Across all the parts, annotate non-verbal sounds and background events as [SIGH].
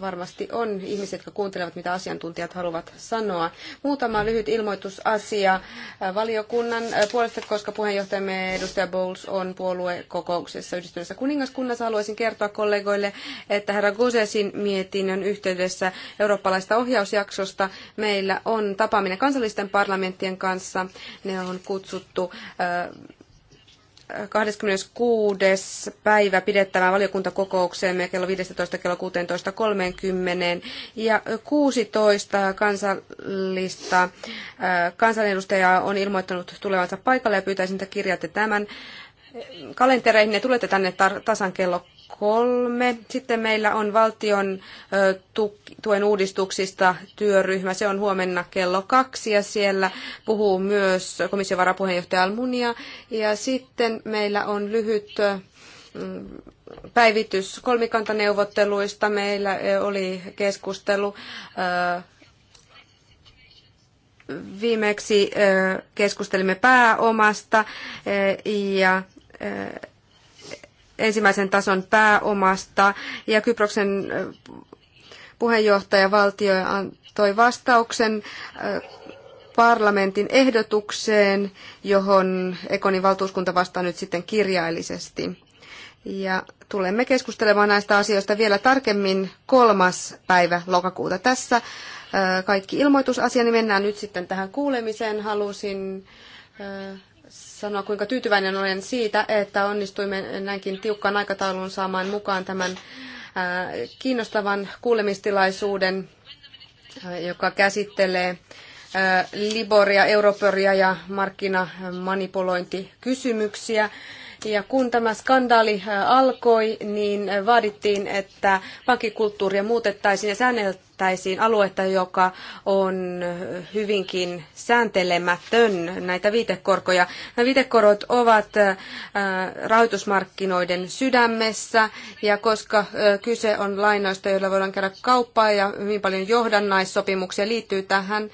varmasti on ihmiset, jotka kuuntelevat, mitä asiantuntijat haluavat sanoa. Muutama lyhyt ilmoitusasia valiokunnan puolesta, koska puheenjohtajamme edustaja Bowles on puoluekokouksessa yhdistyneessä kuningaskunnassa. Haluaisin kertoa kollegoille, että herra Gusesin mietinnön yhteydessä eurooppalaista ohjausjaksosta meillä on tapaaminen kansallisten parlamenttien kanssa. Ne on kutsuttu äh, 26. päivä pidettävään valiokuntakokoukseemme kello 15 kello 16.30 ja 16 kansallista äh, kansanedustajaa on ilmoittanut tulevansa paikalle ja pyytäisin, että kirjaatte tämän kalentereihin ja tulette tänne tasan kello kolme. Sitten meillä on valtion tuen uudistuksista työryhmä. Se on huomenna kello kaksi ja siellä puhuu myös komission varapuheenjohtaja Almunia. Ja sitten meillä on lyhyt päivitys kolmikantaneuvotteluista. Meillä oli keskustelu viimeksi keskustelimme pääomasta ja ensimmäisen tason pääomasta ja Kyproksen puheenjohtajavaltio antoi vastauksen parlamentin ehdotukseen, johon Ekonin valtuuskunta vastaa nyt sitten kirjaillisesti. Ja tulemme keskustelemaan näistä asioista vielä tarkemmin kolmas päivä lokakuuta tässä. Kaikki ilmoitusasia, niin mennään nyt sitten tähän kuulemiseen. Halusin sanoa, kuinka tyytyväinen olen siitä, että onnistuimme näinkin tiukkaan aikatauluun saamaan mukaan tämän kiinnostavan kuulemistilaisuuden, joka käsittelee Liboria, Europoria ja markkinamanipulointikysymyksiä. Ja kun tämä skandaali alkoi, niin vaadittiin, että pankkikulttuuria muutettaisiin ja säänneltäisiin aluetta, joka on hyvinkin sääntelemätön näitä viitekorkoja. Nämä viitekorot ovat rahoitusmarkkinoiden sydämessä ja koska kyse on lainoista, joilla voidaan käydä kauppaa ja hyvin paljon johdannaissopimuksia liittyy tähän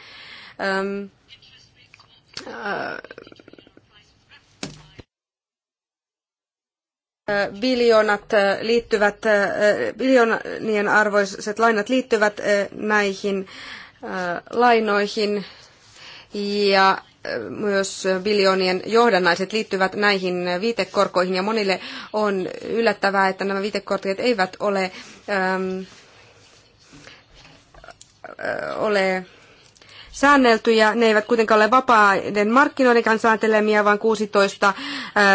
biljoonat liittyvät, biljoonien arvoiset lainat liittyvät näihin lainoihin ja myös biljoonien johdannaiset liittyvät näihin viitekorkoihin ja monille on yllättävää, että nämä viitekortit eivät ole, ähm, ole säänneltyjä. Ne eivät kuitenkaan ole vapaiden markkinoiden sääntelemiä, vaan 16 äh,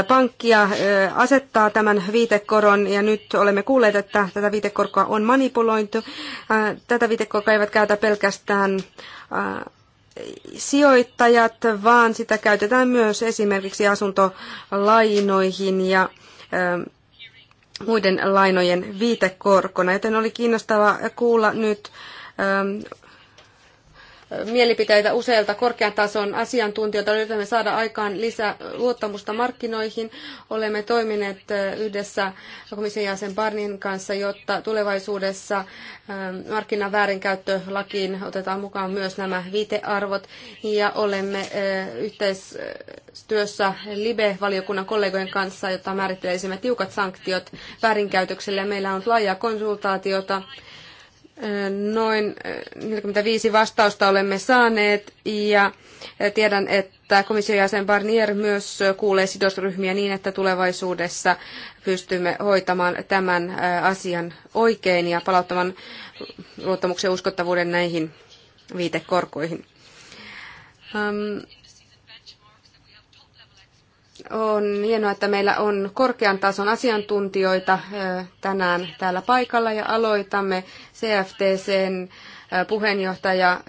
pankkia äh, asettaa tämän viitekoron. Ja nyt olemme kuulleet, että tätä viitekorkoa on manipulointu. Äh, tätä viitekorkoa eivät käytä pelkästään sijoittajat, vaan sitä käytetään myös esimerkiksi asuntolainoihin ja muiden lainojen viitekorkona, joten oli kiinnostava kuulla nyt ähm, mielipiteitä useilta korkean tason asiantuntijoilta. Yritämme saada aikaan lisää luottamusta markkinoihin. Olemme toimineet yhdessä komission jäsen Barnin kanssa, jotta tulevaisuudessa markkinan väärinkäyttölakiin otetaan mukaan myös nämä viitearvot. Ja olemme yhteistyössä LIBE-valiokunnan kollegojen kanssa, jotta määrittelisimme tiukat sanktiot väärinkäytökselle. Meillä on laajaa konsultaatiota Noin 45 eh, vastausta olemme saaneet ja eh, tiedän, että komission jäsen Barnier myös kuulee sidosryhmiä niin, että tulevaisuudessa pystymme hoitamaan tämän eh, asian oikein ja palauttamaan luottamuksen uskottavuuden näihin viitekorkoihin. Um, on hienoa, että meillä on korkean tason asiantuntijoita tänään täällä paikalla ja aloitamme CFTCn puheenjohtaja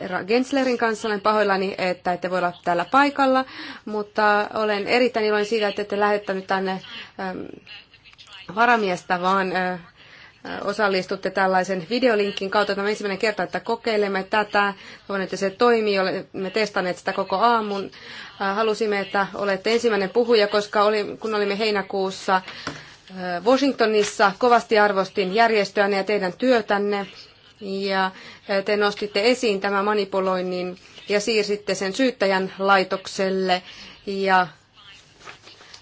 herra Genslerin kanssa. Olen pahoillani, että ette voi olla täällä paikalla, mutta olen erittäin iloinen siitä, että ette lähettänyt tänne varamiestä, vaan osallistutte tällaisen videolinkin kautta. Tämä ensimmäinen kerta, että kokeilemme tätä. Toivon, että se toimii. Olemme testanneet sitä koko aamun. Halusimme, että olette ensimmäinen puhuja, koska oli, kun olimme heinäkuussa Washingtonissa, kovasti arvostin järjestöänne ja teidän työtänne. Ja te nostitte esiin tämän manipuloinnin ja siirsitte sen syyttäjän laitokselle ja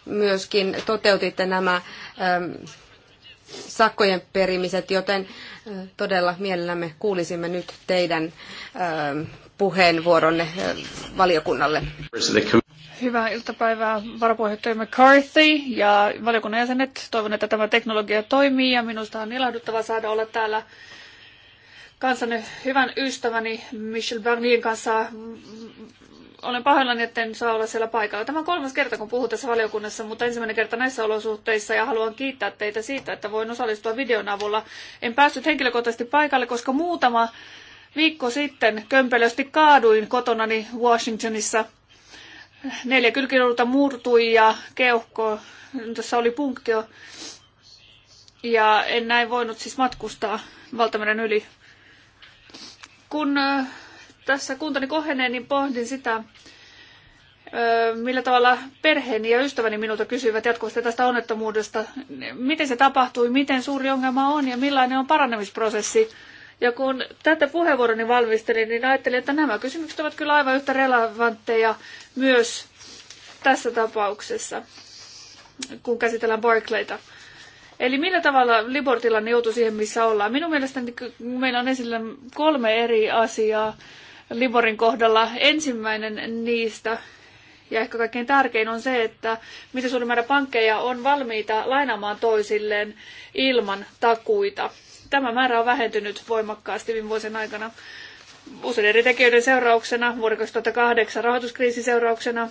myöskin toteutitte nämä sakkojen perimiset, joten todella mielellämme kuulisimme nyt teidän puheenvuoronne eh, valiokunnalle. Hyvää iltapäivää varapuheenjohtaja McCarthy ja valiokunnan jäsenet. Toivon, että tämä teknologia toimii ja minusta on ilahduttava saada olla täällä kanssani hyvän ystäväni Michel Barnien kanssa. Olen pahoillani, en saa olla siellä paikalla. Tämä on kolmas kerta, kun puhun tässä valiokunnassa, mutta ensimmäinen kerta näissä olosuhteissa ja haluan kiittää teitä siitä, että voin osallistua videon avulla. En päässyt henkilökohtaisesti paikalle, koska muutama Viikko sitten kömpelösti kaaduin kotonani Washingtonissa. Neljä kylkiluuta murtui ja keuhko, tässä oli punktio. Ja en näin voinut siis matkustaa valtameren yli. Kun tässä kuntani kohenee, niin pohdin sitä, millä tavalla perheeni ja ystäväni minulta kysyivät jatkuvasti tästä onnettomuudesta. Miten se tapahtui, miten suuri ongelma on ja millainen on parannemisprosessi. Ja kun tätä puheenvuoroni valmistelin, niin ajattelin, että nämä kysymykset ovat kyllä aivan yhtä relevantteja myös tässä tapauksessa, kun käsitellään Barclayta. Eli millä tavalla Libor-tilanne joutui siihen, missä ollaan? Minun mielestäni meillä on esillä kolme eri asiaa Liborin kohdalla. Ensimmäinen niistä, ja ehkä kaikkein tärkein on se, että mitä suurin määrä pankkeja on valmiita lainaamaan toisilleen ilman takuita. Tämä määrä on vähentynyt voimakkaasti viime vuosien aikana useiden eri tekijöiden seurauksena, vuoden 2008 rahoituskriisin seurauksena,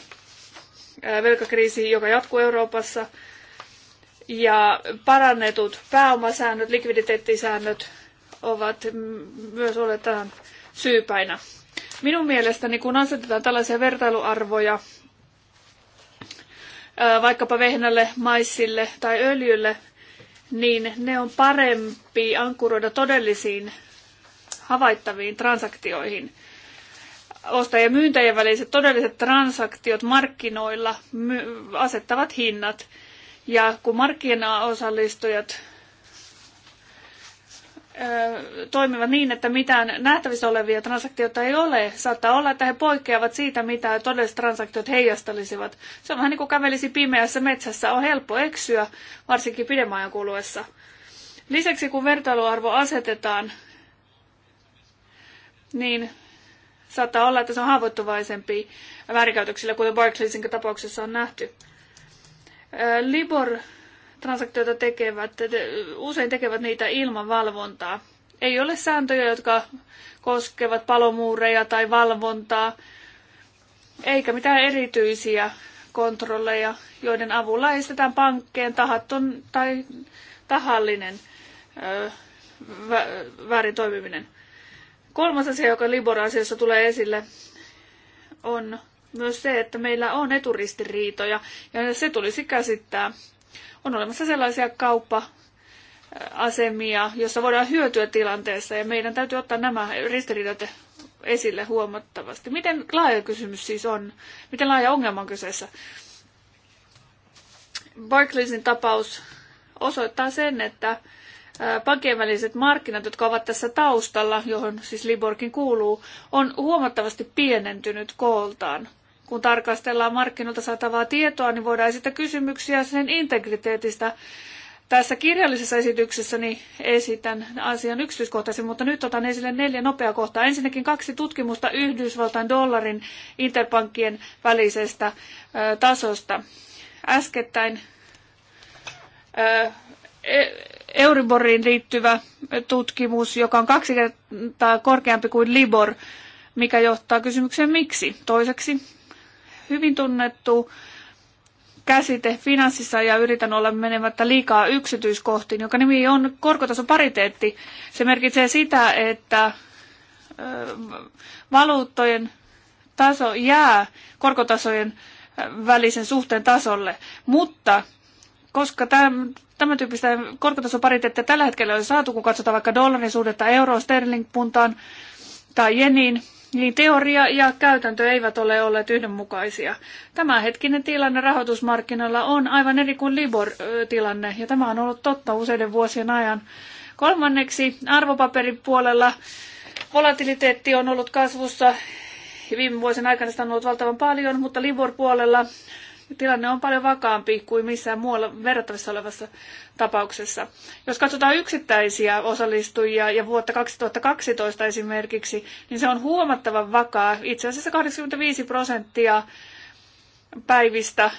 velkakriisi, joka jatkuu Euroopassa, ja parannetut pääomasäännöt, likviditeettisäännöt ovat myös olleet tähän syypäinä. Minun mielestäni, kun asetetaan tällaisia vertailuarvoja vaikkapa vehnälle, maissille tai öljylle, niin ne on parempi ankkuroida todellisiin havaittaviin transaktioihin. Ostajien ja myyntäjien väliset todelliset transaktiot markkinoilla asettavat hinnat. Ja kun markkinaosallistujat toimivat niin, että mitään nähtävissä olevia transaktioita ei ole. Saattaa olla, että he poikkeavat siitä, mitä todelliset transaktiot heijastelisivat. Se on vähän niin kuin kävelisi pimeässä metsässä. On helppo eksyä, varsinkin pidemmän ajan kuluessa. Lisäksi kun vertailuarvo asetetaan, niin saattaa olla, että se on haavoittuvaisempi väärinkäytöksille, kuten Barclaysin tapauksessa on nähty. Libor transaktioita tekevät, usein tekevät niitä ilman valvontaa. Ei ole sääntöjä, jotka koskevat palomuureja tai valvontaa, eikä mitään erityisiä kontrolleja, joiden avulla estetään pankkeen tahaton tai tahallinen ö, vä, väärin toimiminen. Kolmas asia, joka Libor-asiassa tulee esille, on myös se, että meillä on eturistiriitoja, ja se tulisi käsittää on olemassa sellaisia kauppa, asemia, jossa voidaan hyötyä tilanteessa ja meidän täytyy ottaa nämä ristiriidat esille huomattavasti. Miten laaja kysymys siis on? Miten laaja ongelma on kyseessä? Barclaysin tapaus osoittaa sen, että pankkien väliset markkinat, jotka ovat tässä taustalla, johon siis Liborkin kuuluu, on huomattavasti pienentynyt kooltaan kun tarkastellaan markkinoilta saatavaa tietoa, niin voidaan esittää kysymyksiä sen integriteetistä. Tässä kirjallisessa esityksessäni esitän asian yksityiskohtaisin, mutta nyt otan esille neljä nopeaa kohtaa. Ensinnäkin kaksi tutkimusta Yhdysvaltain dollarin interpankkien välisestä ö, tasosta. Äskettäin ö, e, Euriboriin liittyvä tutkimus, joka on kaksi kertaa korkeampi kuin Libor, mikä johtaa kysymykseen miksi. Toiseksi hyvin tunnettu käsite finanssissa ja yritän olla menemättä liikaa yksityiskohtiin, joka nimi on korkotasopariteetti. Se merkitsee sitä, että valuuttojen taso jää korkotasojen välisen suhteen tasolle, mutta koska tämän, tyyppistä korkotasopariteettia tällä hetkellä on saatu, kun katsotaan vaikka dollarin suhdetta euroon, puntaan tai jeniin, niin teoria ja käytäntö eivät ole olleet yhdenmukaisia. Tämänhetkinen tilanne rahoitusmarkkinoilla on aivan eri kuin Libor-tilanne, ja tämä on ollut totta useiden vuosien ajan. Kolmanneksi arvopaperin puolella volatiliteetti on ollut kasvussa, viime vuosien aikana sitä on ollut valtavan paljon, mutta Libor-puolella tilanne on paljon vakaampi kuin missään muualla verrattavissa olevassa tapauksessa. Jos katsotaan yksittäisiä osallistujia ja vuotta 2012 esimerkiksi, niin se on huomattavan vakaa. Itse asiassa 85 prosenttia päivistä,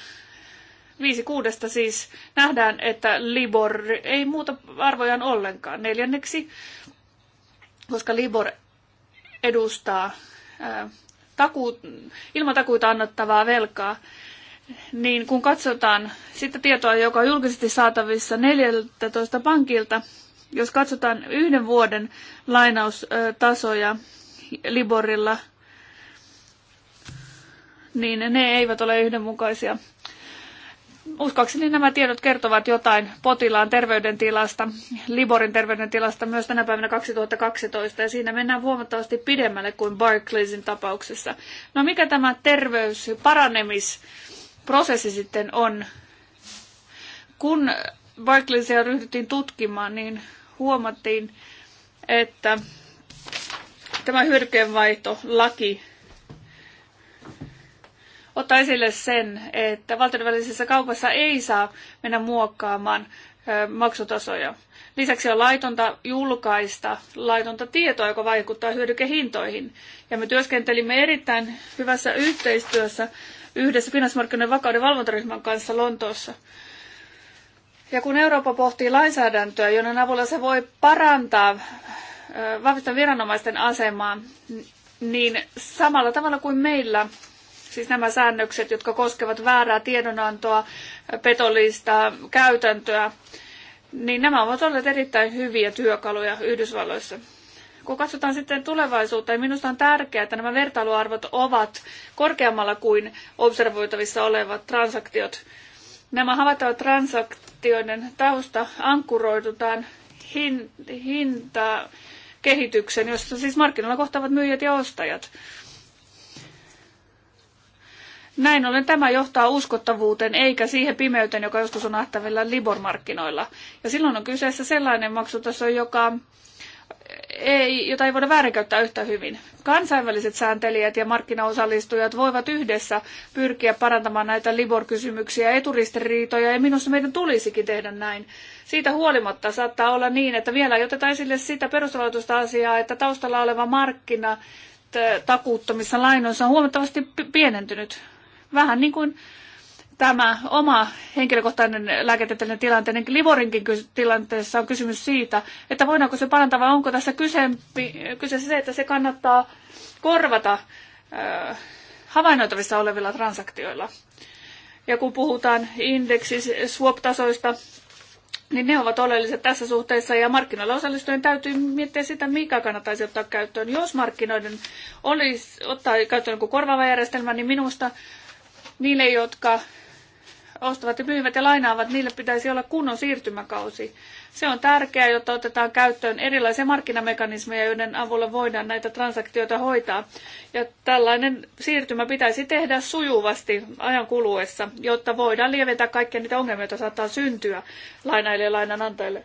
viisi kuudesta siis, nähdään, että Libor ei muuta arvojaan ollenkaan. Neljänneksi, koska Libor edustaa ää, taku, ilman takuita annettavaa velkaa, niin kun katsotaan sitä tietoa, joka on julkisesti saatavissa 14 pankilta, jos katsotaan yhden vuoden lainaustasoja Liborilla, niin ne eivät ole yhdenmukaisia. Uskoakseni nämä tiedot kertovat jotain potilaan terveydentilasta, Liborin terveydentilasta myös tänä päivänä 2012, ja siinä mennään huomattavasti pidemmälle kuin Barclaysin tapauksessa. No mikä tämä terveys, paranemis, prosessi sitten on. Kun Barclaysia ryhdyttiin tutkimaan, niin huomattiin, että tämä hyödykeenvaihtolaki ottaa esille sen, että valtioiden välisessä kaupassa ei saa mennä muokkaamaan maksutasoja. Lisäksi on laitonta julkaista laitonta tietoa, joka vaikuttaa hyödykehintoihin. Ja me työskentelimme erittäin hyvässä yhteistyössä yhdessä finanssimarkkinoiden vakauden valvontaryhmän kanssa Lontoossa. Ja kun Eurooppa pohtii lainsäädäntöä, jonne avulla se voi parantaa, vahvistaa viranomaisten asemaa, niin samalla tavalla kuin meillä, siis nämä säännökset, jotka koskevat väärää tiedonantoa, petollista käytäntöä, niin nämä ovat olleet erittäin hyviä työkaluja Yhdysvalloissa. Kun katsotaan sitten tulevaisuutta, niin minusta on tärkeää, että nämä vertailuarvot ovat korkeammalla kuin observoitavissa olevat transaktiot. Nämä havaittavat transaktioiden tausta ankkuroidutaan hin, hinta kehityksen, jossa siis markkinoilla kohtaavat myyjät ja ostajat. Näin ollen tämä johtaa uskottavuuteen eikä siihen pimeyteen, joka joskus on nähtävillä Libor-markkinoilla. Ja silloin on kyseessä sellainen maksutaso, joka ei, jota ei voida väärinkäyttää yhtä hyvin. Kansainväliset sääntelijät ja markkinaosallistujat voivat yhdessä pyrkiä parantamaan näitä Libor-kysymyksiä, eturistiriitoja, ja minusta meidän tulisikin tehdä näin. Siitä huolimatta saattaa olla niin, että vielä ei oteta esille sitä perustaloitusta asiaa, että taustalla oleva markkina takuuttomissa lainoissa on huomattavasti pienentynyt. Vähän niin kuin tämä oma henkilökohtainen lääketieteellinen tilanteen, niin Livorinkin tilanteessa on kysymys siitä, että voidaanko se parantaa vai onko tässä kysempi, kyseessä se, että se kannattaa korvata äh, havainnoitavissa olevilla transaktioilla. Ja kun puhutaan indeksi swap-tasoista, niin ne ovat oleelliset tässä suhteessa ja markkinoilla osallistujien täytyy miettiä sitä, mikä kannattaisi ottaa käyttöön. Jos markkinoiden olisi ottaa käyttöön joku korvaava järjestelmä, niin minusta niille, jotka ostavat ja myyvät ja lainaavat, niille pitäisi olla kunnon siirtymäkausi. Se on tärkeää, jotta otetaan käyttöön erilaisia markkinamekanismeja, joiden avulla voidaan näitä transaktioita hoitaa. Ja tällainen siirtymä pitäisi tehdä sujuvasti ajan kuluessa, jotta voidaan lieventää kaikkia niitä ongelmia, joita saattaa syntyä lainaille ja lainanantajille.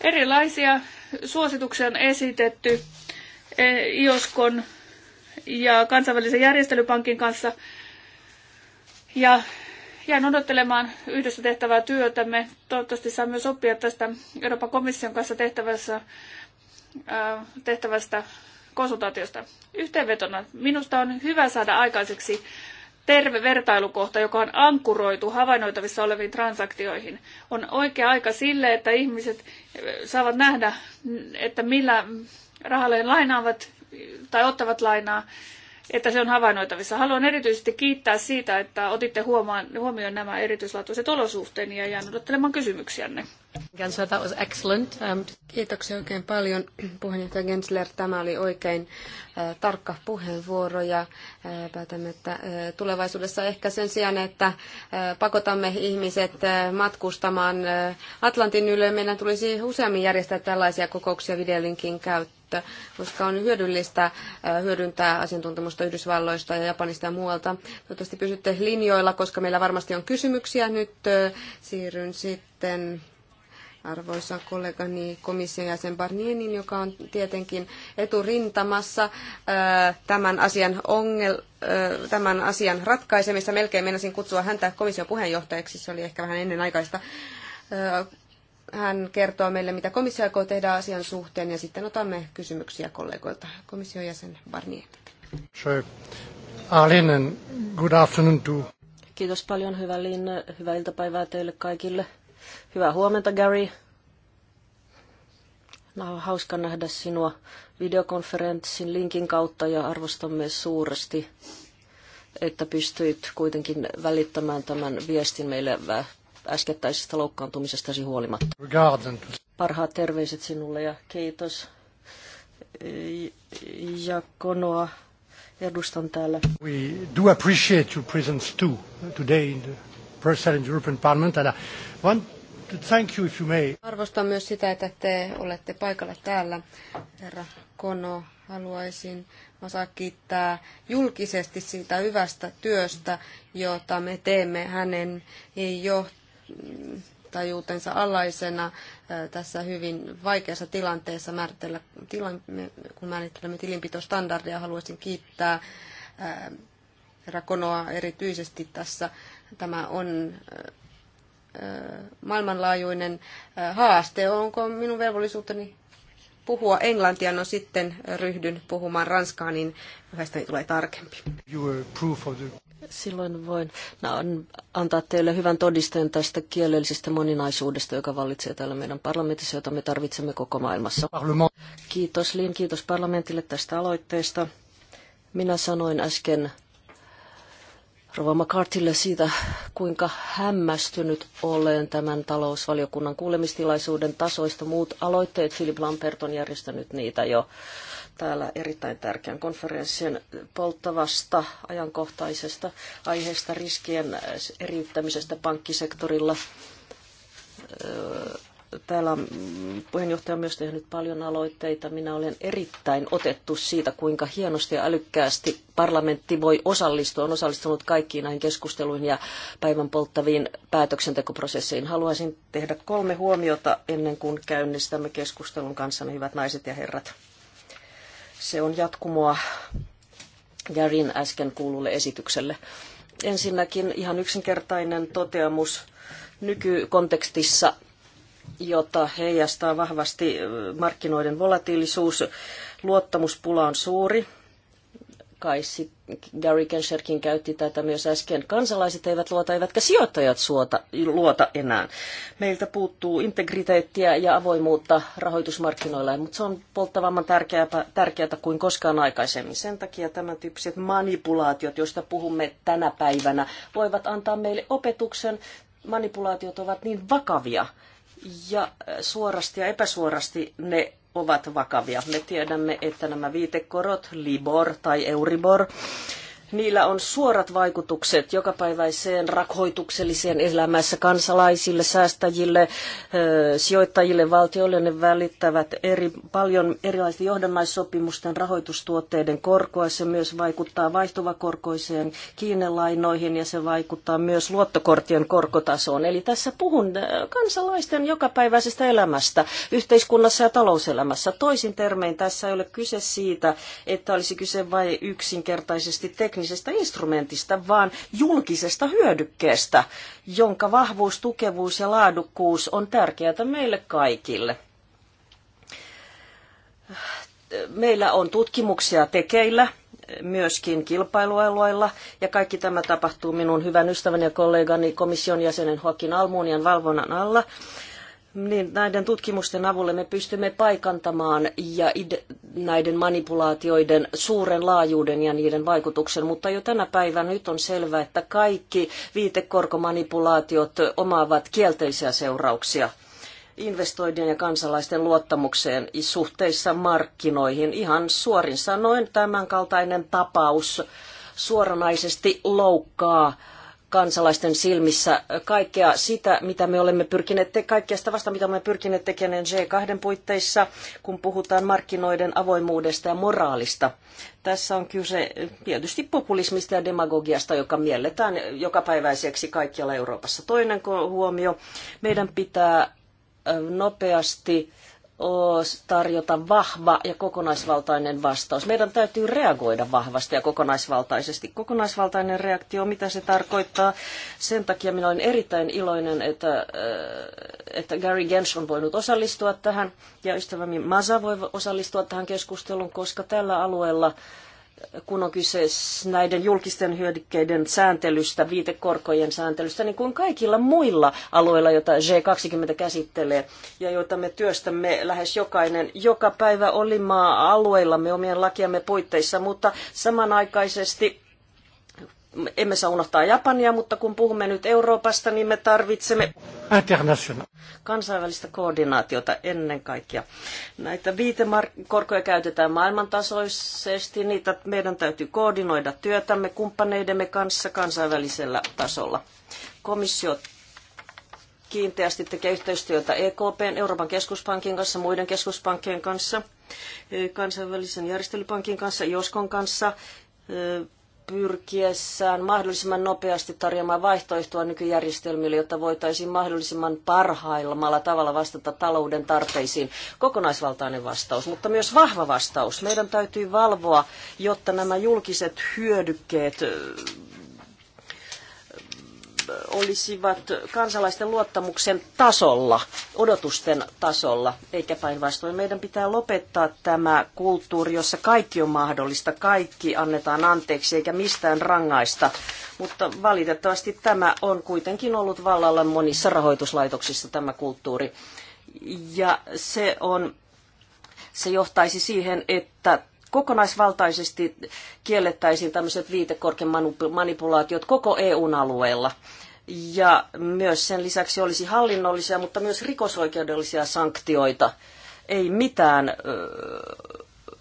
Erilaisia suosituksia on esitetty eh, IOSKON ja kansainvälisen järjestelypankin kanssa – ja jään odottelemaan yhdessä tehtävää työtämme. Toivottavasti saa myös oppia tästä Euroopan komission kanssa tehtävässä, tehtävästä konsultaatiosta. Yhteenvetona minusta on hyvä saada aikaiseksi terve vertailukohta, joka on ankkuroitu havainnoitavissa oleviin transaktioihin. On oikea aika sille, että ihmiset saavat nähdä, että millä rahalleen lainaavat tai ottavat lainaa että se on havainnoitavissa. Haluan erityisesti kiittää siitä, että otitte huomioon nämä erityislaatuiset olosuhteeni ja jään odottelemaan kysymyksiänne. Um, Kiitoksia oikein paljon puheenjohtaja Gensler. Tämä oli oikein äh, tarkka puheenvuoro ja äh, päätämme, että äh, tulevaisuudessa ehkä sen sijaan, että äh, pakotamme ihmiset äh, matkustamaan äh, Atlantin yli, meidän tulisi useammin järjestää tällaisia kokouksia videolinkin käyttö koska on hyödyllistä äh, hyödyntää asiantuntemusta Yhdysvalloista ja Japanista ja muualta. Toivottavasti pysytte linjoilla, koska meillä varmasti on kysymyksiä. Nyt äh, siirryn sitten arvoisa kollegani komission jäsen Barnierin, joka on tietenkin eturintamassa tämän asian, ongel, tämän asian ratkaisemissa. Melkein meinasin kutsua häntä komission puheenjohtajaksi, se oli ehkä vähän ennenaikaista. Hän kertoo meille, mitä komissio aikoo tehdä asian suhteen, ja sitten otamme kysymyksiä kollegoilta. Komission jäsen Barnier. Sure. Alinen, good afternoon to. Kiitos paljon, hyvää, Linna, hyvää iltapäivää teille kaikille. Hyvää huomenta, Gary. No, hauska nähdä sinua videokonferenssin linkin kautta ja arvostamme suuresti, että pystyit kuitenkin välittämään tämän viestin meille äskettäisestä loukkaantumisestasi huolimatta. Parhaat terveiset sinulle ja kiitos. Ja Konoa edustan täällä. We do appreciate your presence too today in the European Parliament. And I want to thank you, if you may. Arvostan myös sitä, että te olette paikalla täällä, herra Kono. Haluaisin osaa kiittää julkisesti siitä hyvästä työstä, jota me teemme hänen johtajuutensa alaisena äh, tässä hyvin vaikeassa tilanteessa, määritellä, kun määrittelemme tilinpitostandardia. Haluaisin kiittää äh, Rakonoa erityisesti tässä Tämä on äh, äh, maailmanlaajuinen äh, haaste. Onko minun velvollisuuteni puhua englantia, no sitten ryhdyn puhumaan ranskaa, niin yhdestäni tulee tarkempi. Silloin voin no, antaa teille hyvän todisteen tästä kielellisestä moninaisuudesta, joka vallitsee täällä meidän parlamentissa, jota me tarvitsemme koko maailmassa. Kiitos Lin, kiitos parlamentille tästä aloitteesta. Minä sanoin äsken Rova McCartille siitä, kuinka hämmästynyt olen tämän talousvaliokunnan kuulemistilaisuuden tasoista. Muut aloitteet, Philip Lampert on järjestänyt niitä jo täällä erittäin tärkeän konferenssin polttavasta ajankohtaisesta aiheesta riskien eriyttämisestä pankkisektorilla Täällä on puheenjohtaja on myös tehnyt paljon aloitteita. Minä olen erittäin otettu siitä, kuinka hienosti ja älykkäästi parlamentti voi osallistua. On osallistunut kaikkiin näihin keskusteluihin ja päivän polttaviin päätöksentekoprosesseihin. Haluaisin tehdä kolme huomiota ennen kuin käynnistämme keskustelun kanssanne, hyvät naiset ja herrat. Se on jatkumoa Jarin äsken kuululle esitykselle. Ensinnäkin ihan yksinkertainen toteamus nykykontekstissa – jota heijastaa vahvasti markkinoiden volatiilisuus. Luottamuspula on suuri. Kai Gary Kensherkin käytti tätä myös äsken. Kansalaiset eivät luota, eivätkä sijoittajat suota, luota enää. Meiltä puuttuu integriteettiä ja avoimuutta rahoitusmarkkinoilla, mutta se on polttavamman tärkeää, tärkeää kuin koskaan aikaisemmin. Sen takia tämän tyyppiset manipulaatiot, joista puhumme tänä päivänä, voivat antaa meille opetuksen. Manipulaatiot ovat niin vakavia, ja suorasti ja epäsuorasti ne ovat vakavia. Me tiedämme, että nämä viitekorot, Libor tai Euribor, Niillä on suorat vaikutukset jokapäiväiseen rahoitukselliseen elämässä kansalaisille, säästäjille, sijoittajille, valtioille. Ne välittävät eri, paljon erilaisten johdannaissopimusten rahoitustuotteiden korkoa. Se myös vaikuttaa vaihtuvakorkoiseen kiinelainoihin ja se vaikuttaa myös luottokortien korkotasoon. Eli tässä puhun kansalaisten jokapäiväisestä elämästä yhteiskunnassa ja talouselämässä. Toisin termein tässä ei ole kyse siitä, että olisi kyse vain yksinkertaisesti teknisestä teknisestä instrumentista, vaan julkisesta hyödykkeestä, jonka vahvuus, tukevuus ja laadukkuus on tärkeää meille kaikille. Meillä on tutkimuksia tekeillä, myöskin kilpailualueilla. Ja kaikki tämä tapahtuu minun hyvän ystäväni ja kollegani komission jäsenen Joaquin Almunian valvonnan alla niin näiden tutkimusten avulla me pystymme paikantamaan ja näiden manipulaatioiden suuren laajuuden ja niiden vaikutuksen, mutta jo tänä päivänä nyt on selvää, että kaikki viitekorkomanipulaatiot omaavat kielteisiä seurauksia investoijien ja kansalaisten luottamukseen suhteissa markkinoihin. Ihan suorin sanoen tämänkaltainen tapaus suoranaisesti loukkaa kansalaisten silmissä kaikkea sitä, mitä me olemme pyrkineet, te- kaikkea sitä vasta, mitä me olemme pyrkineet tekemään G2 puitteissa, kun puhutaan markkinoiden avoimuudesta ja moraalista. Tässä on kyse tietysti populismista ja demagogiasta, joka mielletään jokapäiväiseksi kaikkialla Euroopassa. Toinen huomio, meidän pitää nopeasti tarjota vahva ja kokonaisvaltainen vastaus. Meidän täytyy reagoida vahvasti ja kokonaisvaltaisesti. Kokonaisvaltainen reaktio, mitä se tarkoittaa? Sen takia minä olen erittäin iloinen, että, äh, että Gary Gensh on voinut osallistua tähän ja ystävämme Masa voi osallistua tähän keskusteluun, koska tällä alueella kun on kyse näiden julkisten hyödykkeiden sääntelystä, viitekorkojen sääntelystä, niin kuin kaikilla muilla alueilla, joita G20 käsittelee ja joita me työstämme lähes jokainen joka päivä olimaa alueillamme omien lakiamme puitteissa, mutta samanaikaisesti emme saa unohtaa Japania, mutta kun puhumme nyt Euroopasta, niin me tarvitsemme kansainvälistä koordinaatiota ennen kaikkea. Näitä viitekorkoja käytetään maailmantasoisesti, niitä meidän täytyy koordinoida työtämme kumppaneidemme kanssa kansainvälisellä tasolla. Komissio kiinteästi tekee yhteistyötä EKPn, Euroopan keskuspankin kanssa, muiden keskuspankkien kanssa, kansainvälisen järjestelypankin kanssa, Joskon kanssa, pyrkiessään mahdollisimman nopeasti tarjoamaan vaihtoehtoa nykyjärjestelmille, jotta voitaisiin mahdollisimman parhaimmalla tavalla vastata talouden tarpeisiin. Kokonaisvaltainen vastaus, mutta myös vahva vastaus. Meidän täytyy valvoa, jotta nämä julkiset hyödykkeet olisivat kansalaisten luottamuksen tasolla, odotusten tasolla, eikä päinvastoin. Meidän pitää lopettaa tämä kulttuuri, jossa kaikki on mahdollista, kaikki annetaan anteeksi eikä mistään rangaista. Mutta valitettavasti tämä on kuitenkin ollut vallalla monissa rahoituslaitoksissa tämä kulttuuri. Ja se on se johtaisi siihen, että kokonaisvaltaisesti kiellettäisiin tämmöiset viitekorken manipulaatiot koko EUn alueella. Ja myös sen lisäksi olisi hallinnollisia, mutta myös rikosoikeudellisia sanktioita. Ei mitään äh,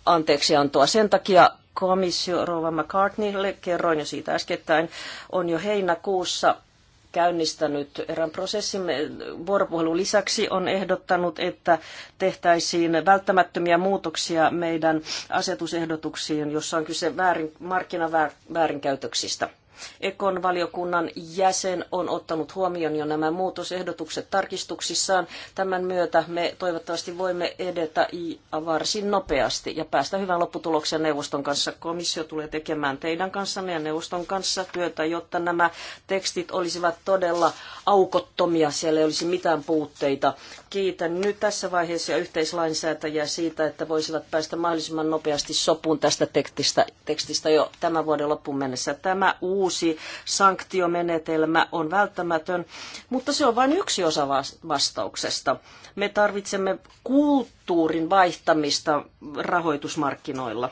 anteeksiantoa. Sen takia komissio Rova McCartneylle, kerroin jo siitä äskettäin, on jo heinäkuussa käynnistänyt erään prosessin. Vuoropuhelun lisäksi on ehdottanut, että tehtäisiin välttämättömiä muutoksia meidän asetusehdotuksiin, jossa on kyse väärin, markkinaväärinkäytöksistä. Ekon valiokunnan jäsen on ottanut huomioon jo nämä muutosehdotukset tarkistuksissaan. Tämän myötä me toivottavasti voimme edetä varsin nopeasti ja päästä hyvään lopputulokseen neuvoston kanssa. Komissio tulee tekemään teidän kanssanne ja neuvoston kanssa työtä, jotta nämä tekstit olisivat todella aukottomia. Siellä ei olisi mitään puutteita. Kiitän nyt tässä vaiheessa ja yhteislainsäätäjiä siitä, että voisivat päästä mahdollisimman nopeasti sopuun tästä tekstistä, tekstistä jo tämän vuoden loppuun mennessä. Tämä uusi uusi sanktiomenetelmä on välttämätön, mutta se on vain yksi osa vastauksesta. Me tarvitsemme kulttuurin vaihtamista rahoitusmarkkinoilla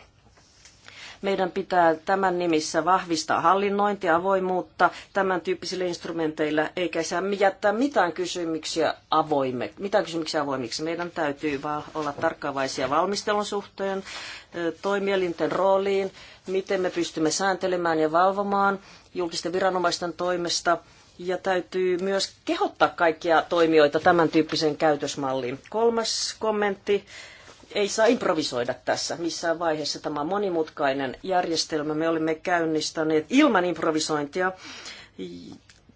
meidän pitää tämän nimissä vahvistaa hallinnointia, avoimuutta tämän tyyppisillä instrumenteilla, eikä saa jättää mitään kysymyksiä, avoime, mitään kysymyksiä avoimiksi. Meidän täytyy vaan olla tarkkaavaisia valmistelun suhteen, toimielinten rooliin, miten me pystymme sääntelemään ja valvomaan julkisten viranomaisten toimesta. Ja täytyy myös kehottaa kaikkia toimijoita tämän tyyppiseen käytösmalliin. Kolmas kommentti. Ei saa improvisoida tässä missään vaiheessa. Tämä on monimutkainen järjestelmä. Me olemme käynnistäneet ilman improvisointia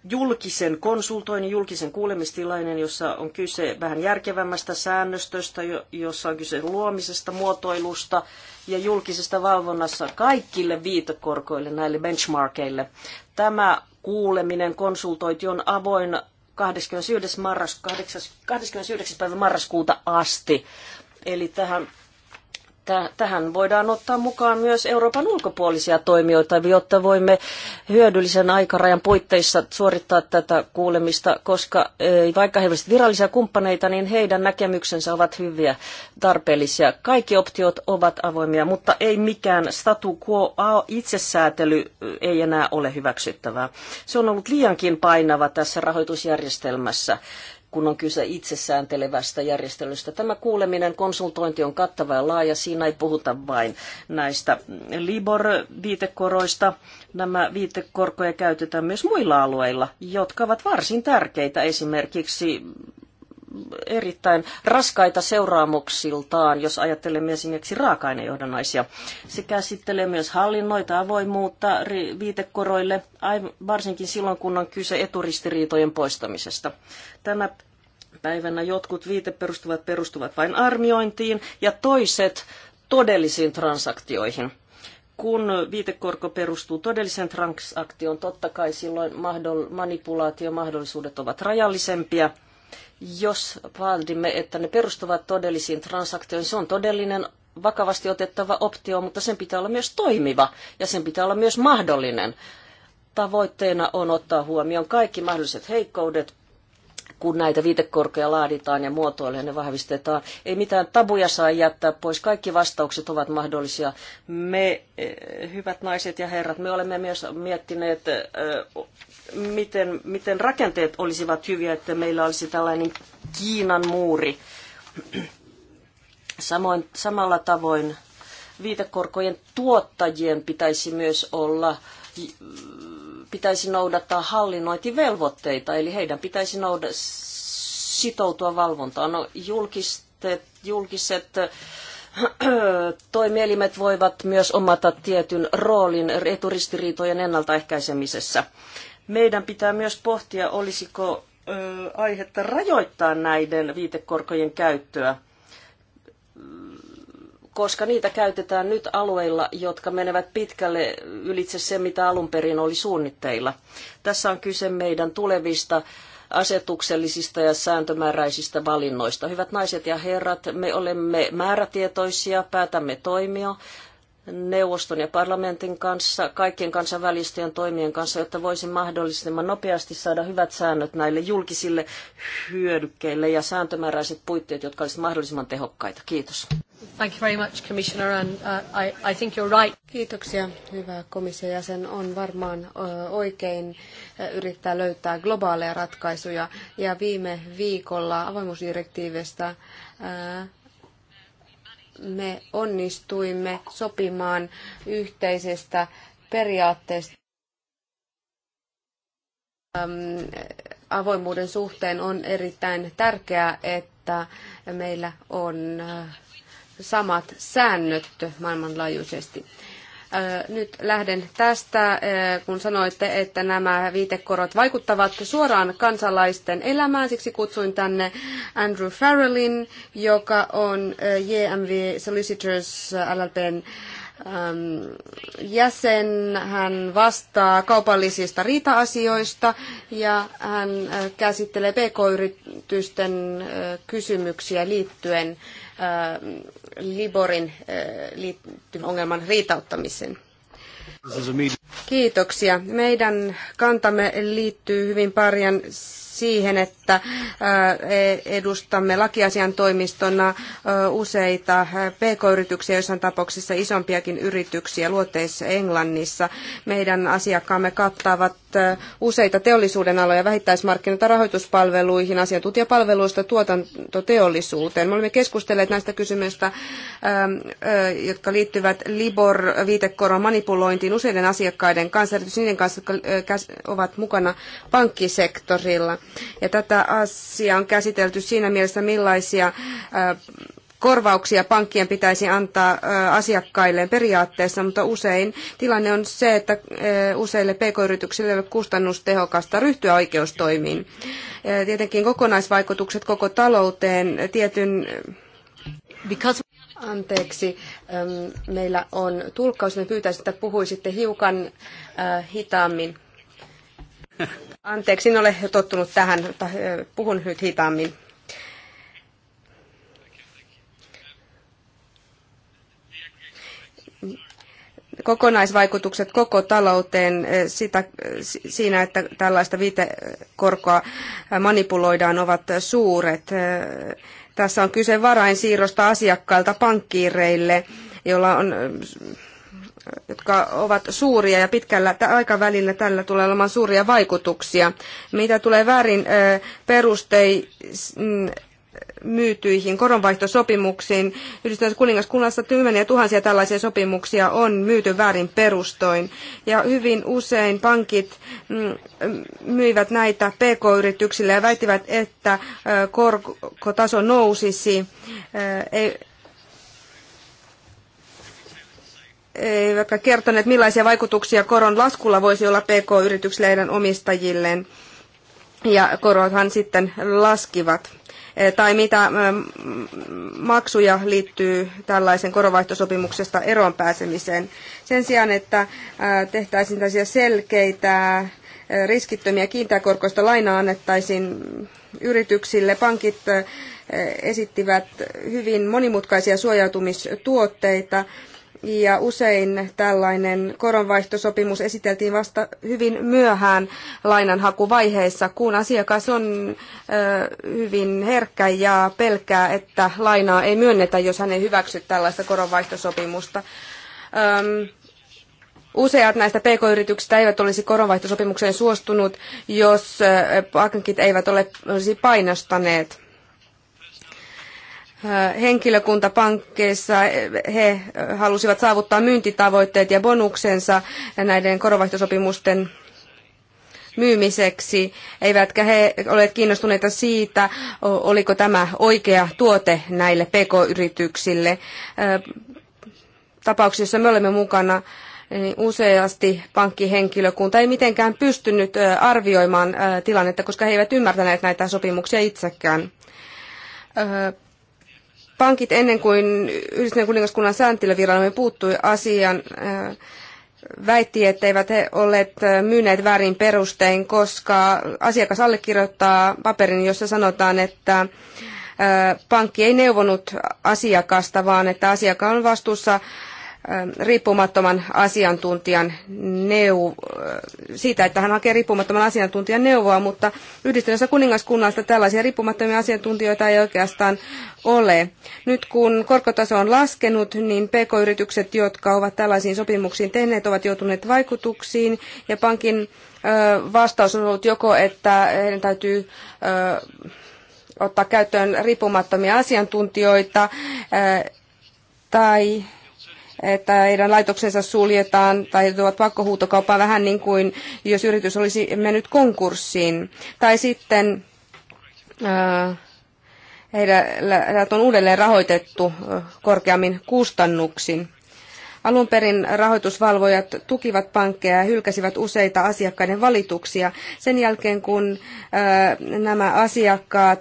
julkisen konsultoinnin, julkisen kuulemistilainen, jossa on kyse vähän järkevämmästä säännöstöstä, jossa on kyse luomisesta, muotoilusta ja julkisesta valvonnassa kaikille viitekorkoille, näille benchmarkeille. Tämä kuuleminen, konsultointi on avoin 29. Marras, 8, 29. päivä marraskuuta asti. Eli tähän tähän voidaan ottaa mukaan myös Euroopan ulkopuolisia toimijoita, jotta voimme hyödyllisen aikarajan puitteissa suorittaa tätä kuulemista, koska e, vaikka he ovat virallisia kumppaneita, niin heidän näkemyksensä ovat hyviä, tarpeellisia. Kaikki optiot ovat avoimia, mutta ei mikään statu quo itsesäätely e, ei enää ole hyväksyttävää. Se on ollut liiankin painava tässä rahoitusjärjestelmässä kun on kyse itsesääntelevästä järjestelystä. Tämä kuuleminen, konsultointi on kattava ja laaja. Siinä ei puhuta vain näistä Libor-viitekoroista. Nämä viitekorkoja käytetään myös muilla alueilla, jotka ovat varsin tärkeitä esimerkiksi erittäin raskaita seuraamuksiltaan, jos ajattelemme esimerkiksi raaka-ainejohdannaisia. Se käsittelee myös hallinnoita avoimuutta viitekoroille, varsinkin silloin, kun on kyse eturistiriitojen poistamisesta. Tänä päivänä jotkut viiteperustuvat perustuvat vain arviointiin ja toiset todellisiin transaktioihin kun viitekorko perustuu todelliseen transaktioon, totta kai silloin manipulaatiomahdollisuudet ovat rajallisempia. Jos vaadimme, että ne perustuvat todellisiin transaktioihin, se on todellinen vakavasti otettava optio, mutta sen pitää olla myös toimiva ja sen pitää olla myös mahdollinen. Tavoitteena on ottaa huomioon kaikki mahdolliset heikkoudet, kun näitä viitekorkoja laaditaan ja muotoillaan ja vahvistetaan. Ei mitään tabuja saa jättää pois. Kaikki vastaukset ovat mahdollisia. Me, eh, hyvät naiset ja herrat, me olemme myös miettineet, eh, miten, miten rakenteet olisivat hyviä, että meillä olisi tällainen Kiinan muuri. Samoin, samalla tavoin viitekorkojen tuottajien pitäisi myös olla pitäisi noudattaa hallinnointivelvoitteita, eli heidän pitäisi nouda, sitoutua valvontaan. No, julkiset, julkiset [CLEARS THROAT] toimielimet voivat myös omata tietyn roolin eturistiriitojen ennaltaehkäisemisessä. Meidän pitää myös pohtia, olisiko aihetta rajoittaa näiden viitekorkojen käyttöä koska niitä käytetään nyt alueilla, jotka menevät pitkälle ylitse sen, mitä alun perin oli suunnitteilla. Tässä on kyse meidän tulevista asetuksellisista ja sääntömääräisistä valinnoista. Hyvät naiset ja herrat, me olemme määrätietoisia, päätämme toimia, neuvoston ja parlamentin kanssa, kaikkien kansainvälisten toimien kanssa, jotta voisin mahdollisimman nopeasti saada hyvät säännöt näille julkisille hyödykkeille ja sääntömääräiset puitteet, jotka olisivat mahdollisimman tehokkaita. Kiitos. Thank you very much, Commissioner, and uh, I, I think you're right. Kiitoksia, hyvä komission jäsen. On varmaan uh, oikein uh, yrittää löytää globaaleja ratkaisuja. Ja viime viikolla avoimuusdirektiivistä uh, me onnistuimme sopimaan yhteisestä periaatteesta avoimuuden suhteen on erittäin tärkeää, että meillä on äh, samat säännöt maailmanlaajuisesti. Nyt lähden tästä, kun sanoitte, että nämä viitekorot vaikuttavat suoraan kansalaisten elämään. Siksi kutsuin tänne Andrew Farrellin, joka on JMV Solicitors LLPn jäsen. Hän vastaa kaupallisista riita-asioista ja hän käsittelee pk-yritysten kysymyksiä liittyen Äh, Liborin äh, liittyvän ongelman riitauttamisen. Kiitoksia. Meidän kantamme liittyy hyvin parjan siihen, että e- edustamme lakiasian toimistona useita pk-yrityksiä, joissain tapauksissa isompiakin yrityksiä luoteis Englannissa. Meidän asiakkaamme kattavat useita teollisuuden aloja vähittäismarkkinoita rahoituspalveluihin, asiantuntijapalveluista tuotantoteollisuuteen. Me olemme keskustelleet näistä kysymyksistä, jotka liittyvät Libor-viitekoron manipulointiin useiden asiakkaiden kanssa, erityisesti niiden kanssa, jotka ovat mukana pankkisektorilla. Ja tätä asiaa on käsitelty siinä mielessä, millaisia korvauksia pankkien pitäisi antaa asiakkailleen periaatteessa, mutta usein tilanne on se, että useille pk-yrityksille ei ole kustannustehokasta ryhtyä oikeustoimiin. Tietenkin kokonaisvaikutukset koko talouteen tietyn... Because... Anteeksi, meillä on tulkkaus. Me niin pyytäisin, että puhuisitte hiukan hitaammin. [LAUGHS] Anteeksi, en ole tottunut tähän, mutta puhun nyt hitaammin. kokonaisvaikutukset koko talouteen sitä, siinä, että tällaista viitekorkoa manipuloidaan, ovat suuret. Tässä on kyse varainsiirrosta asiakkailta pankkiireille, jolla on jotka ovat suuria ja pitkällä aikavälillä tällä tulee olemaan suuria vaikutuksia. Mitä tulee väärin perustein mm, myytyihin koronvaihtosopimuksiin. Yhdistyneessä kuningaskunnassa kymmeniä tuhansia tällaisia sopimuksia on myyty väärin perustoin. Ja hyvin usein pankit mm, myivät näitä pk-yrityksille ja väittivät, että korkotaso nousisi. eivätkä kertoneet, millaisia vaikutuksia koron laskulla voisi olla PK-yrityksille heidän omistajilleen. Ja korothan sitten laskivat. Eh, tai mitä eh, maksuja liittyy tällaisen korovaihtosopimuksesta eroon pääsemiseen. Sen sijaan, että eh, tehtäisiin tällaisia selkeitä riskittömiä kiinteäkorkoista lainaa annettaisiin yrityksille, pankit esittivät hyvin monimutkaisia suojautumistuotteita ja usein tällainen koronvaihtosopimus esiteltiin vasta hyvin myöhään lainanhakuvaiheessa, kun asiakas on hyvin herkkä ja pelkää, että lainaa ei myönnetä, jos hän ei hyväksy tällaista koronvaihtosopimusta. Useat näistä pk-yrityksistä eivät olisi koronvaihtosopimukseen suostunut, jos pankit eivät ole, olisi painostaneet henkilökunta pankkeissa, e, he halusivat saavuttaa myyntitavoitteet ja bonuksensa näiden korovaihtosopimusten myymiseksi, eivätkä he ole kiinnostuneita siitä, oliko tämä oikea tuote näille pk-yrityksille. Tapauksessa, jossa me olemme mukana, niin useasti pankkihenkilökunta ei mitenkään pystynyt arvioimaan tilannetta, koska he eivät ymmärtäneet näitä sopimuksia itsekään pankit ennen kuin Yhdistyneen kuningaskunnan sääntelyviranomainen puuttui asian, äh, väitti, etteivät he olleet äh, myyneet väärin perustein, koska asiakas allekirjoittaa paperin, jossa sanotaan, että äh, pankki ei neuvonut asiakasta, vaan että asiakas on vastuussa Ähm, riippumattoman asiantuntijan neu... Äh, siitä, että hän hakee riippumattoman asiantuntijan neuvoa, mutta yhdistyneessä kuningaskunnasta tällaisia riippumattomia asiantuntijoita ei oikeastaan ole. Nyt kun korkotaso on laskenut, niin pk-yritykset, jotka ovat tällaisiin sopimuksiin tehneet, ovat joutuneet vaikutuksiin ja pankin vastaus on ollut joko, että heidän täytyy ottaa käyttöön riippumattomia asiantuntijoita tai että heidän laitoksensa suljetaan tai he tuovat pakkohuutokauppaan vähän niin kuin jos yritys olisi mennyt konkurssiin. Tai sitten äh, heidät on uudelleen rahoitettu äh, korkeammin kustannuksin. Alun perin rahoitusvalvojat tukivat pankkeja ja hylkäsivät useita asiakkaiden valituksia. Sen jälkeen kun äh, nämä asiakkaat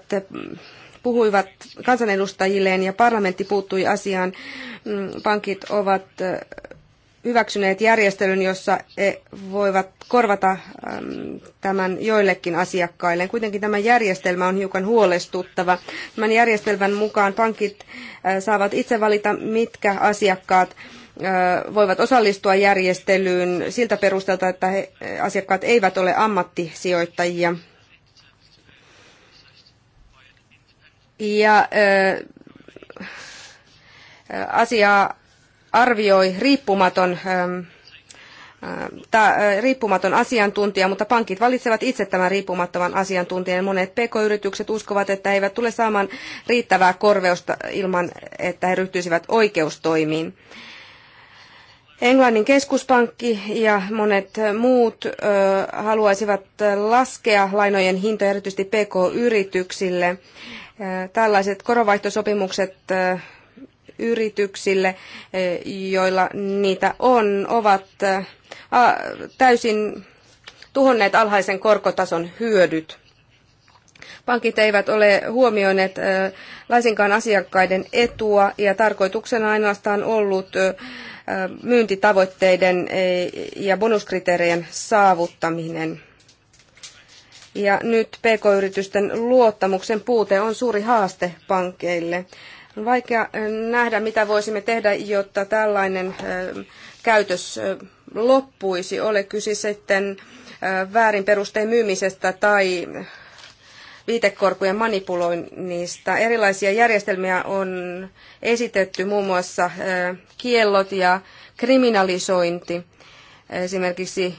puhuivat kansanedustajilleen ja parlamentti puuttui asiaan. Mm, pankit ovat hyväksyneet järjestelyn, jossa he voivat korvata tämän joillekin asiakkaille. Kuitenkin tämä järjestelmä on hiukan huolestuttava. Tämän järjestelmän mukaan pankit saavat itse valita, mitkä asiakkaat voivat osallistua järjestelyyn siltä perusteelta, että he, asiakkaat eivät ole ammattisijoittajia. ja ö, asiaa arvioi riippumaton ö, Tämä riippumaton asiantuntija, mutta pankit valitsevat itse tämän riippumattoman asiantuntijan. Monet pk-yritykset uskovat, että he eivät tule saamaan riittävää korveusta ilman, että he ryhtyisivät oikeustoimiin. Englannin keskuspankki ja monet muut haluaisivat laskea lainojen hintoja erityisesti pk-yrityksille Tällaiset koronvaihtosopimukset yrityksille, joilla niitä on, ovat täysin tuhonneet alhaisen korkotason hyödyt. Pankit eivät ole huomioineet laisinkaan asiakkaiden etua ja tarkoituksena ainoastaan ollut myyntitavoitteiden ja bonuskriteerien saavuttaminen. Ja nyt pk-yritysten luottamuksen puute on suuri haaste pankeille. On vaikea nähdä, mitä voisimme tehdä, jotta tällainen käytös loppuisi. Ole kyse sitten väärin perusteen myymisestä tai viitekorkojen manipuloinnista. Erilaisia järjestelmiä on esitetty, muun muassa kiellot ja kriminalisointi. Esimerkiksi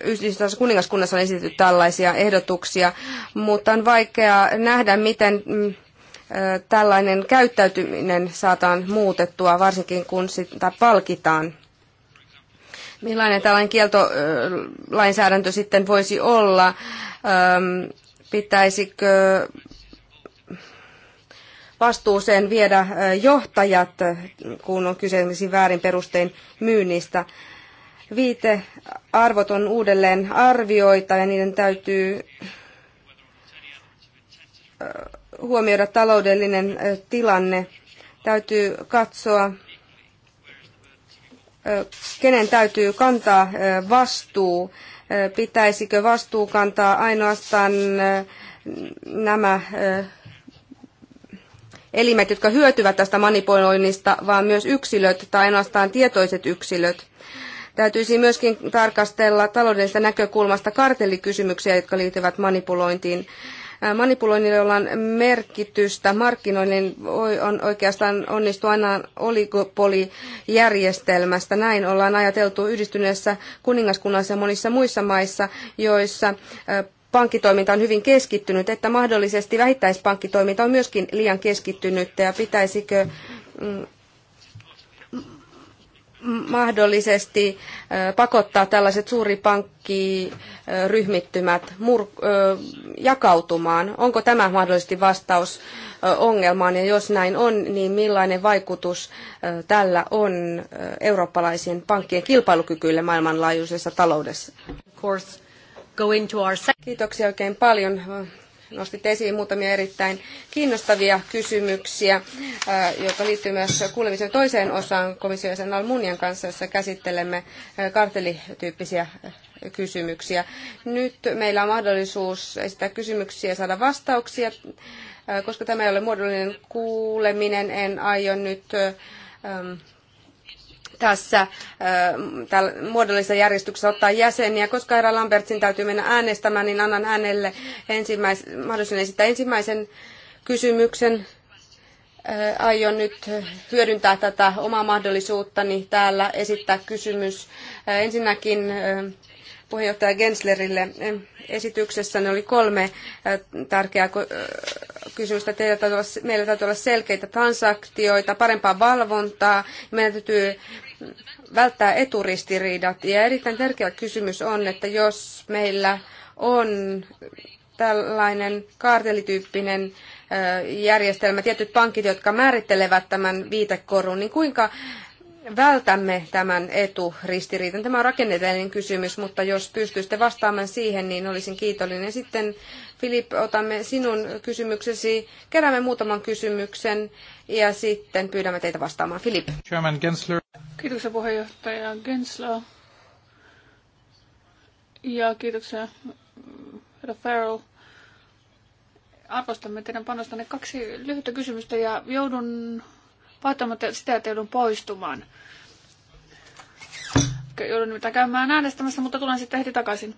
yhdistyneessä kuningaskunnassa on esitetty tällaisia ehdotuksia, mutta on vaikea nähdä, miten mm, tällainen käyttäytyminen saataan muutettua, varsinkin kun sitä palkitaan. Millainen tällainen kieltolainsäädäntö sitten voisi olla? Pitäisikö vastuuseen viedä johtajat, kun on kyse esimerkiksi väärin perustein myynnistä? Viite arvot on uudelleen arvioita ja niiden täytyy huomioida taloudellinen tilanne. Täytyy katsoa, kenen täytyy kantaa vastuu. Pitäisikö vastuu kantaa ainoastaan nämä elimet, jotka hyötyvät tästä manipuloinnista, vaan myös yksilöt tai ainoastaan tietoiset yksilöt. Täytyisi myöskin tarkastella taloudellisesta näkökulmasta kartellikysymyksiä, jotka liittyvät manipulointiin. Manipuloinnille, jolla on merkitystä markkinoinnin, on oikeastaan onnistu aina oligopolijärjestelmästä. Näin ollaan ajateltu yhdistyneessä kuningaskunnassa ja monissa muissa maissa, joissa pankkitoiminta on hyvin keskittynyt, että mahdollisesti vähittäispankkitoiminta on myöskin liian keskittynyt ja pitäisikö mm, mahdollisesti pakottaa tällaiset suuripankkiryhmittymät mur- jakautumaan? Onko tämä mahdollisesti vastaus ongelmaan ja jos näin on, niin millainen vaikutus tällä on eurooppalaisien pankkien kilpailukykyille maailmanlaajuisessa taloudessa? Kiitoksia oikein paljon nostit esiin muutamia erittäin kiinnostavia kysymyksiä, äh, jotka liittyy myös kuulemisen toiseen osaan komission jäsen Almunian kanssa, jossa käsittelemme äh, kartelityyppisiä äh, kysymyksiä. Nyt meillä on mahdollisuus esittää kysymyksiä ja saada vastauksia. Koska tämä ei ole muodollinen kuuleminen, en aio nyt ähm, tässä äh, muodollisessa järjestyksessä ottaa jäseniä. Koska Eira Lambertsin täytyy mennä äänestämään, niin annan hänelle ensimmäis- mahdollisuuden esittää ensimmäisen kysymyksen. Äh, aion nyt hyödyntää tätä omaa mahdollisuuttani täällä esittää kysymys. Äh, ensinnäkin puheenjohtaja Genslerille esityksessä ne oli kolme tärkeää kysymystä. Teillä täytyy olla, meillä täytyy olla selkeitä transaktioita, parempaa valvontaa. Meidän täytyy välttää eturistiriidat. Ja erittäin tärkeä kysymys on, että jos meillä on tällainen kaartelityyppinen järjestelmä, tietyt pankit, jotka määrittelevät tämän viitekorun, niin kuinka vältämme tämän eturistiriitan. Tämä on rakenteellinen kysymys, mutta jos pystyisitte vastaamaan siihen, niin olisin kiitollinen. Sitten Filip, otamme sinun kysymyksesi, keräämme muutaman kysymyksen ja sitten pyydämme teitä vastaamaan. Filip. Chairman Gensler. Kiitoksia puheenjohtaja Gensler. Ja kiitoksia herra Farrell. Arvostamme teidän panostanne kaksi lyhyttä kysymystä ja joudun pahoittamatta sitä, että joudun poistumaan. Joudun mitä käymään äänestämässä, mutta tulen sitten heti takaisin.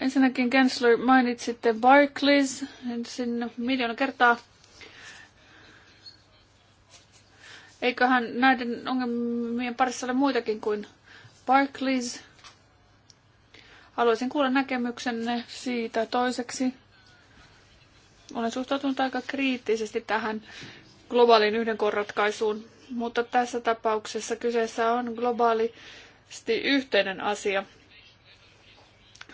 Ensinnäkin Gensler mainitsitte Barclays ensin miljoona kertaa. Eiköhän näiden ongelmien parissa ole muitakin kuin Barclays. Haluaisin kuulla näkemyksenne siitä toiseksi. Olen suhtautunut aika kriittisesti tähän globaaliin yhdenkoratkaisuun, mutta tässä tapauksessa kyseessä on globaalisti yhteinen asia.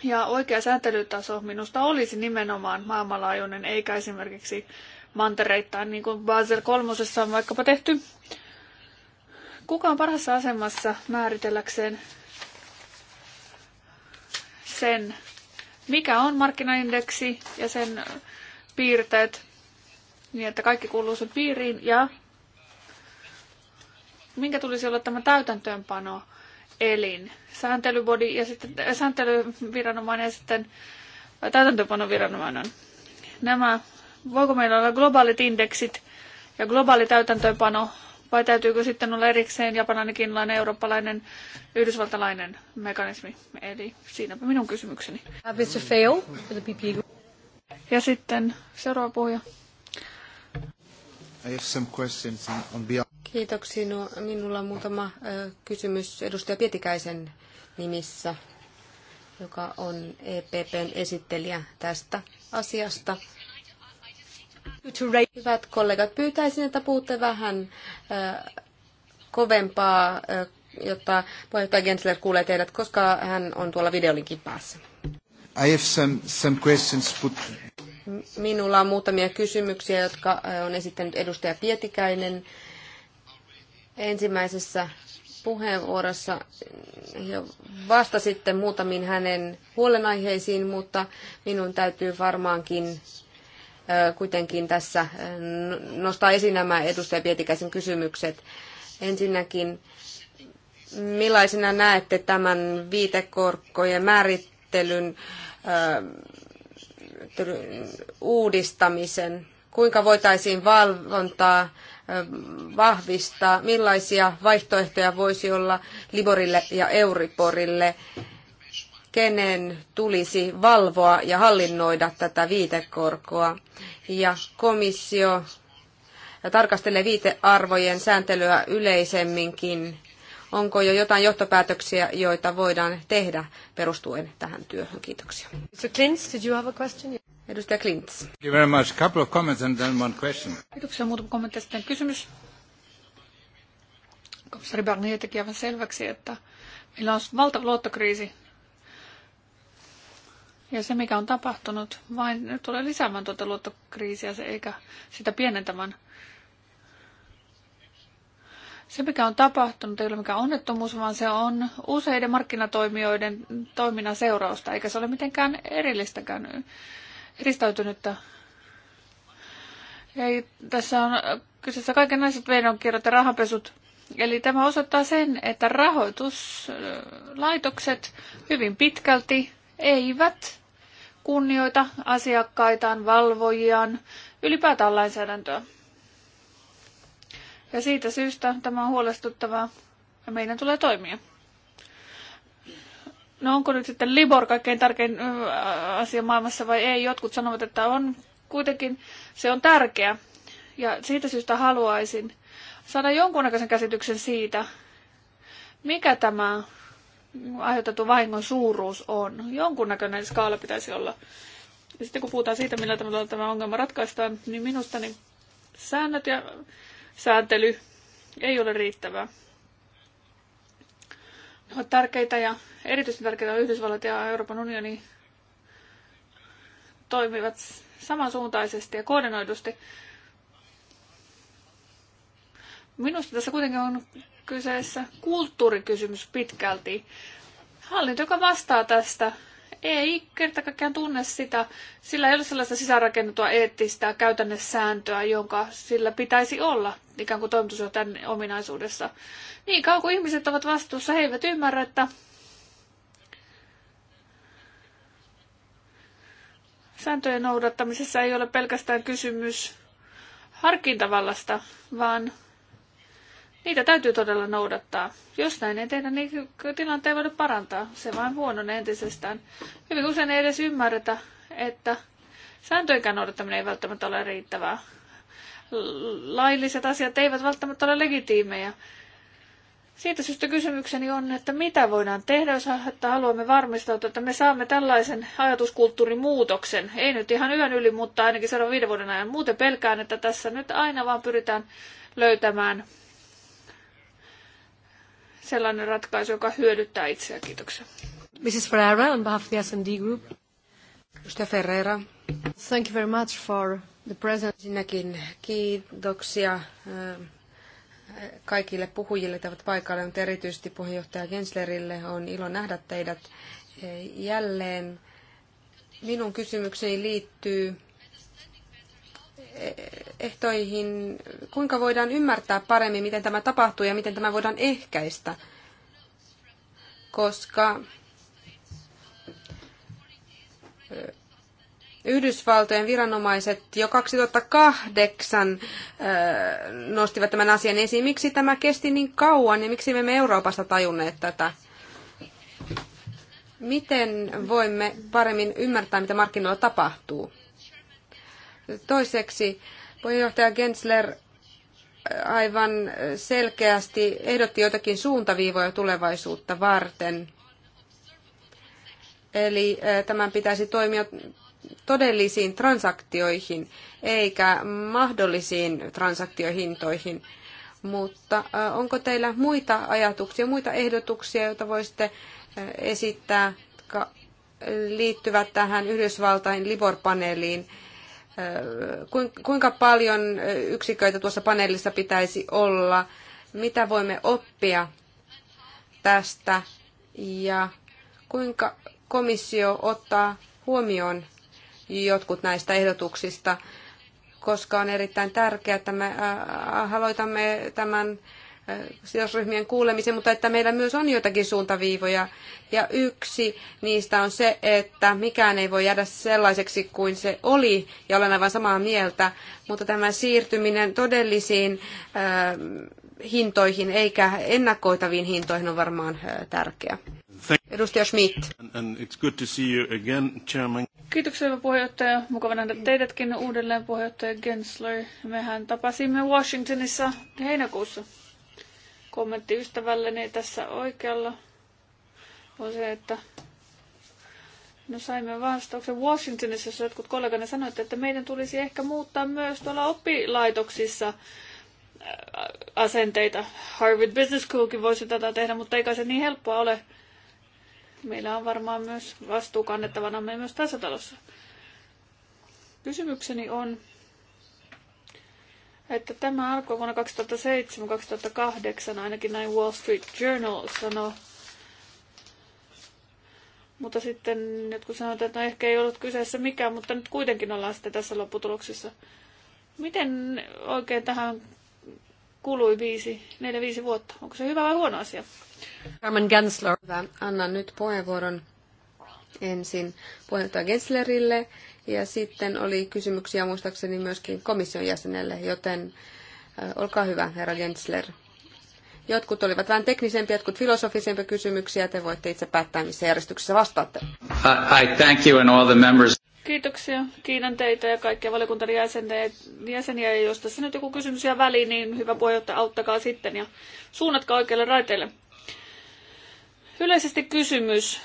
Ja oikea sääntelytaso minusta olisi nimenomaan maailmanlaajuinen, eikä esimerkiksi mantereittain, niin kuin Basel kolmosessa on vaikkapa tehty. Kuka on parhassa asemassa määritelläkseen sen, mikä on markkinaindeksi ja sen piirteet, niin että kaikki kuuluu sen piiriin ja minkä tulisi olla tämä täytäntöönpano elin, sääntelybody ja sitten äh, sääntelyviranomainen ja sitten äh, täytäntöönpanoviranomainen. Nämä, voiko meillä olla globaalit indeksit ja globaali täytäntöönpano vai täytyykö sitten olla erikseen japanilainen, kiinalainen, eurooppalainen, yhdysvaltalainen mekanismi? Eli siinäpä minun kysymykseni. E ja sitten seuraava puhuja. Kiitoksia. No, minulla on muutama kysymys edustaja Pietikäisen nimissä, joka on EPPn esittelijä tästä asiasta. Hyvät kollegat, pyytäisin, että puhutte vähän kovempaa, jotta puheenjohtaja Gensler kuulee teidät, koska hän on tuolla videolinkin päässä. I have some, some questions put Minulla on muutamia kysymyksiä, jotka on esittänyt edustaja Pietikäinen. Ensimmäisessä puheenvuorossa jo vastasitte muutamiin hänen huolenaiheisiin, mutta minun täytyy varmaankin kuitenkin tässä nostaa esiin nämä edustaja Pietikäisen kysymykset. Ensinnäkin, millaisena näette tämän viitekorkkojen määrittelyn uudistamisen? Kuinka voitaisiin valvontaa vahvistaa? Millaisia vaihtoehtoja voisi olla Liborille ja Euriporille? kenen tulisi valvoa ja hallinnoida tätä viitekorkoa. Ja komissio tarkastelee viitearvojen sääntelyä yleisemminkin Onko jo jotain johtopäätöksiä, joita voidaan tehdä perustuen tähän työhön? Kiitoksia. So Klintz, did you have a question? Edustaja Klintz. Thank you very much. Couple of comments and then one question. Kiitoksia. Muutama kommentti sitten kysymys. Komissaari Barnier teki aivan selväksi, että meillä on valtava luottokriisi ja se, mikä on tapahtunut, vain nyt tulee lisäämään tuota luottokriisiä, se eikä sitä pienentämään. Se, mikä on tapahtunut, ei ole mikään onnettomuus, vaan se on useiden markkinatoimijoiden toiminnan seurausta, eikä se ole mitenkään erillistäkään eristäytynyttä. Ei, tässä on kyseessä kaikenlaiset vedonkierrot ja rahapesut. Eli tämä osoittaa sen, että rahoituslaitokset hyvin pitkälti eivät kunnioita asiakkaitaan, valvojiaan, ylipäätään lainsäädäntöä. Ja siitä syystä tämä on huolestuttavaa ja meidän tulee toimia. No onko nyt sitten Libor kaikkein tärkein asia maailmassa vai ei? Jotkut sanovat, että on kuitenkin se on tärkeä. Ja siitä syystä haluaisin saada jonkunnäköisen käsityksen siitä, mikä tämä aiheutettu vahingon suuruus on. Jonkunnäköinen skaala pitäisi olla. Ja sitten kun puhutaan siitä, millä tavalla tämä ongelma ratkaistaan, niin minusta niin säännöt ja sääntely ei ole riittävää. Ne ovat tärkeitä ja erityisen tärkeitä Yhdysvallat ja Euroopan unioni toimivat samansuuntaisesti ja koordinoidusti. Minusta tässä kuitenkin on kyseessä kulttuurikysymys pitkälti. Hallinto, joka vastaa tästä ei kerta kaikkiaan tunne sitä. Sillä ei ole sellaista sisäänrakennettua eettistä käytännessääntöä, jonka sillä pitäisi olla ikään kuin toimitusjohtajan ominaisuudessa. Niin kauan kuin ihmiset ovat vastuussa, he eivät ymmärrä, että sääntöjen noudattamisessa ei ole pelkästään kysymys harkintavallasta, vaan Niitä täytyy todella noudattaa. Jos näin ei tehdä, niin tilanteen ei voida parantaa. Se vain huononee entisestään. Hyvin usein ei edes ymmärretä, että sääntöjenkään noudattaminen ei välttämättä ole riittävää. Lailliset asiat eivät välttämättä ole legitiimejä. Siitä syystä kysymykseni on, että mitä voidaan tehdä, jos haluamme varmistautua, että me saamme tällaisen ajatuskulttuurin muutoksen. Ei nyt ihan yön yli, mutta ainakin seuraavan viiden vuoden ajan. Muuten pelkään, että tässä nyt aina vaan pyritään löytämään sellainen ratkaisu, joka hyödyttää itseä. Kiitoksia. Mrs. Ferreira, on behalf of the S&D Group. Edustaja Ferreira. Thank you very much for the presence. Sinäkin kiitoksia eh, kaikille puhujille tävät paikalle, mutta erityisesti puheenjohtaja Genslerille on ilo nähdä teidät eh, jälleen. Minun kysymykseni liittyy ehtoihin, kuinka voidaan ymmärtää paremmin, miten tämä tapahtuu ja miten tämä voidaan ehkäistä. Koska Yhdysvaltojen viranomaiset jo 2008 nostivat tämän asian esiin. Miksi tämä kesti niin kauan ja miksi me emme Euroopassa tajunneet tätä? Miten voimme paremmin ymmärtää, mitä markkinoilla tapahtuu? Toiseksi puheenjohtaja Gensler äh, aivan selkeästi ehdotti jotakin suuntaviivoja tulevaisuutta varten. Eli äh, tämän pitäisi toimia todellisiin transaktioihin eikä mahdollisiin transaktiohintoihin. Mutta äh, onko teillä muita ajatuksia, muita ehdotuksia, joita voisitte esittää, jotka liittyvät tähän Yhdysvaltain Libor-paneeliin? kuinka paljon yksiköitä tuossa paneelissa pitäisi olla, mitä voimme oppia tästä ja kuinka komissio ottaa huomioon jotkut näistä ehdotuksista, koska on erittäin tärkeää, että me aloitamme tämän Äh, sidosryhmien kuulemisen, mutta että meillä myös on jotakin suuntaviivoja. Ja yksi niistä on se, että mikään ei voi jäädä sellaiseksi kuin se oli, ja olen aivan samaa mieltä, mutta tämä siirtyminen todellisiin äh, hintoihin eikä ennakoitaviin hintoihin on varmaan äh, tärkeä. Edustaja Schmidt. And, it's good to see you again, Chairman. Kiitoksia hyvä puheenjohtaja. Mukava nähdä teidätkin uudelleen puheenjohtaja Gensler. Mehän tapasimme Washingtonissa heinäkuussa kommentti ystävälleni tässä oikealla on se, että no saimme vastauksen Washingtonissa, jossa jotkut kollegani sanoivat, että meidän tulisi ehkä muuttaa myös tuolla oppilaitoksissa äh, asenteita. Harvard Business Schoolkin voisi tätä tehdä, mutta eikä se niin helppoa ole. Meillä on varmaan myös vastuu kannettavana me myös tässä talossa. Kysymykseni on, että tämä alkoi vuonna 2007-2008, ainakin näin Wall Street Journal sanoi. Mutta sitten jotkut sanoivat, että no ehkä ei ollut kyseessä mikään, mutta nyt kuitenkin ollaan sitten tässä lopputuloksessa. Miten oikein tähän kului viisi, neljä, viisi vuotta? Onko se hyvä vai huono asia? Carmen Gensler. Annan nyt puheenvuoron ensin puheenjohtaja Genslerille ja sitten oli kysymyksiä muistaakseni myöskin komission jäsenelle, joten olkaa hyvä, herra Jensler. Jotkut olivat vähän teknisempiä, jotkut filosofisempia kysymyksiä. Te voitte itse päättää, missä järjestyksessä vastaatte. I thank you and all the members. Kiitoksia. Kiitän teitä ja kaikkia valiokuntan jäseniä. jäseniä. Ja jos tässä nyt joku kysymys jää väliin, niin hyvä puheenjohtaja, auttakaa sitten ja suunnatkaa oikealle raiteelle. Yleisesti kysymys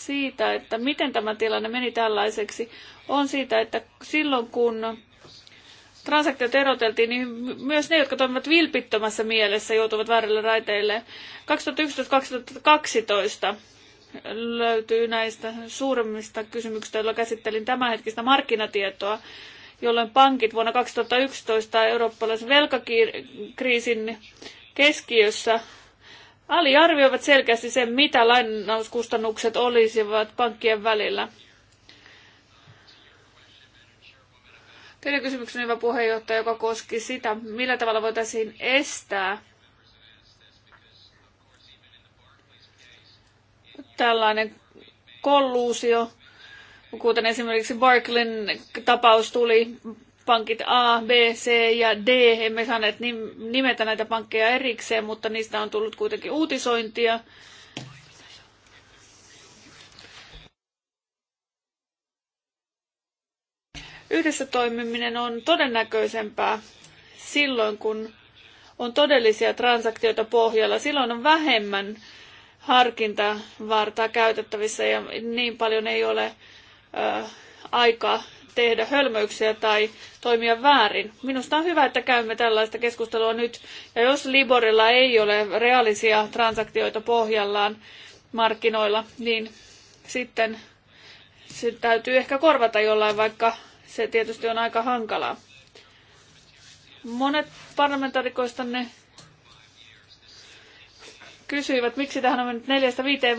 siitä, että miten tämä tilanne meni tällaiseksi, on siitä, että silloin kun transaktiot eroteltiin, niin myös ne, jotka toimivat vilpittömässä mielessä, joutuvat väärille raiteille. 2011-2012 löytyy näistä suuremmista kysymyksistä, joilla käsittelin tämänhetkistä markkinatietoa, jolloin pankit vuonna 2011 eurooppalaisen velkakriisin keskiössä aliarvioivat selkeästi sen, mitä lainauskustannukset olisivat pankkien välillä. Teidän kysymyksenne, hyvä puheenjohtaja, joka koski sitä, millä tavalla voitaisiin estää tällainen kolluusio, kuten esimerkiksi Barklin tapaus tuli pankit A, B, C ja D, emme saaneet nimetä näitä pankkeja erikseen, mutta niistä on tullut kuitenkin uutisointia. Yhdessä toimiminen on todennäköisempää silloin, kun on todellisia transaktioita pohjalla. Silloin on vähemmän harkintavartaa käytettävissä ja niin paljon ei ole äh, aika tehdä hölmöyksiä tai toimia väärin. Minusta on hyvä, että käymme tällaista keskustelua nyt. Ja jos Liborilla ei ole reaalisia transaktioita pohjallaan markkinoilla, niin sitten se täytyy ehkä korvata jollain, vaikka se tietysti on aika hankalaa. Monet parlamentaarikoistanne kysyivät, miksi tähän on mennyt neljästä viiteen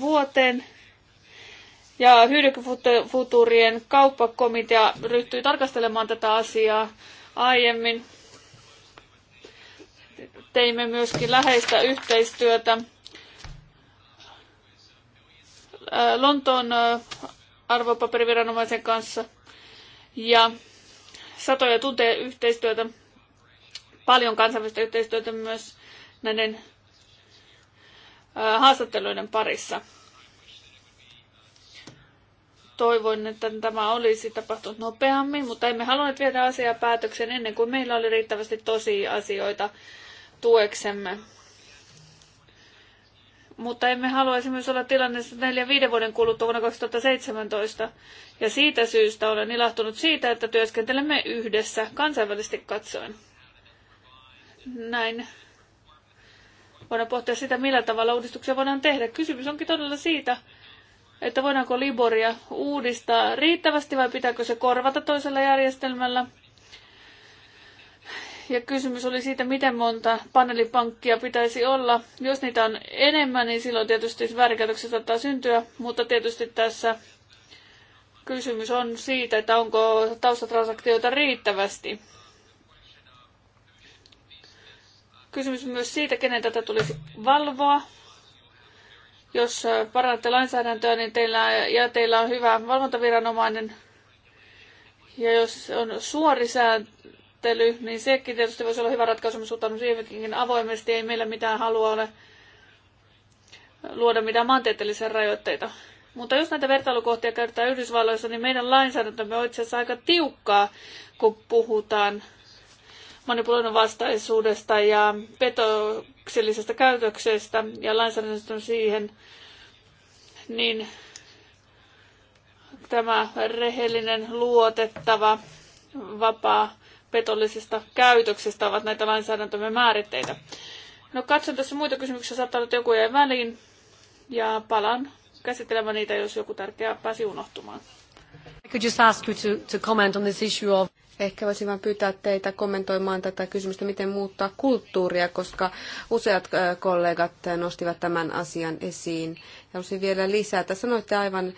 vuoteen ja hyödykefuturien kauppakomitea ryhtyi tarkastelemaan tätä asiaa aiemmin. Teimme myöskin läheistä yhteistyötä äh, Lontoon äh, arvopaperiviranomaisen kanssa ja satoja tunteja yhteistyötä, paljon kansainvälistä yhteistyötä myös näiden äh, haastatteluiden parissa toivoin, että tämä olisi tapahtunut nopeammin, mutta emme halunneet viedä asiaa päätöksen ennen kuin meillä oli riittävästi tosi asioita tueksemme. Mutta emme haluaisi myös olla tilanteessa neljä viiden vuoden kuluttua vuonna 2017. Ja siitä syystä olen ilahtunut siitä, että työskentelemme yhdessä kansainvälisesti katsoen. Näin voidaan pohtia sitä, millä tavalla uudistuksia voidaan tehdä. Kysymys onkin todella siitä, että voidaanko Liboria uudistaa riittävästi vai pitääkö se korvata toisella järjestelmällä. Ja kysymys oli siitä, miten monta paneelipankkia pitäisi olla. Jos niitä on enemmän, niin silloin tietysti väärinkäytökset saattaa syntyä, mutta tietysti tässä kysymys on siitä, että onko taustatransaktioita riittävästi. Kysymys myös siitä, kenen tätä tulisi valvoa jos parannatte lainsäädäntöä, niin teillä, ja teillä on hyvä valvontaviranomainen, ja jos on suori sääntely, niin sekin tietysti voisi olla hyvä ratkaisu, mutta suhtaudun siihenkin avoimesti. Ei meillä mitään halua ole luoda mitään maantieteellisiä rajoitteita. Mutta jos näitä vertailukohtia käytetään Yhdysvalloissa, niin meidän lainsäädäntömme on itse asiassa aika tiukkaa, kun puhutaan manipuloinnin vastaisuudesta ja peto, lapsellisesta käytöksestä ja lainsäädännöstä siihen, niin tämä rehellinen, luotettava, vapaa petollisesta käytöksestä ovat näitä lainsäädäntömme määritteitä. No katson tässä muita kysymyksiä, saattaa olla, että joku jäi väliin ja palan käsittelemään niitä, jos joku tärkeä pääsi unohtumaan. Could just ask you to, to comment on this issue of... Ehkä voisin vain pyytää teitä kommentoimaan tätä kysymystä, miten muuttaa kulttuuria, koska useat kollegat nostivat tämän asian esiin. Ja haluaisin vielä lisätä. Sanoitte aivan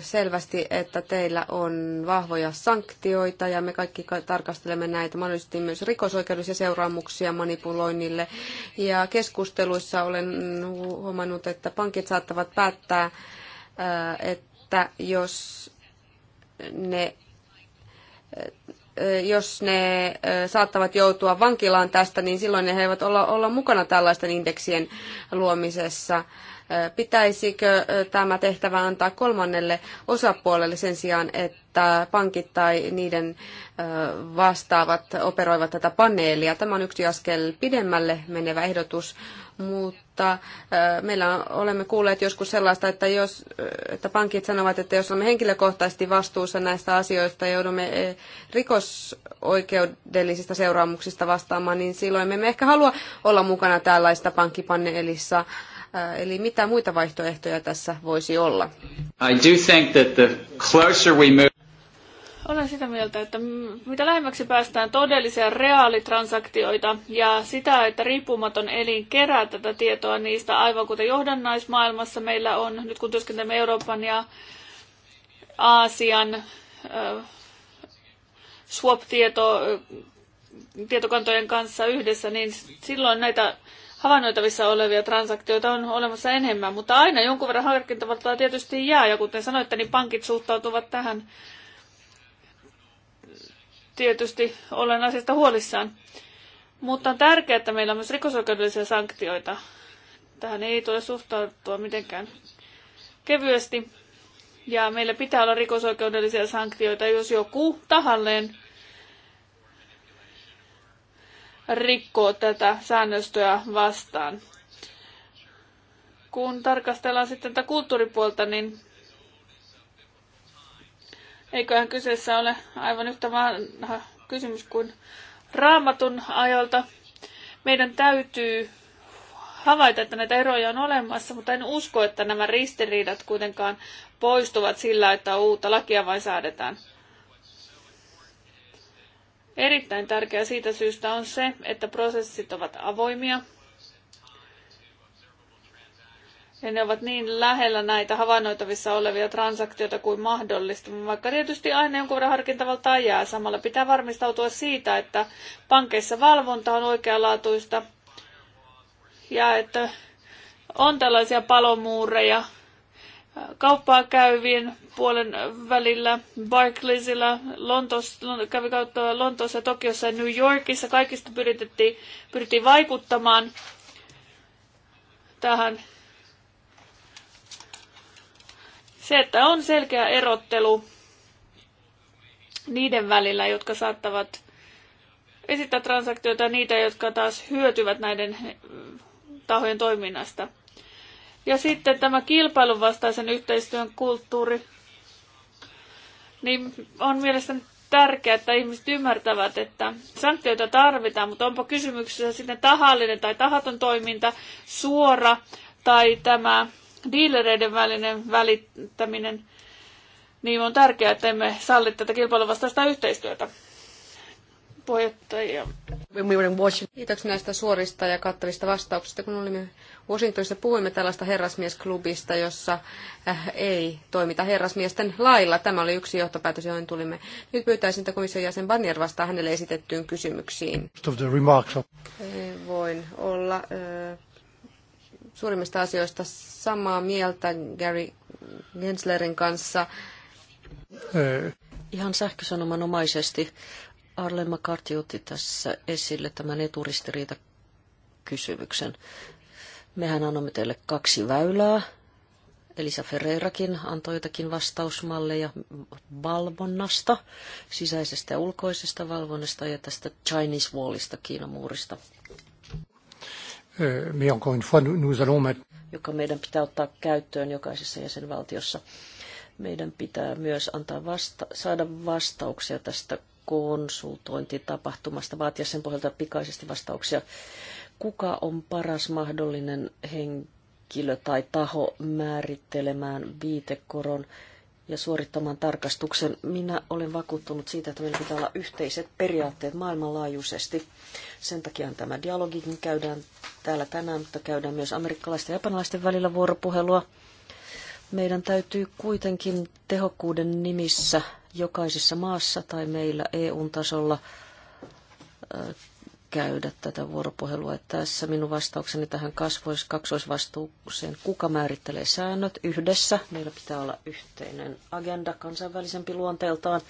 selvästi, että teillä on vahvoja sanktioita ja me kaikki tarkastelemme näitä mahdollisesti myös rikosoikeudellisia seuraamuksia manipuloinnille. Ja keskusteluissa olen huomannut, että pankit saattavat päättää, että jos ne jos ne saattavat joutua vankilaan tästä, niin silloin ne eivät olla, olla mukana tällaisten indeksien luomisessa. Pitäisikö tämä tehtävä antaa kolmannelle osapuolelle sen sijaan, että pankit tai niiden vastaavat operoivat tätä paneelia? Tämä on yksi askel pidemmälle menevä ehdotus, mutta meillä olemme kuulleet joskus sellaista, että, jos, että pankit sanovat, että jos olemme henkilökohtaisesti vastuussa näistä asioista ja joudumme rikosoikeudellisista seuraamuksista vastaamaan, niin silloin me emme ehkä halua olla mukana tällaista pankkipaneelissa Eli mitä muita vaihtoehtoja tässä voisi olla? I do think that the closer we move... Olen sitä mieltä, että mitä lähemmäksi päästään todellisia reaalitransaktioita ja sitä, että riippumaton elin kerää tätä tietoa niistä, aivan kuten johdannaismaailmassa meillä on, nyt kun työskentelemme Euroopan ja Aasian äh, swap-tietokantojen kanssa yhdessä, niin silloin näitä havainnoitavissa olevia transaktioita on olemassa enemmän, mutta aina jonkun verran harkintavaltaa tietysti jää, ja kuten sanoitte, niin pankit suhtautuvat tähän tietysti olen asiasta huolissaan. Mutta on tärkeää, että meillä on myös rikosoikeudellisia sanktioita. Tähän ei tule suhtautua mitenkään kevyesti. Ja meillä pitää olla rikosoikeudellisia sanktioita, jos joku tahalleen rikkoo tätä säännöstöä vastaan. Kun tarkastellaan sitten tätä kulttuuripuolta, niin eiköhän kyseessä ole aivan yhtä vanha kysymys kuin raamatun ajalta. Meidän täytyy havaita, että näitä eroja on olemassa, mutta en usko, että nämä ristiriidat kuitenkaan poistuvat sillä, että uutta lakia vain säädetään. Erittäin tärkeää siitä syystä on se, että prosessit ovat avoimia ja ne ovat niin lähellä näitä havainnoitavissa olevia transaktioita kuin mahdollista. Vaikka tietysti aina jonkun verran harkintavaltaa jää samalla, pitää varmistautua siitä, että pankeissa valvonta on oikeanlaatuista ja että on tällaisia palomuureja, kauppaa käyvien puolen välillä, Barclaysilla, Lontossa, kävi kautta Lontoossa, Tokiossa ja New Yorkissa. Kaikista pyritettiin, pyrittiin vaikuttamaan tähän. Se, että on selkeä erottelu niiden välillä, jotka saattavat esittää transaktioita ja niitä, jotka taas hyötyvät näiden tahojen toiminnasta – ja sitten tämä kilpailun vastaisen yhteistyön kulttuuri, niin on mielestäni tärkeää, että ihmiset ymmärtävät, että sanktioita tarvitaan, mutta onpa kysymyksessä sitten tahallinen tai tahaton toiminta, suora tai tämä diilereiden välinen välittäminen, niin on tärkeää, että emme salli tätä kilpailuvastaista yhteistyötä puheenjohtajia. Kiitoksia näistä suorista ja kattavista vastauksista. Kun olimme Washingtonissa, puhuimme tällaista herrasmiesklubista, jossa äh, ei toimita herrasmiesten lailla. Tämä oli yksi johtopäätös, johon tulimme. Nyt pyytäisin, että komission jäsen banner vastaa hänelle esitettyyn kysymyksiin. Voin olla äh, suurimmista asioista samaa mieltä Gary Genslerin kanssa. Äh. Ihan sähkösanomanomaisesti Arle McCarthy otti tässä esille tämän eturistiriitakysymyksen. Mehän annamme teille kaksi väylää. Elisa Ferreirakin antoi jotakin vastausmalleja valvonnasta, sisäisestä ja ulkoisesta valvonnasta ja tästä Chinese Wallista, Kiinan muurista. Euh, joka meidän pitää ottaa käyttöön jokaisessa jäsenvaltiossa. Meidän pitää myös antaa vasta- saada vastauksia tästä konsultointitapahtumasta, vaatia sen pohjalta pikaisesti vastauksia. Kuka on paras mahdollinen henkilö tai taho määrittelemään viitekoron ja suorittamaan tarkastuksen? Minä olen vakuuttunut siitä, että meillä pitää olla yhteiset periaatteet maailmanlaajuisesti. Sen takia tämä dialogikin käydään täällä tänään, mutta käydään myös amerikkalaisten ja japanilaisten välillä vuoropuhelua. Meidän täytyy kuitenkin tehokkuuden nimissä jokaisessa maassa tai meillä EU-tasolla käydä tätä vuoropuhelua. Tässä minun vastaukseni tähän kasvois, kaksoisvastuuseen. Kuka määrittelee säännöt yhdessä? Meillä pitää olla yhteinen agenda kansainvälisempi luonteeltaan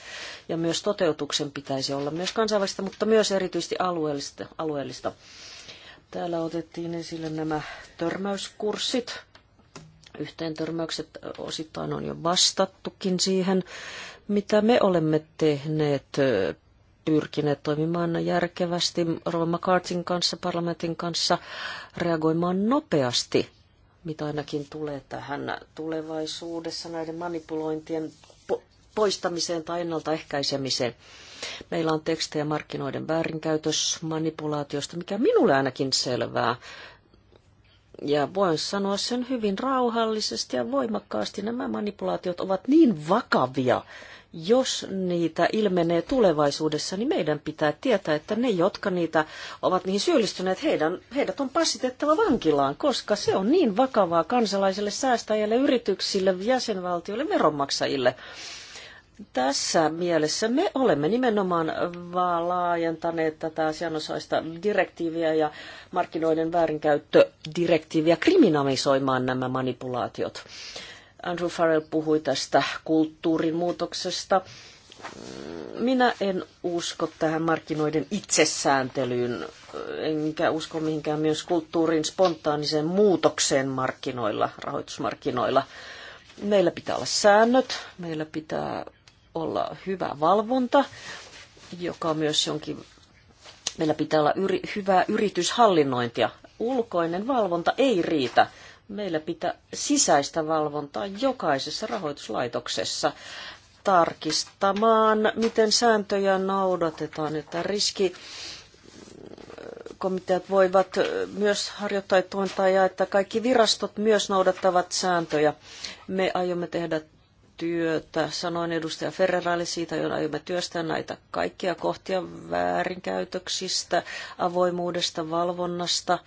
ja myös toteutuksen pitäisi olla myös kansainvälistä, mutta myös erityisesti alueellista. alueellista. Täällä otettiin esille nämä törmäyskurssit yhteen törmäykset, osittain on jo vastattukin siihen, mitä me olemme tehneet pyrkineet toimimaan järkevästi Rova McCartin kanssa, parlamentin kanssa, reagoimaan nopeasti, mitä ainakin tulee tähän tulevaisuudessa näiden manipulointien poistamiseen tai ennaltaehkäisemiseen. Meillä on tekstejä markkinoiden väärinkäytös manipulaatiosta, mikä minulle ainakin selvää. Ja voin sanoa sen hyvin rauhallisesti ja voimakkaasti. Nämä manipulaatiot ovat niin vakavia, jos niitä ilmenee tulevaisuudessa, niin meidän pitää tietää, että ne, jotka niitä ovat niihin syyllistyneet, heidän, heidät on passitettava vankilaan, koska se on niin vakavaa kansalaisille, säästäjille, yrityksille, jäsenvaltioille, veronmaksajille. Tässä mielessä me olemme nimenomaan laajentaneet tätä asianosaista direktiiviä ja markkinoiden väärinkäyttödirektiiviä kriminalisoimaan nämä manipulaatiot. Andrew Farrell puhui tästä kulttuurin muutoksesta. Minä en usko tähän markkinoiden itsesääntelyyn, enkä usko mihinkään myös kulttuurin spontaaniseen muutokseen markkinoilla, rahoitusmarkkinoilla. Meillä pitää olla säännöt, meillä pitää olla hyvä valvonta, joka myös jonkin, meillä pitää olla yri, hyvää yrityshallinnointia. Ulkoinen valvonta ei riitä. Meillä pitää sisäistä valvontaa jokaisessa rahoituslaitoksessa tarkistamaan, miten sääntöjä noudatetaan, että riski komiteat voivat myös harjoittaa tuontaa ja että kaikki virastot myös noudattavat sääntöjä. Me aiomme tehdä työtä. Sanoin edustaja Ferreralle siitä, jolla aiomme työstää näitä kaikkia kohtia väärinkäytöksistä, avoimuudesta, valvonnasta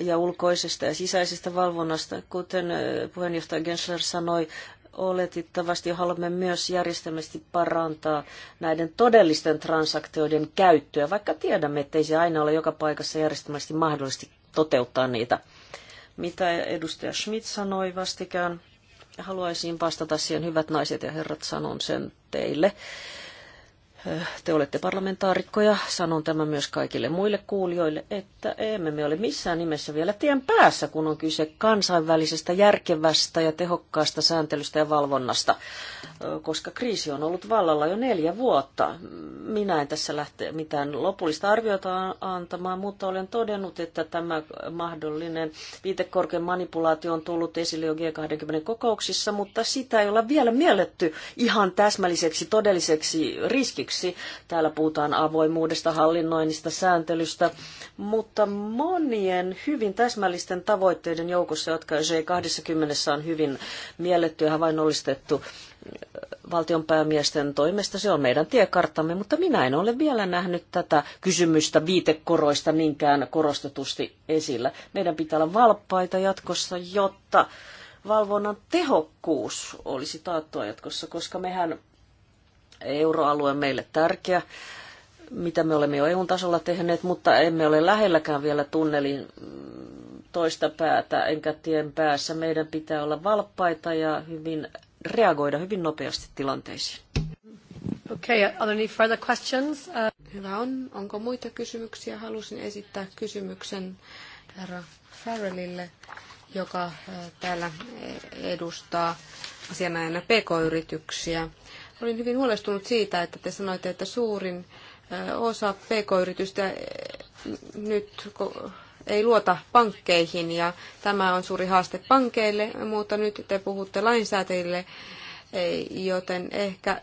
ja ulkoisesta ja sisäisestä valvonnasta. Kuten puheenjohtaja Gensler sanoi, oletettavasti haluamme myös järjestelmästi parantaa näiden todellisten transaktioiden käyttöä, vaikka tiedämme, että ei se aina ole joka paikassa järjestelmästi mahdollisesti toteuttaa niitä. Mitä edustaja Schmidt sanoi vastikään, Haluaisin vastata siihen, hyvät naiset ja herrat, sanon sen teille. Äh, te olette parlamentaarikkoja, sanon tämän myös kaikille muille kuulijoille, että emme me ole missään nimessä vielä tien päässä, kun on kyse kansainvälisestä järkevästä ja tehokkaasta sääntelystä ja valvonnasta, äh, koska kriisi on ollut vallalla jo neljä vuotta. Minä en tässä lähte mitään lopullista arviota antamaan, mutta olen todennut, että tämä mahdollinen viitekorkean manipulaatio on tullut esille jo G20-kokouksissa, mutta sitä ei olla vielä mielletty ihan täsmälliseksi todelliseksi riskiksi yksi. Täällä puhutaan avoimuudesta, hallinnoinnista, sääntelystä, mutta monien hyvin täsmällisten tavoitteiden joukossa, jotka G20 on hyvin mielletty ja havainnollistettu, valtionpäämiesten toimesta, se on meidän tiekarttamme, mutta minä en ole vielä nähnyt tätä kysymystä viitekoroista niinkään korostetusti esillä. Meidän pitää olla valppaita jatkossa, jotta valvonnan tehokkuus olisi taattua jatkossa, koska mehän euroalue meille tärkeä, mitä me olemme jo EUn tasolla tehneet, mutta emme ole lähelläkään vielä tunnelin toista päätä enkä tien päässä. Meidän pitää olla valppaita ja hyvin reagoida hyvin nopeasti tilanteisiin. Okay, are there any further questions? Uh... Hyvä on. Onko muita kysymyksiä? Halusin esittää kysymyksen herra Farrellille, joka äh, täällä e, edustaa asianajana pk-yrityksiä. Olin hyvin huolestunut siitä, että te sanoitte, että suurin osa pk-yritystä e, nyt ei luota pankkeihin ja tämä on suuri haaste pankeille, mutta nyt te puhutte lainsäätäjille, e, joten ehkä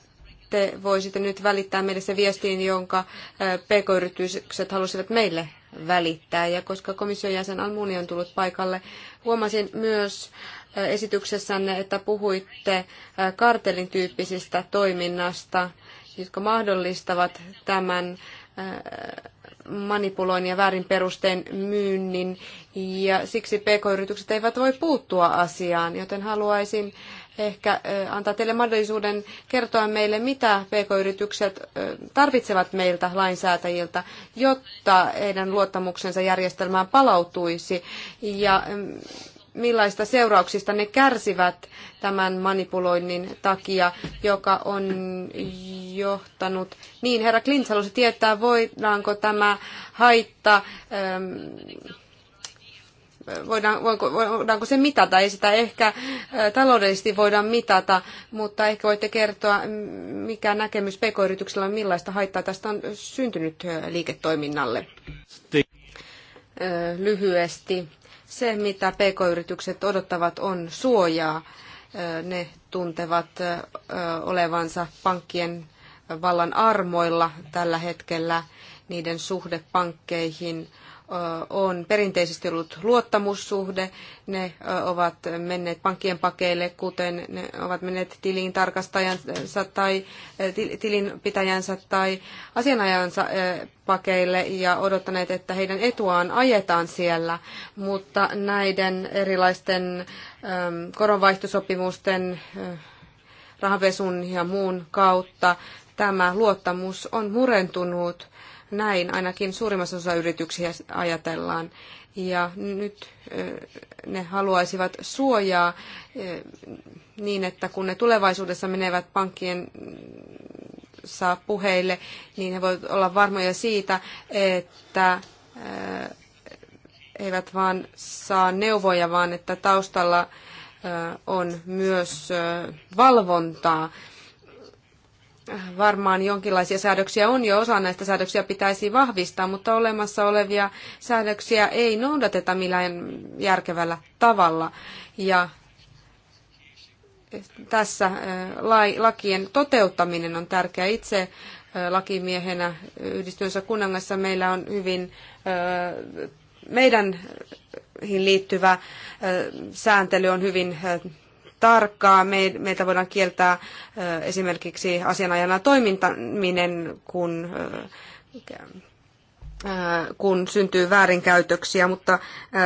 te voisitte nyt välittää meille se viestiin, jonka pk-yritykset halusivat meille välittää. Ja koska komission jäsen Almuni on tullut paikalle, huomasin myös esityksessänne, että puhuitte kartelin tyyppisistä toiminnasta, jotka mahdollistavat tämän manipuloin ja väärin perusteen myynnin, ja siksi pk-yritykset eivät voi puuttua asiaan, joten haluaisin ehkä antaa teille mahdollisuuden kertoa meille, mitä pk-yritykset tarvitsevat meiltä lainsäätäjiltä, jotta heidän luottamuksensa järjestelmään palautuisi, ja millaista seurauksista ne kärsivät tämän manipuloinnin takia, joka on johtanut. Niin, herra Klintz halusi tietää, voidaanko tämä haitta, ähm, voidaan, voidaanko se mitata. Ei sitä ehkä äh, taloudellisesti voida mitata, mutta ehkä voitte kertoa, mikä näkemys pk-yrityksellä on, millaista haittaa tästä on syntynyt äh, liiketoiminnalle äh, lyhyesti se, mitä pk-yritykset odottavat, on suojaa. Ne tuntevat olevansa pankkien vallan armoilla tällä hetkellä. Niiden suhde pankkeihin on perinteisesti ollut luottamussuhde, ne ovat menneet pankkien pakeille, kuten ne ovat menneet tilintarkastajansa tai tilinpitäjänsä tai asianajansa pakeille ja odottaneet, että heidän etuaan ajetaan siellä, mutta näiden erilaisten koronvaihtosopimusten rahanpesun ja muun kautta tämä luottamus on murentunut näin ainakin suurimmassa osa yrityksiä ajatellaan. Ja nyt ne haluaisivat suojaa niin, että kun ne tulevaisuudessa menevät pankkien mm, saa puheille, niin he voivat olla varmoja siitä, että eivät vaan saa neuvoja, vaan että taustalla on myös valvontaa varmaan jonkinlaisia säädöksiä on jo, osa näistä säädöksiä pitäisi vahvistaa, mutta olemassa olevia säädöksiä ei noudateta millään järkevällä tavalla. Ja tässä äh, lakien toteuttaminen on tärkeää. Itse äh, lakimiehenä yhdistyneessä kuningassa meillä on hyvin äh, meidän liittyvä sääntely on hyvin tarkkaa. Meitä voidaan kieltää esimerkiksi asianajana toimintaminen, kun kun syntyy väärinkäytöksiä, mutta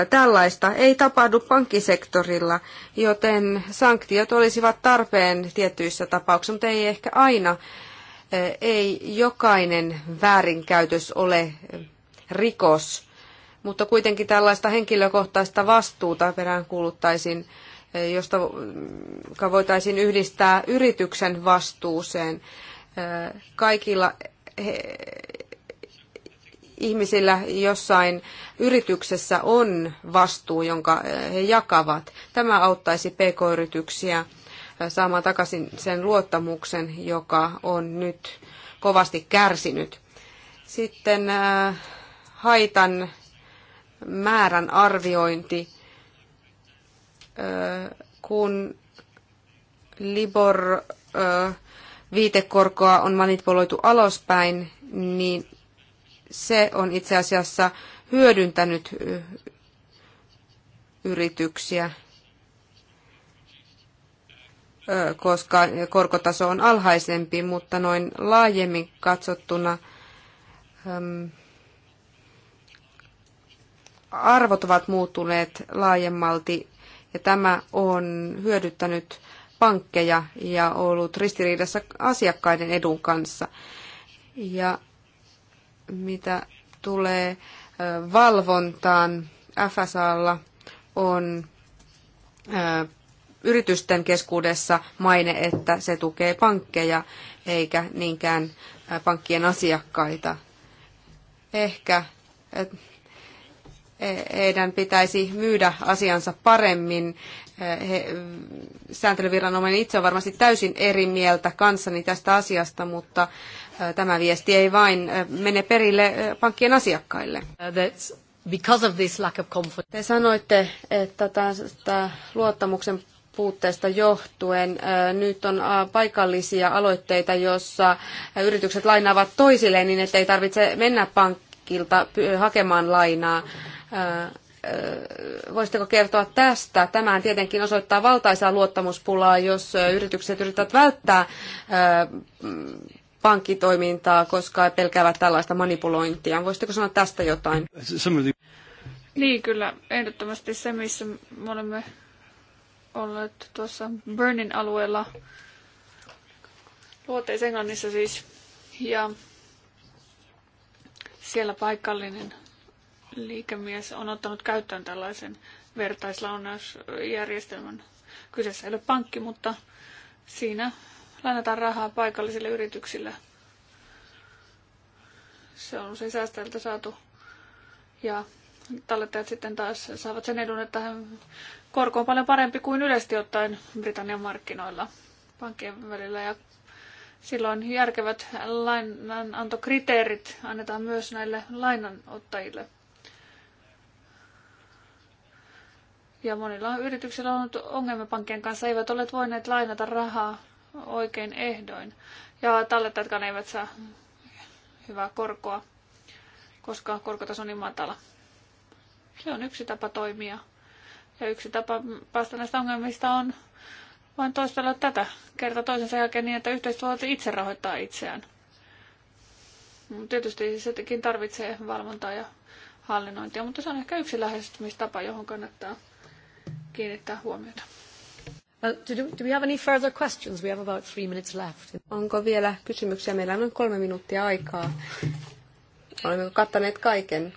tällaista ei tapahdu pankkisektorilla, joten sanktiot olisivat tarpeen tietyissä tapauksissa, mutta ei ehkä aina. Ei jokainen väärinkäytös ole rikos, mutta kuitenkin tällaista henkilökohtaista vastuuta peräänkuuluttaisin kuuluttaisin josta voitaisiin yhdistää yrityksen vastuuseen. Kaikilla ihmisillä jossain yrityksessä on vastuu, jonka he jakavat. Tämä auttaisi pk-yrityksiä saamaan takaisin sen luottamuksen, joka on nyt kovasti kärsinyt. Sitten äh, haitan määrän arviointi kun Libor viitekorkoa on manipuloitu alaspäin, niin se on itse asiassa hyödyntänyt yrityksiä, koska korkotaso on alhaisempi, mutta noin laajemmin katsottuna arvot ovat muuttuneet laajemmalti ja tämä on hyödyttänyt pankkeja ja ollut ristiriidassa asiakkaiden edun kanssa. Ja mitä tulee valvontaan, FSAlla on yritysten keskuudessa maine, että se tukee pankkeja eikä niinkään pankkien asiakkaita. Ehkä heidän pitäisi myydä asiansa paremmin. He, sääntelyviranomainen itse on varmasti täysin eri mieltä kanssani tästä asiasta, mutta tämä viesti ei vain mene perille pankkien asiakkaille. Uh, That's because of this lack of confidence. Te sanoitte, että tästä luottamuksen puutteesta johtuen. Nyt on paikallisia aloitteita, joissa yritykset lainaavat toisilleen niin, ettei tarvitse mennä pankkilta hakemaan lainaa. Voisitteko kertoa tästä? Tämä tietenkin osoittaa valtaisaa luottamuspulaa, jos yritykset yrittävät välttää mm, pankkitoimintaa, koska pelkäävät tällaista manipulointia. Voisitteko sanoa tästä jotain? Niin, kyllä. Ehdottomasti se, missä me olemme olleet tuossa Burnin alueella, luoteis Englannissa siis, ja siellä paikallinen liikemies on ottanut käyttöön tällaisen vertaislaunausjärjestelmän. Kyseessä ei ole pankki, mutta siinä lainataan rahaa paikallisille yrityksille. Se on usein säästäjältä saatu. Ja tallettajat sitten taas saavat sen edun, että korko on paljon parempi kuin yleisesti ottaen Britannian markkinoilla pankkien välillä. Ja silloin järkevät lainanantokriteerit annetaan myös näille lainanottajille. Ja monilla yrityksillä on ollut ongelmia pankkien kanssa, eivät ole voineet lainata rahaa oikein ehdoin. Ja tallettajatkaan eivät saa hyvää korkoa, koska korkotaso on niin matala. Se on yksi tapa toimia. Ja yksi tapa päästä näistä ongelmista on vain toistella tätä kerta toisensa jälkeen niin, että yhteiset itse rahoittaa itseään. Tietysti sekin tarvitsee valvontaa ja hallinnointia, mutta se on ehkä yksi lähestymistapa, johon kannattaa kiinnittää huomiota. Do we have any further questions? We have about three minutes left. Onko vielä kysymyksiä? Meillä on noin kolme minuuttia aikaa. Olemme kattaneet kaiken.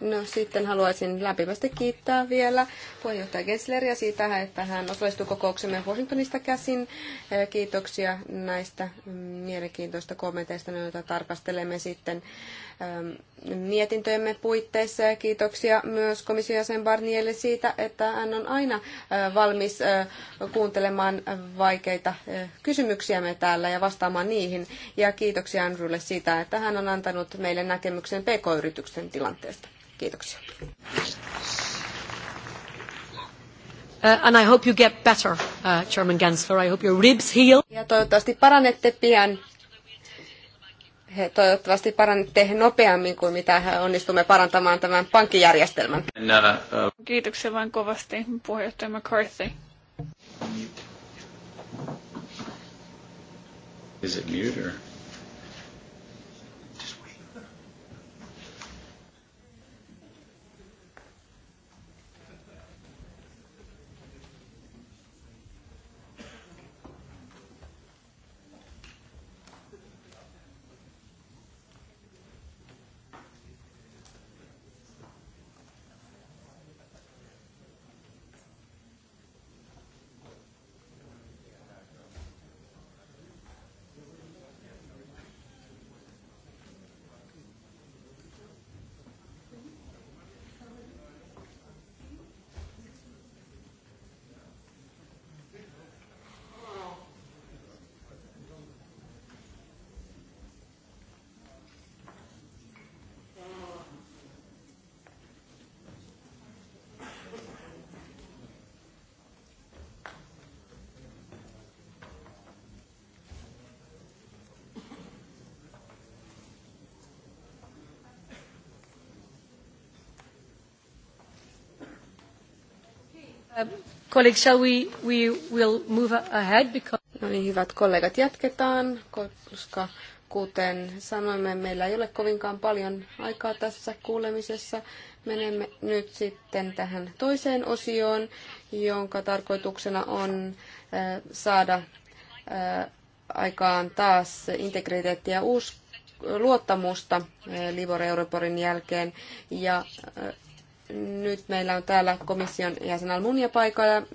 No sitten haluaisin lämpimästi kiittää vielä puheenjohtaja Gensleria siitä, että hän osallistui kokouksemme Washingtonista käsin. Eh, kiitoksia näistä mielenkiintoista kommenteista, joita tarkastelemme sitten mietintöjemme puitteissa ja kiitoksia myös komission jäsen Barnielle siitä, että hän on aina valmis kuuntelemaan vaikeita kysymyksiämme täällä ja vastaamaan niihin. Ja kiitoksia Andrewlle siitä, että hän on antanut meille näkemyksen pk-yritysten tilanteesta. Kiitoksia. Uh, and I hope you get better, uh, German I hope your ribs heal. Ja toivottavasti paranette pian he toivottavasti tehdä nopeammin kuin mitä he onnistumme parantamaan tämän pankkijärjestelmän. Uh, uh, Kiitoksia vain kovasti puheenjohtaja McCarthy. Is it mute or? Uh, colleagues, shall we, we will move ahead because... No niin, hyvät kollegat, jatketaan, koska kuten sanoimme, meillä ei ole kovinkaan paljon aikaa tässä kuulemisessa. Menemme nyt sitten tähän toiseen osioon, jonka tarkoituksena on uh, saada uh, aikaan taas integriteettiä ja luottamusta Libor Europorin jälkeen ja nyt meillä on täällä komission jäsen Almunia paikalla.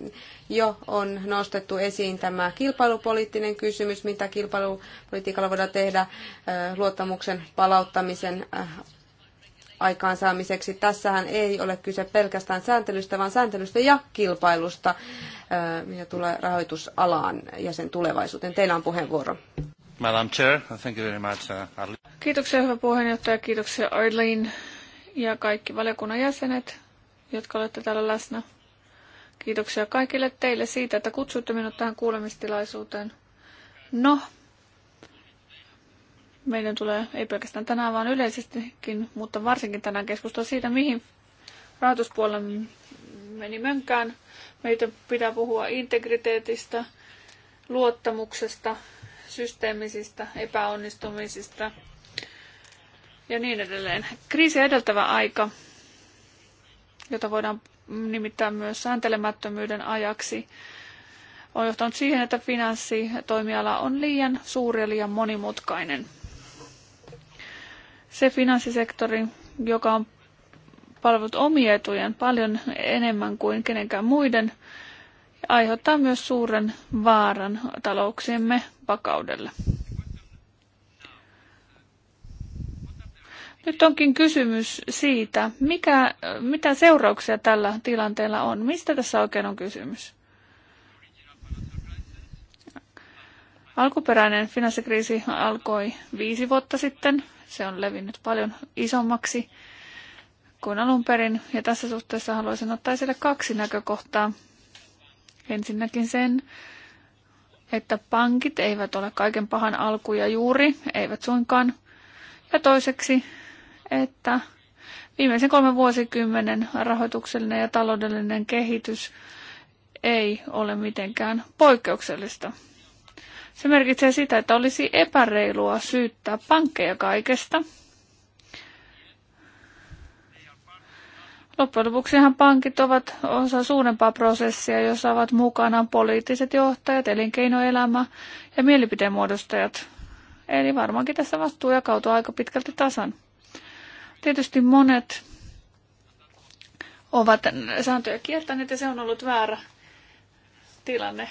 Jo on nostettu esiin tämä kilpailupoliittinen kysymys, mitä kilpailupolitiikalla voidaan tehdä luottamuksen palauttamisen aikaansaamiseksi. Tässähän ei ole kyse pelkästään sääntelystä, vaan sääntelystä ja kilpailusta, mitä tulee rahoitusalaan ja sen tulevaisuuteen. Teillä on puheenvuoro. Madam Chair, thank you very much. Uh, kiitoksia hyvä puheenjohtaja, kiitoksia Arlene ja kaikki valiokunnan jäsenet, jotka olette täällä läsnä. Kiitoksia kaikille teille siitä, että kutsuitte minut tähän kuulemistilaisuuteen. No, meidän tulee ei pelkästään tänään, vaan yleisestikin, mutta varsinkin tänään keskustella siitä, mihin rahoituspuolen meni mönkään. Meitä pitää puhua integriteetistä, luottamuksesta, systeemisistä epäonnistumisista, ja niin edelleen. Kriisi edeltävä aika, jota voidaan nimittää myös sääntelemättömyyden ajaksi, on johtanut siihen, että finanssitoimiala on liian suuri ja liian monimutkainen. Se finanssisektori, joka on palvelut omien etujen paljon enemmän kuin kenenkään muiden, aiheuttaa myös suuren vaaran talouksiemme vakaudelle. Nyt onkin kysymys siitä, mikä, mitä seurauksia tällä tilanteella on. Mistä tässä oikein on kysymys? Alkuperäinen finanssikriisi alkoi viisi vuotta sitten. Se on levinnyt paljon isommaksi kuin alun perin. Ja tässä suhteessa haluaisin ottaa esille kaksi näkökohtaa. Ensinnäkin sen, että pankit eivät ole kaiken pahan alkuja juuri, eivät suinkaan. Ja toiseksi että viimeisen kolmen vuosikymmenen rahoituksellinen ja taloudellinen kehitys ei ole mitenkään poikkeuksellista. Se merkitsee sitä, että olisi epäreilua syyttää pankkeja kaikesta. Loppujen lopuksihan pankit ovat osa suurempaa prosessia, jossa ovat mukana poliittiset johtajat, elinkeinoelämä ja mielipiteenmuodostajat. Eli varmaankin tässä vastuu jakautuu aika pitkälti tasan. Tietysti monet ovat sääntöjä kiertäneet ja se on ollut väärä tilanne.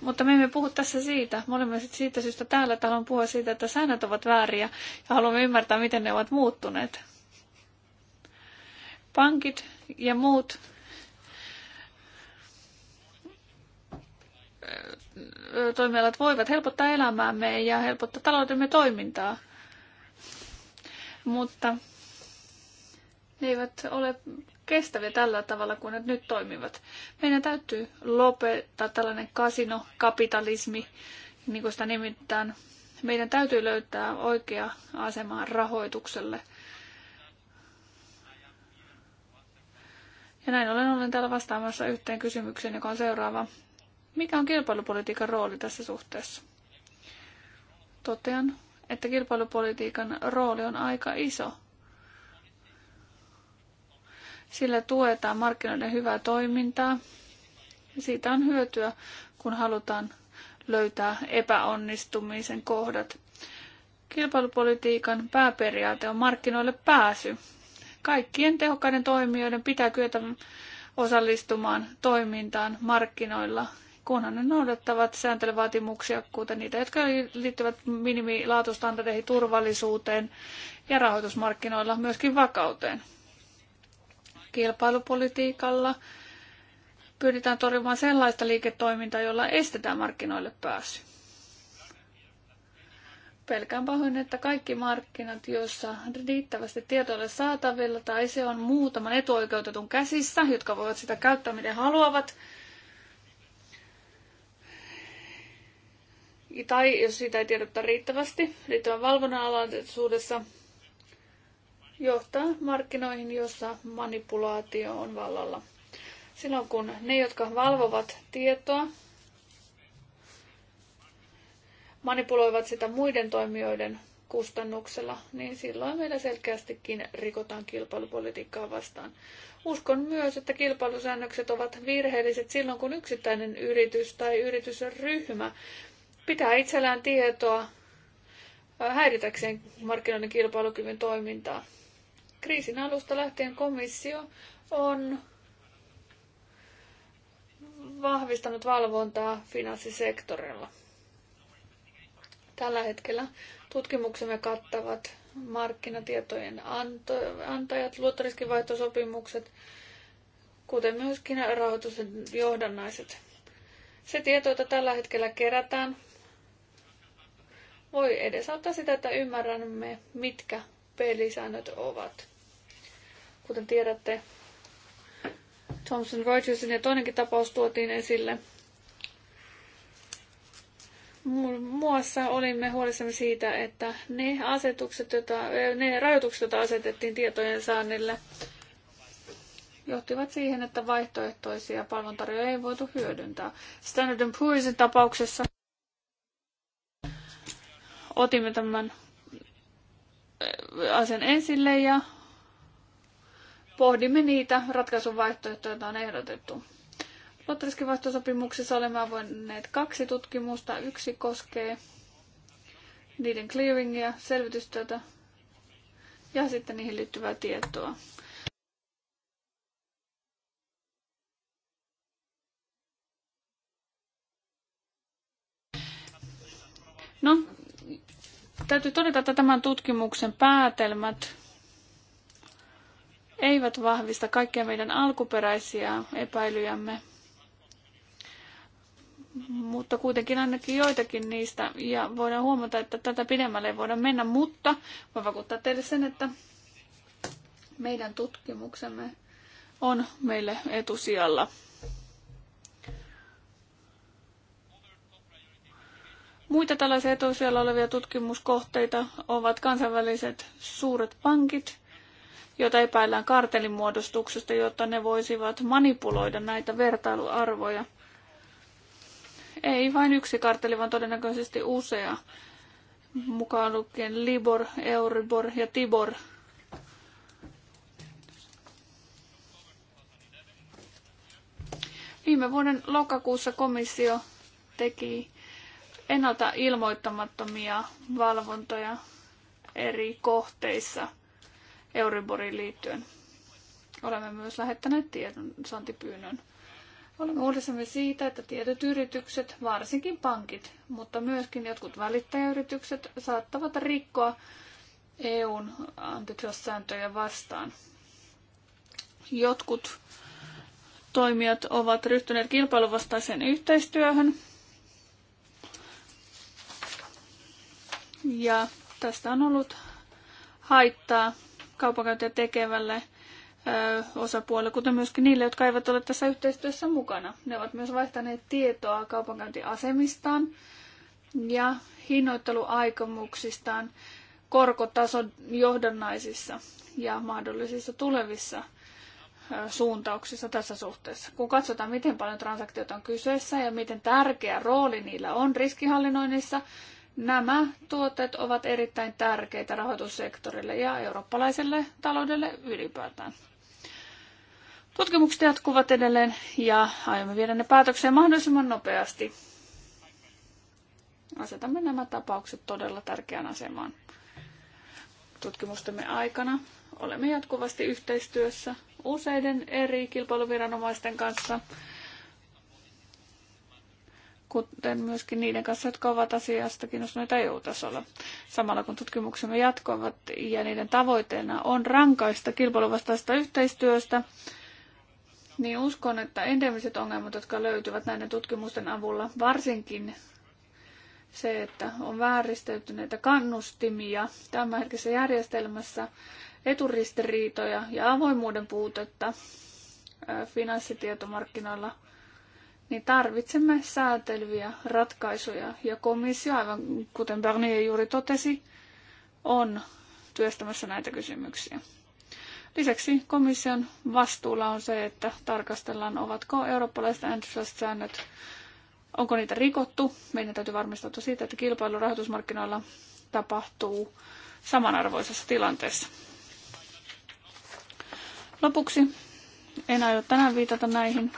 Mutta me emme puhu tässä siitä. Me olemme siitä syystä täällä, että haluan puhua siitä, että säännöt ovat vääriä ja haluamme ymmärtää, miten ne ovat muuttuneet. Pankit ja muut toimialat voivat helpottaa elämäämme ja helpottaa taloutemme toimintaa – mutta ne eivät ole kestäviä tällä tavalla kuin ne nyt toimivat. Meidän täytyy lopettaa tällainen kasinokapitalismi, niin kuin sitä nimittäin. Meidän täytyy löytää oikea asema rahoitukselle. Ja näin ollen olen täällä vastaamassa yhteen kysymykseen, joka on seuraava. Mikä on kilpailupolitiikan rooli tässä suhteessa? Totean, että kilpailupolitiikan rooli on aika iso. Sillä tuetaan markkinoiden hyvää toimintaa. Siitä on hyötyä, kun halutaan löytää epäonnistumisen kohdat. Kilpailupolitiikan pääperiaate on markkinoille pääsy. Kaikkien tehokkaiden toimijoiden pitää kyetä osallistumaan toimintaan markkinoilla kunhan ne noudattavat sääntelyvaatimuksia, kuten niitä, jotka liittyvät minimilaatustandardeihin, turvallisuuteen ja rahoitusmarkkinoilla myöskin vakauteen. Kilpailupolitiikalla pyritään torjumaan sellaista liiketoimintaa, jolla estetään markkinoille pääsy. Pelkään pahoin, että kaikki markkinat, joissa riittävästi ole saatavilla tai se on muutaman etuoikeutetun käsissä, jotka voivat sitä käyttää miten haluavat, tai jos siitä ei tiedota riittävästi riittävän valvonnan alaisuudessa, johtaa markkinoihin, jossa manipulaatio on vallalla. Silloin kun ne, jotka valvovat tietoa, manipuloivat sitä muiden toimijoiden kustannuksella, niin silloin meillä selkeästikin rikotaan kilpailupolitiikkaa vastaan. Uskon myös, että kilpailusäännökset ovat virheelliset silloin, kun yksittäinen yritys tai yritysryhmä pitää itsellään tietoa häiritäkseen markkinoiden kilpailukyvyn toimintaa. Kriisin alusta lähtien komissio on vahvistanut valvontaa finanssisektorilla. Tällä hetkellä tutkimuksemme kattavat markkinatietojen antajat, luottoriskivaihtosopimukset, kuten myöskin rahoitusjohdannaiset. Se tieto, jota tällä hetkellä kerätään, voi edesauttaa sitä, että ymmärrämme, mitkä pelisäännöt ovat. Kuten tiedätte, Thomson Reutersin ja toinenkin tapaus tuotiin esille. Muassa olimme huolissamme siitä, että ne, asetukset, joita, ne rajoitukset, joita asetettiin tietojen saannille, johtivat siihen, että vaihtoehtoisia palveluntarjoajia ei voitu hyödyntää. Standard Poor'sin tapauksessa otimme tämän äh, asian esille ja pohdimme niitä ratkaisun vaihtoehtoja, joita on ehdotettu. Luottoriskivaihtosopimuksissa olemme avoinneet kaksi tutkimusta. Yksi koskee niiden clearingia, selvitystyötä ja sitten niihin liittyvää tietoa. No, Täytyy todeta, että tämän tutkimuksen päätelmät eivät vahvista kaikkia meidän alkuperäisiä epäilyjämme, mutta kuitenkin ainakin joitakin niistä. Ja voidaan huomata, että tätä pidemmälle ei voida mennä, mutta voin vakuuttaa teille sen, että meidän tutkimuksemme on meille etusijalla. Muita tällaisia etusijalla olevia tutkimuskohteita ovat kansainväliset suuret pankit, joita epäillään kartelimuodostuksesta, jotta ne voisivat manipuloida näitä vertailuarvoja. Ei vain yksi karteli, vaan todennäköisesti usea, mukaan lukien Libor, Euribor ja Tibor. Viime vuoden lokakuussa komissio teki ennalta ilmoittamattomia valvontoja eri kohteissa Euriboriin liittyen. Olemme myös lähettäneet tiedonsaantipyynnön. Olemme huolissamme siitä, että tietyt yritykset, varsinkin pankit, mutta myöskin jotkut välittäjäyritykset saattavat rikkoa EUn antitrust-sääntöjä vastaan. Jotkut toimijat ovat ryhtyneet kilpailuvastaiseen yhteistyöhön – Ja tästä on ollut haittaa kaupankäyntiä tekevälle osapuolelle, kuten myöskin niille, jotka eivät ole tässä yhteistyössä mukana. Ne ovat myös vaihtaneet tietoa kaupankäyntiasemistaan ja hinnoitteluaikomuksistaan korkotason johdannaisissa ja mahdollisissa tulevissa suuntauksissa tässä suhteessa. Kun katsotaan, miten paljon transaktioita on kyseessä ja miten tärkeä rooli niillä on riskihallinnoinnissa, Nämä tuotteet ovat erittäin tärkeitä rahoitussektorille ja eurooppalaiselle taloudelle ylipäätään. Tutkimukset jatkuvat edelleen ja aiomme viedä ne päätökseen mahdollisimman nopeasti. Asetamme nämä tapaukset todella tärkeään asemaan. Tutkimustemme aikana olemme jatkuvasti yhteistyössä useiden eri kilpailuviranomaisten kanssa – kuten myöskin niiden kanssa, jotka ovat asiasta kiinnostuneita EU-tasolla. Samalla kun tutkimuksemme jatkuvat ja niiden tavoitteena on rankaista kilpailuvastaista yhteistyöstä, niin uskon, että endemiset ongelmat, jotka löytyvät näiden tutkimusten avulla, varsinkin se, että on vääristäytyneitä kannustimia tämänhetkisessä järjestelmässä, eturistiriitoja ja avoimuuden puutetta finanssitietomarkkinoilla – niin tarvitsemme säätelyjä, ratkaisuja. Ja komissio, aivan kuten Barnier juuri totesi, on työstämässä näitä kysymyksiä. Lisäksi komission vastuulla on se, että tarkastellaan, ovatko eurooppalaiset antitrust-säännöt, onko niitä rikottu. Meidän täytyy varmistautua siitä, että kilpailu rahoitusmarkkinoilla tapahtuu samanarvoisessa tilanteessa. Lopuksi en aio tänään viitata näihin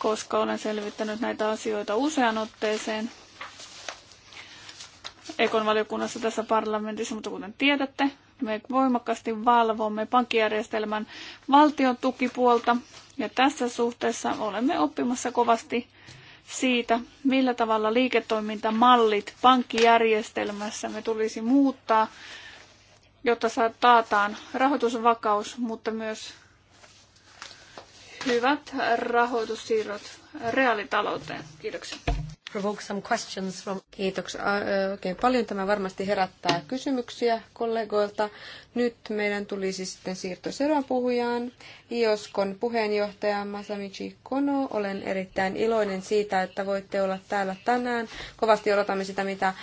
koska olen selvittänyt näitä asioita usean otteeseen Ekon valiokunnassa tässä parlamentissa, mutta kuten tiedätte, me voimakkaasti valvomme pankkijärjestelmän valtion tukipuolta ja tässä suhteessa olemme oppimassa kovasti siitä, millä tavalla liiketoimintamallit pankkijärjestelmässä me tulisi muuttaa, jotta taataan rahoitusvakaus, mutta myös hyvät rahoitussiirrot reaalitalouteen. Kiitoksia. Provoke some questions from... Kiitoksia oikein paljon. Tämä varmasti herättää kysymyksiä kollegoilta. Nyt meidän tulisi sitten siirtyä seuraavaan puhujaan. Ioskon puheenjohtaja Masamichi Kono. Olen erittäin iloinen siitä, että voitte olla täällä tänään. Kovasti odotamme sitä, mitä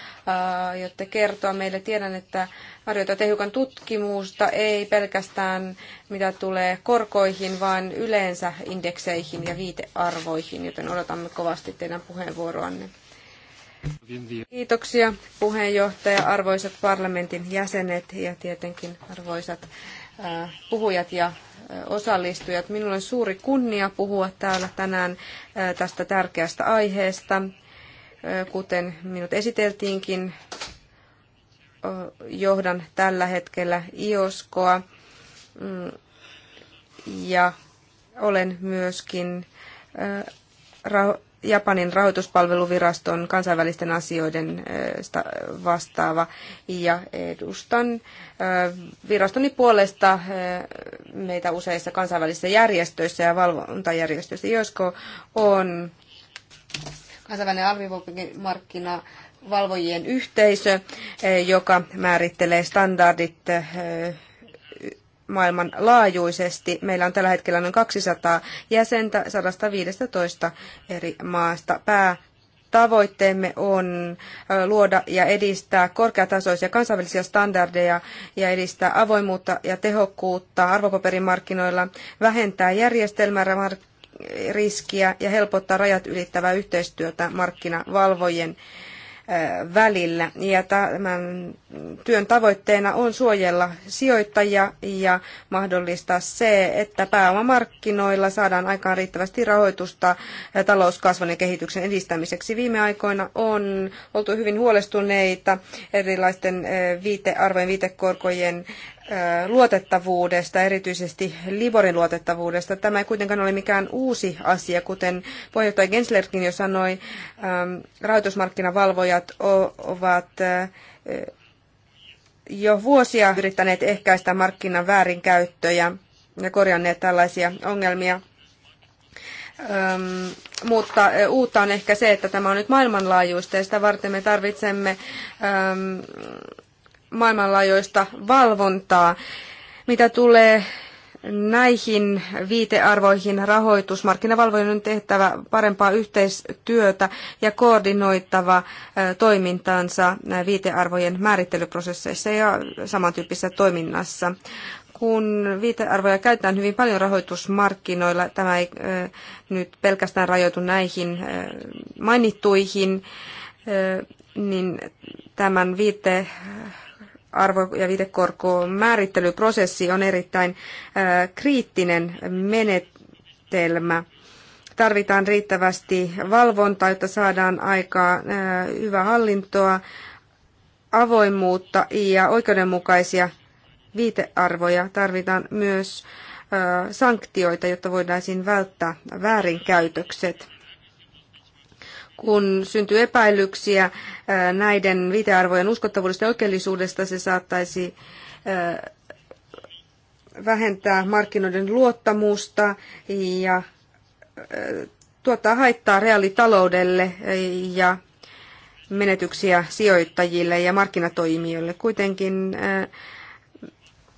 aiotte kertoa meille. Tiedän, että harjoita tehukan tutkimusta, ei pelkästään mitä tulee korkoihin, vaan yleensä indekseihin ja viitearvoihin, joten odotamme kovasti teidän puheenvuoroanne. Kiitoksia puheenjohtaja, arvoisat parlamentin jäsenet ja tietenkin arvoisat äh, puhujat ja äh, osallistujat. Minulla on suuri kunnia puhua täällä tänään äh, tästä tärkeästä aiheesta. Kuten minut esiteltiinkin, johdan tällä hetkellä IOSKOa mm, ja olen myöskin Japanin rahoituspalveluviraston kansainvälisten asioiden vastaava ja edustan virastoni puolesta meitä useissa kansainvälisissä järjestöissä ja valvontajärjestöissä. Josko on kansainvälinen arvivuokkimarkkina valvojien yhteisö, joka määrittelee standardit maailman laajuisesti. Meillä on tällä hetkellä noin 200 jäsentä 115 eri maasta. Päätavoitteemme on luoda ja edistää korkeatasoisia kansainvälisiä standardeja ja edistää avoimuutta ja tehokkuutta arvopaperimarkkinoilla, vähentää järjestelmäriskiä ja helpottaa rajat ylittävää yhteistyötä markkinavalvojen välillä. Ja tämän työn tavoitteena on suojella sijoittajia ja mahdollistaa se, että pääomamarkkinoilla saadaan aikaan riittävästi rahoitusta talouskasvun ja kehityksen edistämiseksi. Viime aikoina on oltu hyvin huolestuneita erilaisten viitearvojen, viitekorkojen luotettavuudesta, erityisesti Liborin luotettavuudesta. Tämä ei kuitenkaan ole mikään uusi asia, kuten puheenjohtaja Genslerkin jo sanoi, ähm, rahoitusmarkkinavalvojat ovat jo vuosia yrittäneet ehkäistä markkinan väärinkäyttöjä ja korjanneet tällaisia ongelmia. Öm, ähm, mutta uutta on ehkä se, että tämä on nyt maailmanlaajuista ja sitä varten me tarvitsemme öm, ähm, maailmanlaajoista valvontaa. Mitä tulee näihin viitearvoihin rahoitusmarkkinavalvojien on tehtävä parempaa yhteistyötä ja koordinoitava toimintaansa viitearvojen määrittelyprosesseissa ja samantyyppisessä toiminnassa. Kun viitearvoja käytetään hyvin paljon rahoitusmarkkinoilla, tämä ei nyt pelkästään rajoitu näihin mainittuihin, niin tämän viite arvo- ja viitekorkoon määrittelyprosessi on erittäin kriittinen menetelmä. Tarvitaan riittävästi valvontaa, jotta saadaan aikaa hyvää hallintoa, avoimuutta ja oikeudenmukaisia viitearvoja. Tarvitaan myös sanktioita, jotta voidaan välttää väärinkäytökset kun syntyy epäilyksiä äh, näiden viitearvojen uskottavuudesta ja oikeellisuudesta, se saattaisi äh, vähentää markkinoiden luottamusta ja äh, tuottaa haittaa reaalitaloudelle ja menetyksiä sijoittajille ja markkinatoimijoille. Kuitenkin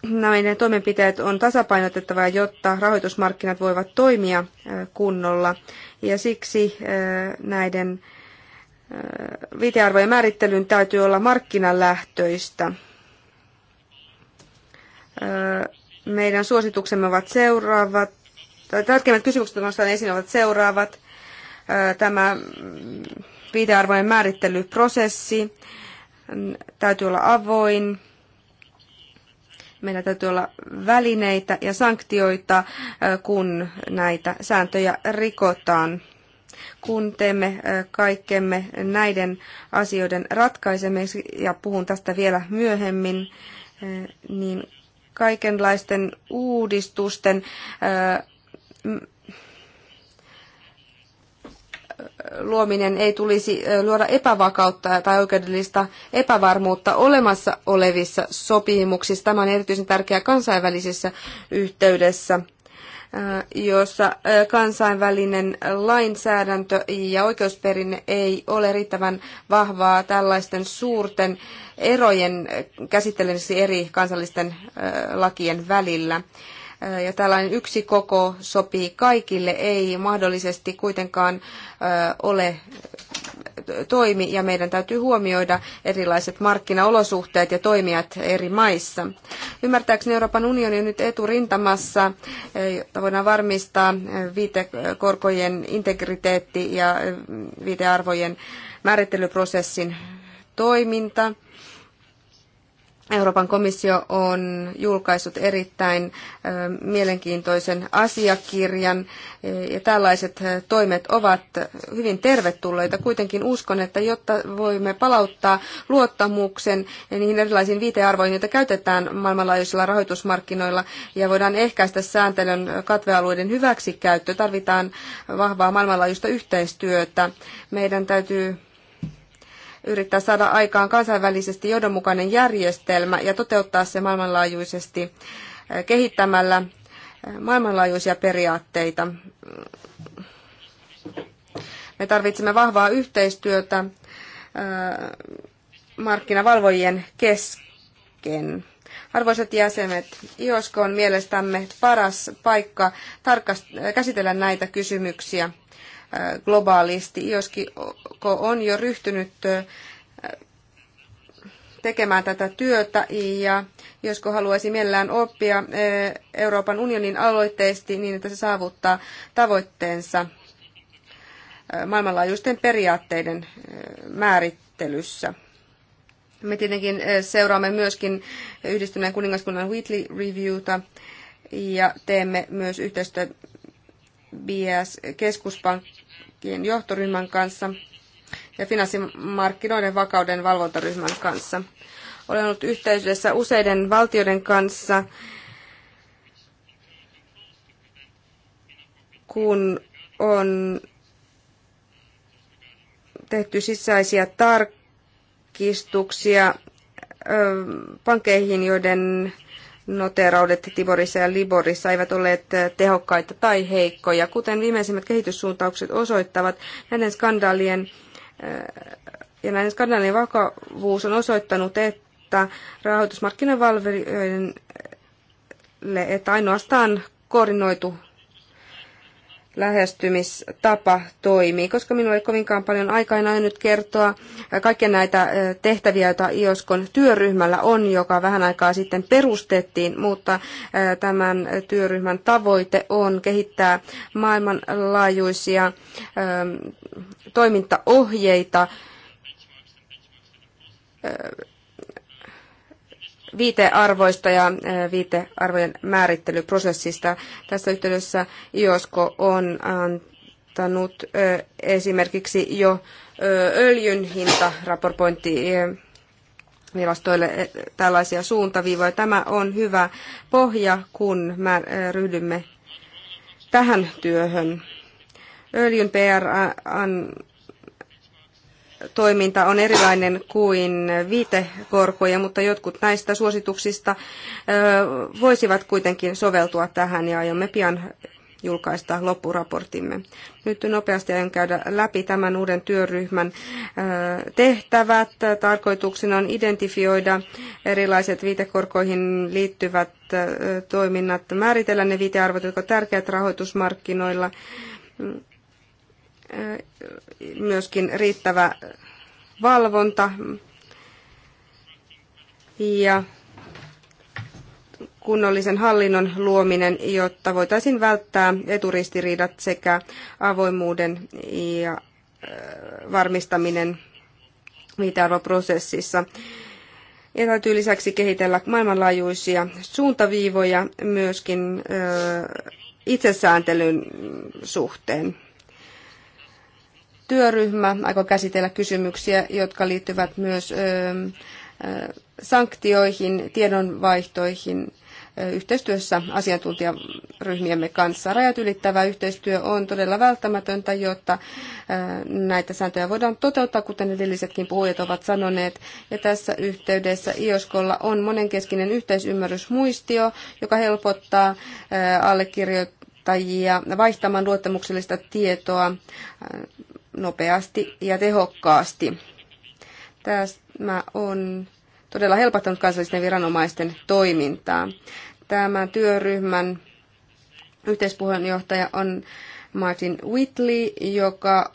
näiden toimenpiteet on tasapainotettava, jotta rahoitusmarkkinat voivat toimia kunnolla ja siksi äh, näiden äh, viitearvojen määrittelyn täytyy olla markkinalähtöistä. Äh, meidän suosituksemme ovat seuraavat, tai tärkeimmät kysymykset, nostan esiin, ovat seuraavat. Tämä mm, viitearvojen määrittelyprosessi täytyy olla avoin Meillä täytyy olla välineitä ja sanktioita, kun näitä sääntöjä rikotaan. Kun teemme kaikkemme näiden asioiden ratkaisemiseksi, ja puhun tästä vielä myöhemmin, niin kaikenlaisten uudistusten luominen ei tulisi luoda epävakautta tai oikeudellista epävarmuutta olemassa olevissa sopimuksissa. Tämä on erityisen tärkeää kansainvälisessä yhteydessä jossa kansainvälinen lainsäädäntö ja oikeusperinne ei ole riittävän vahvaa tällaisten suurten erojen käsittelemiseksi eri kansallisten lakien välillä. Ja tällainen yksi koko sopii kaikille, ei mahdollisesti kuitenkaan ole toimi ja meidän täytyy huomioida erilaiset markkinaolosuhteet ja toimijat eri maissa. Ymmärtääkseni Euroopan unioni on nyt eturintamassa, jotta voidaan varmistaa viitekorkojen integriteetti ja viitearvojen määrittelyprosessin toiminta. Euroopan komissio on julkaissut erittäin mielenkiintoisen asiakirjan ja tällaiset toimet ovat hyvin tervetulleita. Kuitenkin uskon, että jotta voimme palauttaa luottamuksen niin niihin erilaisiin viitearvoihin, joita käytetään maailmanlaajuisilla rahoitusmarkkinoilla ja voidaan ehkäistä sääntelyn katvealueiden hyväksikäyttö, tarvitaan vahvaa maailmanlaajuista yhteistyötä. Meidän täytyy yrittää saada aikaan kansainvälisesti johdonmukainen järjestelmä ja toteuttaa se maailmanlaajuisesti eh, kehittämällä eh, maailmanlaajuisia periaatteita. Me tarvitsemme vahvaa yhteistyötä eh, markkinavalvojien kesken. Arvoisat jäsenet, IOSKO on mielestämme paras paikka käsitellä näitä kysymyksiä globaalisti, joskin on jo ryhtynyt tekemään tätä työtä ja josko haluaisi mielellään oppia Euroopan unionin aloitteesti niin, että se saavuttaa tavoitteensa maailmanlaajuisten periaatteiden määrittelyssä. Me tietenkin seuraamme myöskin yhdistyneen kuningaskunnan Wheatley Reviewta ja teemme myös yhteistyötä BS-keskuspankin johtoryhmän kanssa ja finanssimarkkinoiden vakauden valvontaryhmän kanssa. Olen ollut yhteydessä useiden valtioiden kanssa, kun on tehty sisäisiä tarkistuksia pankkeihin, joiden noteraudet Tiborissa ja Liborissa eivät olleet eh, tehokkaita tai heikkoja. Kuten viimeisimmät kehityssuuntaukset osoittavat, näiden skandaalien eh, ja näiden skandaalien vakavuus on osoittanut, että rahoitusmarkkinavalvelijoiden eh, että ainoastaan koordinoitu lähestymistapa toimii. Koska minulla ei kovinkaan paljon aikaa enää nyt kertoa kaikkia näitä tehtäviä, joita IOSKon työryhmällä on, joka vähän aikaa sitten perustettiin, mutta tämän työryhmän tavoite on kehittää maailmanlaajuisia toimintaohjeita viitearvoista ja äh, viitearvojen määrittelyprosessista. Tässä yhteydessä IOSKO on antanut äh, esimerkiksi jo äh, öljyn hintaraportointi virastoille tällaisia suuntaviivoja. Tämä on hyvä pohja, kun mä ryhdymme tähän työhön. Öljyn PR toiminta on erilainen kuin viitekorkoja, mutta jotkut näistä suosituksista voisivat kuitenkin soveltua tähän ja aiomme pian julkaista loppuraporttimme. Nyt nopeasti aion käydä läpi tämän uuden työryhmän tehtävät. Tarkoituksena on identifioida erilaiset viitekorkoihin liittyvät toiminnat, määritellä ne viitearvot, jotka ovat tärkeät rahoitusmarkkinoilla, myöskin riittävä valvonta ja kunnollisen hallinnon luominen, jotta voitaisiin välttää eturistiriidat sekä avoimuuden ja varmistaminen viitearvoprosessissa. Ja täytyy lisäksi kehitellä maailmanlaajuisia suuntaviivoja myöskin itsesääntelyn suhteen työryhmä aikoo käsitellä kysymyksiä, jotka liittyvät myös sanktioihin, tiedonvaihtoihin yhteistyössä asiantuntijaryhmiemme kanssa. Rajat ylittävä yhteistyö on todella välttämätöntä, jotta näitä sääntöjä voidaan toteuttaa, kuten edellisetkin puhujat ovat sanoneet. Ja tässä yhteydessä IOSKolla on monenkeskinen yhteisymmärrysmuistio, joka helpottaa allekirjoittajia vaihtamaan luottamuksellista tietoa nopeasti ja tehokkaasti. Tämä on todella helpottanut kansallisten viranomaisten toimintaa. Tämän työryhmän yhteispuheenjohtaja on Martin Whitley, joka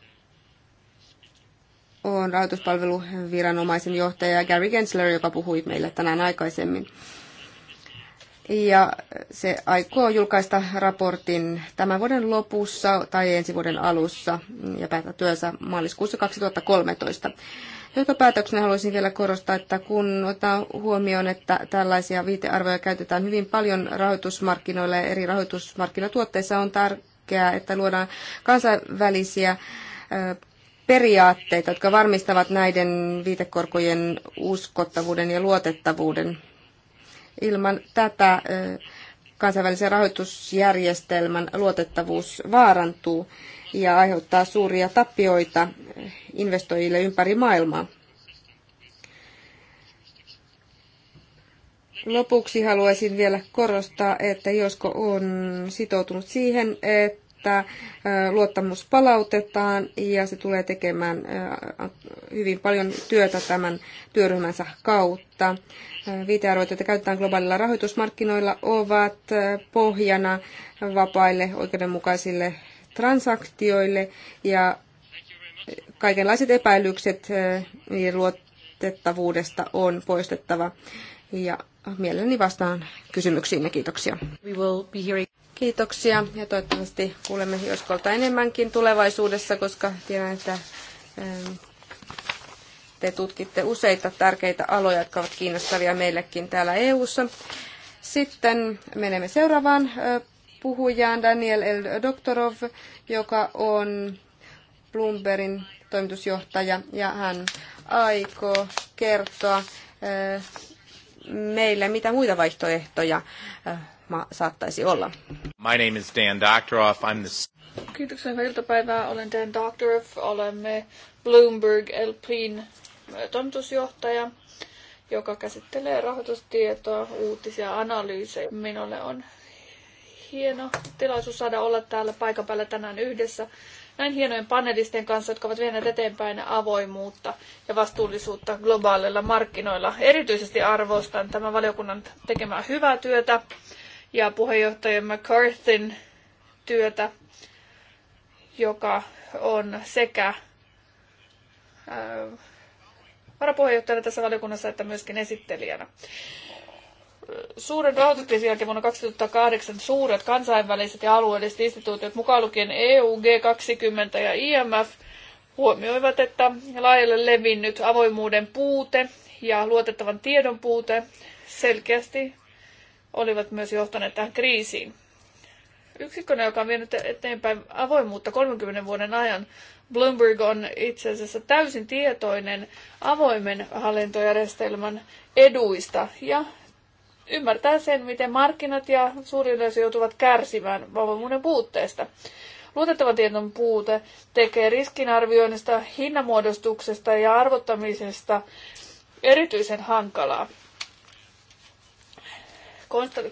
on rahoituspalveluviranomaisen johtaja Gary Gensler, joka puhui meille tänään aikaisemmin ja se aikoo julkaista raportin tämän vuoden lopussa tai ensi vuoden alussa ja päättää työnsä maaliskuussa 2013. Johtopäätöksenä haluaisin vielä korostaa, että kun otetaan huomioon, että tällaisia viitearvoja käytetään hyvin paljon rahoitusmarkkinoilla ja eri rahoitusmarkkinatuotteissa, on tärkeää, että luodaan kansainvälisiä periaatteita, jotka varmistavat näiden viitekorkojen uskottavuuden ja luotettavuuden Ilman tätä kansainvälisen rahoitusjärjestelmän luotettavuus vaarantuu ja aiheuttaa suuria tappioita investoijille ympäri maailmaa. Lopuksi haluaisin vielä korostaa, että Josko on sitoutunut siihen, että että luottamus palautetaan ja se tulee tekemään hyvin paljon työtä tämän työryhmänsä kautta. Viitearvoit, joita käytetään globaalilla rahoitusmarkkinoilla, ovat pohjana vapaille oikeudenmukaisille transaktioille ja kaikenlaiset epäilykset niiden luotettavuudesta on poistettava. Ja mielelläni vastaan kysymyksiin ja kiitoksia. Kiitoksia ja toivottavasti kuulemme Joskolta enemmänkin tulevaisuudessa, koska tiedän, että ähm, te tutkitte useita tärkeitä aloja, jotka ovat kiinnostavia meillekin täällä EU:ssa. Sitten menemme seuraavaan puhujaan, Daniel L. Doktorov, joka on Bloombergin toimitusjohtaja, ja hän aikoo kertoa meille, mitä muita vaihtoehtoja saattaisi olla. My name is Dan Doctoroff. I'm the... Kiitoksia, hyvää iltapäivää. Olen Dan Doctoroff. Olemme Bloomberg LPn toimitusjohtaja, joka käsittelee rahoitustietoa, uutisia, analyysejä. Minulle on hieno tilaisuus saada olla täällä paikan päällä tänään yhdessä näin hienojen panelistien kanssa, jotka ovat vieneet eteenpäin avoimuutta ja vastuullisuutta globaaleilla markkinoilla. Erityisesti arvostan tämän valiokunnan tekemää hyvää työtä ja puheenjohtaja McCarthyn työtä, joka on sekä äh, varapuheenjohtajana tässä valiokunnassa että myöskin esittelijänä. Suuren rahoituskriisin jälkeen vuonna 2008 suuret kansainväliset ja alueelliset instituutiot, mukaan lukien EU, G20 ja IMF, huomioivat, että laajalle levinnyt avoimuuden puute ja luotettavan tiedon puute selkeästi olivat myös johtaneet tähän kriisiin. Yksikkönä, joka on vienyt eteenpäin avoimuutta 30 vuoden ajan, Bloomberg on itse asiassa täysin tietoinen avoimen hallintojärjestelmän eduista ja ymmärtää sen, miten markkinat ja suuri yleisö joutuvat kärsimään avoimuuden puutteesta. Luotettavan tiedon puute tekee riskinarvioinnista, hinnamuodostuksesta ja arvottamisesta erityisen hankalaa.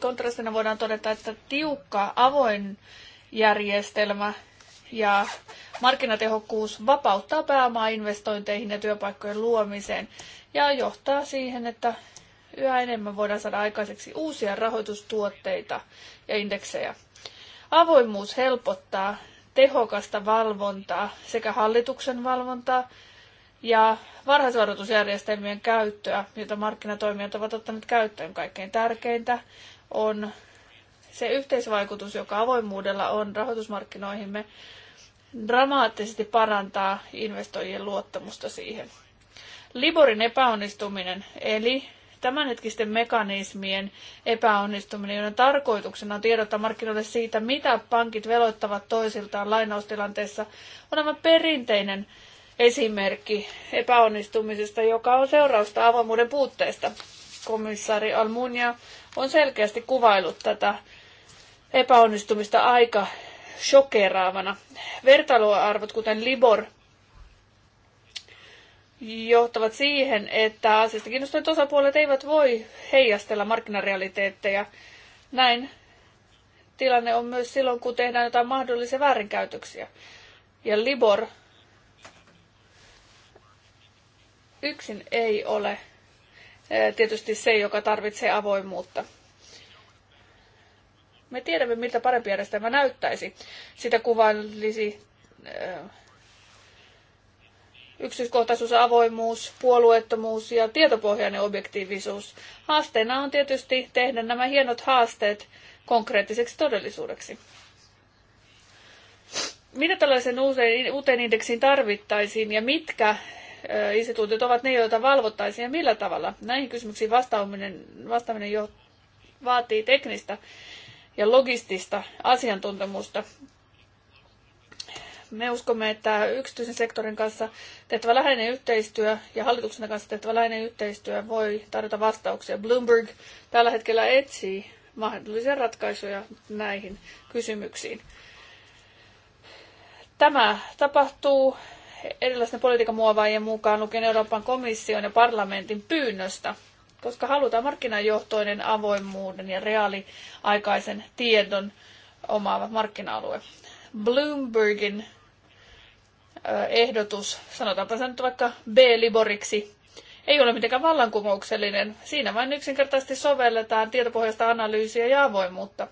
Kontrastina voidaan todeta, että tiukka avoin järjestelmä ja markkinatehokkuus vapauttaa pääomaa investointeihin ja työpaikkojen luomiseen ja johtaa siihen, että yhä enemmän voidaan saada aikaiseksi uusia rahoitustuotteita ja indeksejä. Avoimuus helpottaa tehokasta valvontaa sekä hallituksen valvontaa ja varhaisvaroitusjärjestelmien käyttöä, jota markkinatoimijat ovat ottaneet käyttöön. Kaikkein tärkeintä on se yhteisvaikutus, joka avoimuudella on rahoitusmarkkinoihimme, dramaattisesti parantaa investoijien luottamusta siihen. Liborin epäonnistuminen, eli tämänhetkisten mekanismien epäonnistuminen, joiden tarkoituksena on tiedottaa markkinoille siitä, mitä pankit veloittavat toisiltaan lainaustilanteessa, on aivan perinteinen esimerkki epäonnistumisesta, joka on seurausta avoimuuden puutteesta. Komissaari Almunia on selkeästi kuvailut tätä epäonnistumista aika shokeraavana. Vertailuarvot, kuten Libor, johtavat siihen, että asiasta kiinnostuneet osapuolet eivät voi heijastella markkinarealiteetteja. Näin tilanne on myös silloin, kun tehdään jotain mahdollisia väärinkäytöksiä. Ja Libor yksin ei ole tietysti se, joka tarvitsee avoimuutta. Me tiedämme, miltä parempi järjestelmä näyttäisi. Sitä kuvailisi yksityiskohtaisuus, avoimuus, puolueettomuus ja tietopohjainen objektiivisuus. Haasteena on tietysti tehdä nämä hienot haasteet konkreettiseksi todellisuudeksi. Mitä tällaisen uuteen, uuteen indeksiin tarvittaisiin ja mitkä instituutiot ovat ne, joita valvottaisiin ja millä tavalla. Näihin kysymyksiin vastaaminen, vastaaminen jo vaatii teknistä ja logistista asiantuntemusta. Me uskomme, että yksityisen sektorin kanssa tehtävä läheinen yhteistyö ja hallituksen kanssa tehtävä läheinen yhteistyö voi tarjota vastauksia. Bloomberg tällä hetkellä etsii mahdollisia ratkaisuja näihin kysymyksiin. Tämä tapahtuu erilaisten politiikan muovaajien mukaan lukien Euroopan komission ja parlamentin pyynnöstä, koska halutaan markkinajohtoinen avoimuuden ja reaaliaikaisen tiedon omaava markkina-alue. Bloombergin ehdotus, sanotaanpa se nyt vaikka B-liboriksi, ei ole mitenkään vallankumouksellinen. Siinä vain yksinkertaisesti sovelletaan tietopohjaista analyysiä ja avoimuutta.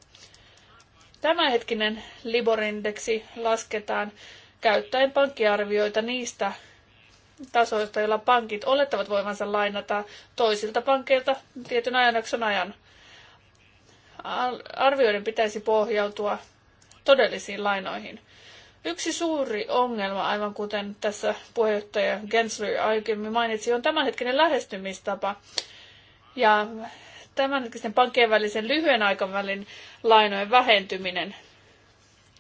Tämänhetkinen Libor-indeksi lasketaan käyttäen pankkiarvioita niistä tasoista, joilla pankit olettavat voivansa lainata toisilta pankeilta tietyn ajanjakson ajan. Arvioiden pitäisi pohjautua todellisiin lainoihin. Yksi suuri ongelma, aivan kuten tässä puheenjohtaja Gensler aiemmin mainitsi, on tämänhetkinen lähestymistapa. Ja tämänhetkisten pankkien välisen lyhyen aikavälin lainojen vähentyminen.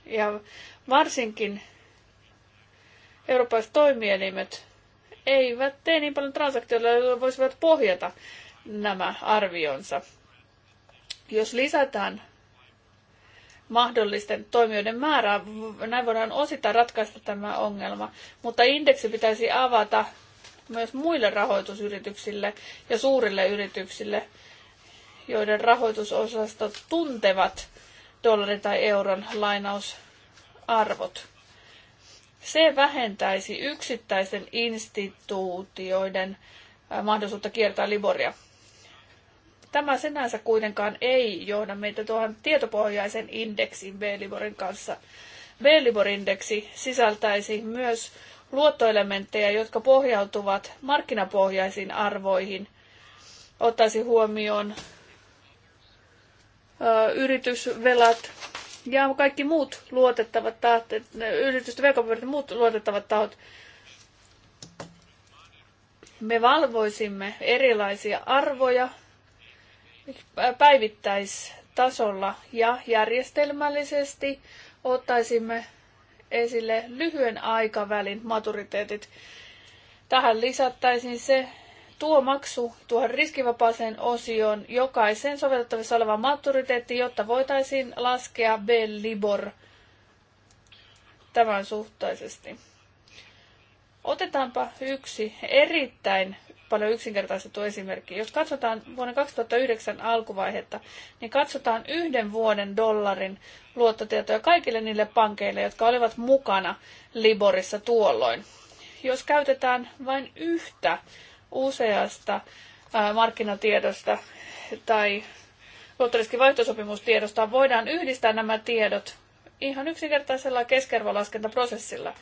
Ja varsinkin eurooppalaiset toimielimet eivät tee niin paljon transaktioilla, joilla voisivat pohjata nämä arvionsa. Jos lisätään mahdollisten toimijoiden määrää, näin voidaan osittain ratkaista tämä ongelma, mutta indeksi pitäisi avata myös muille rahoitusyrityksille ja suurille yrityksille, joiden rahoitusosastot tuntevat dollarin tai euron lainausarvot. Se vähentäisi yksittäisten instituutioiden mahdollisuutta kiertää Liboria. Tämä sinänsä kuitenkaan ei johda meitä tuohon tietopohjaisen indeksiin B-Liborin kanssa. B-Libor-indeksi sisältäisi myös luottoelementtejä, jotka pohjautuvat markkinapohjaisiin arvoihin. Ottaisi huomioon ö, yritysvelat, ja kaikki muut luotettavat tahot, yritysten velkapaperit ja muut luotettavat tahot, me valvoisimme erilaisia arvoja päivittäistasolla ja järjestelmällisesti ottaisimme esille lyhyen aikavälin maturiteetit. Tähän lisättäisiin se, tuo maksu tuohon riskivapaaseen osioon jokaisen sovellettavissa oleva maturiteetti, jotta voitaisiin laskea B-libor tämän suhtaisesti. Otetaanpa yksi erittäin paljon yksinkertaistettu esimerkki. Jos katsotaan vuoden 2009 alkuvaihetta, niin katsotaan yhden vuoden dollarin luottotietoja kaikille niille pankeille, jotka olivat mukana Liborissa tuolloin. Jos käytetään vain yhtä useasta markkinatiedosta tai luottoriskin vaihtosopimustiedosta voidaan yhdistää nämä tiedot ihan yksinkertaisella keskervolaskentaprosessilla.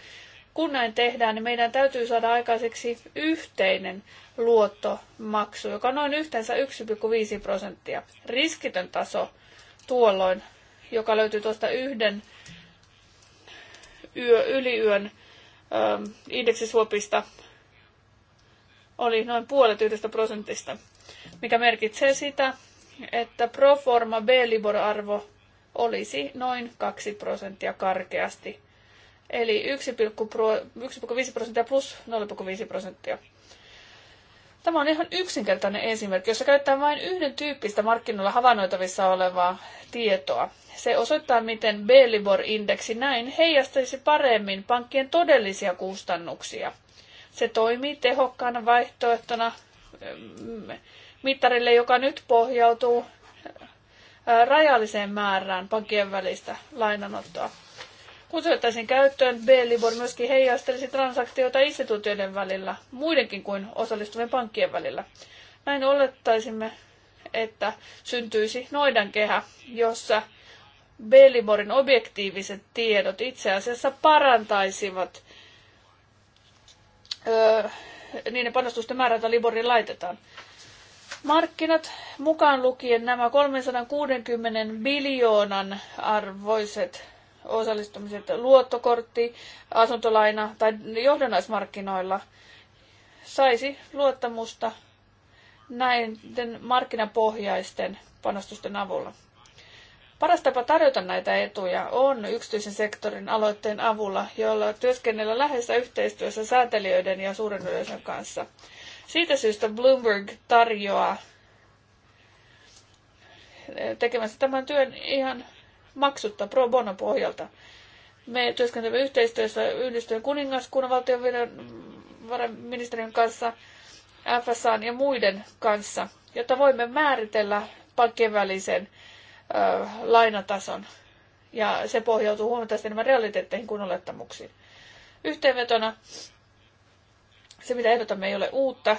Kun näin tehdään, niin meidän täytyy saada aikaiseksi yhteinen luottomaksu, joka on noin yhteensä 1,5 prosenttia. Riskitön taso tuolloin, joka löytyy tuosta yhden yö, yliyön indeksisuopista oli noin puolet yhdestä prosentista, mikä merkitsee sitä, että proforma B-Libor-arvo olisi noin 2 prosenttia karkeasti. Eli 1,5 prosenttia plus 0,5 prosenttia. Tämä on ihan yksinkertainen esimerkki, jossa käytetään vain yhden tyyppistä markkinoilla havainnoitavissa olevaa tietoa. Se osoittaa, miten B-Libor-indeksi näin heijastaisi paremmin pankkien todellisia kustannuksia – se toimii tehokkaana vaihtoehtona mm, mittarille, joka nyt pohjautuu rajalliseen määrään pankkien välistä lainanottoa. Kun se ottaisiin käyttöön, B-Libor myöskin heijastelisi transaktioita instituutioiden välillä, muidenkin kuin osallistuvien pankkien välillä. Näin olettaisimme, että syntyisi kehä, jossa B-Liborin objektiiviset tiedot itse asiassa parantaisivat niiden panostusten määrätä liborin laitetaan. Markkinat, mukaan lukien nämä 360 biljoonan arvoiset osallistumiset luottokortti, asuntolaina tai johdannaismarkkinoilla, saisi luottamusta näiden markkinapohjaisten panostusten avulla. Paras tapa tarjota näitä etuja on yksityisen sektorin aloitteen avulla, jolla työskennellä läheisessä yhteistyössä säätelijöiden ja suuren yleisön kanssa. Siitä syystä Bloomberg tarjoaa tekemässä tämän työn ihan maksutta pro bono pohjalta. Me työskentelemme yhteistyössä Yhdistyneen kuningaskunnan valtionvarainministeriön kanssa, FSAn ja muiden kanssa, jotta voimme määritellä pankkien välisen ö, lainatason. Ja se pohjautuu huomattavasti enemmän realiteetteihin kuin olettamuksiin. Yhteenvetona se, mitä ehdotamme, ei ole uutta.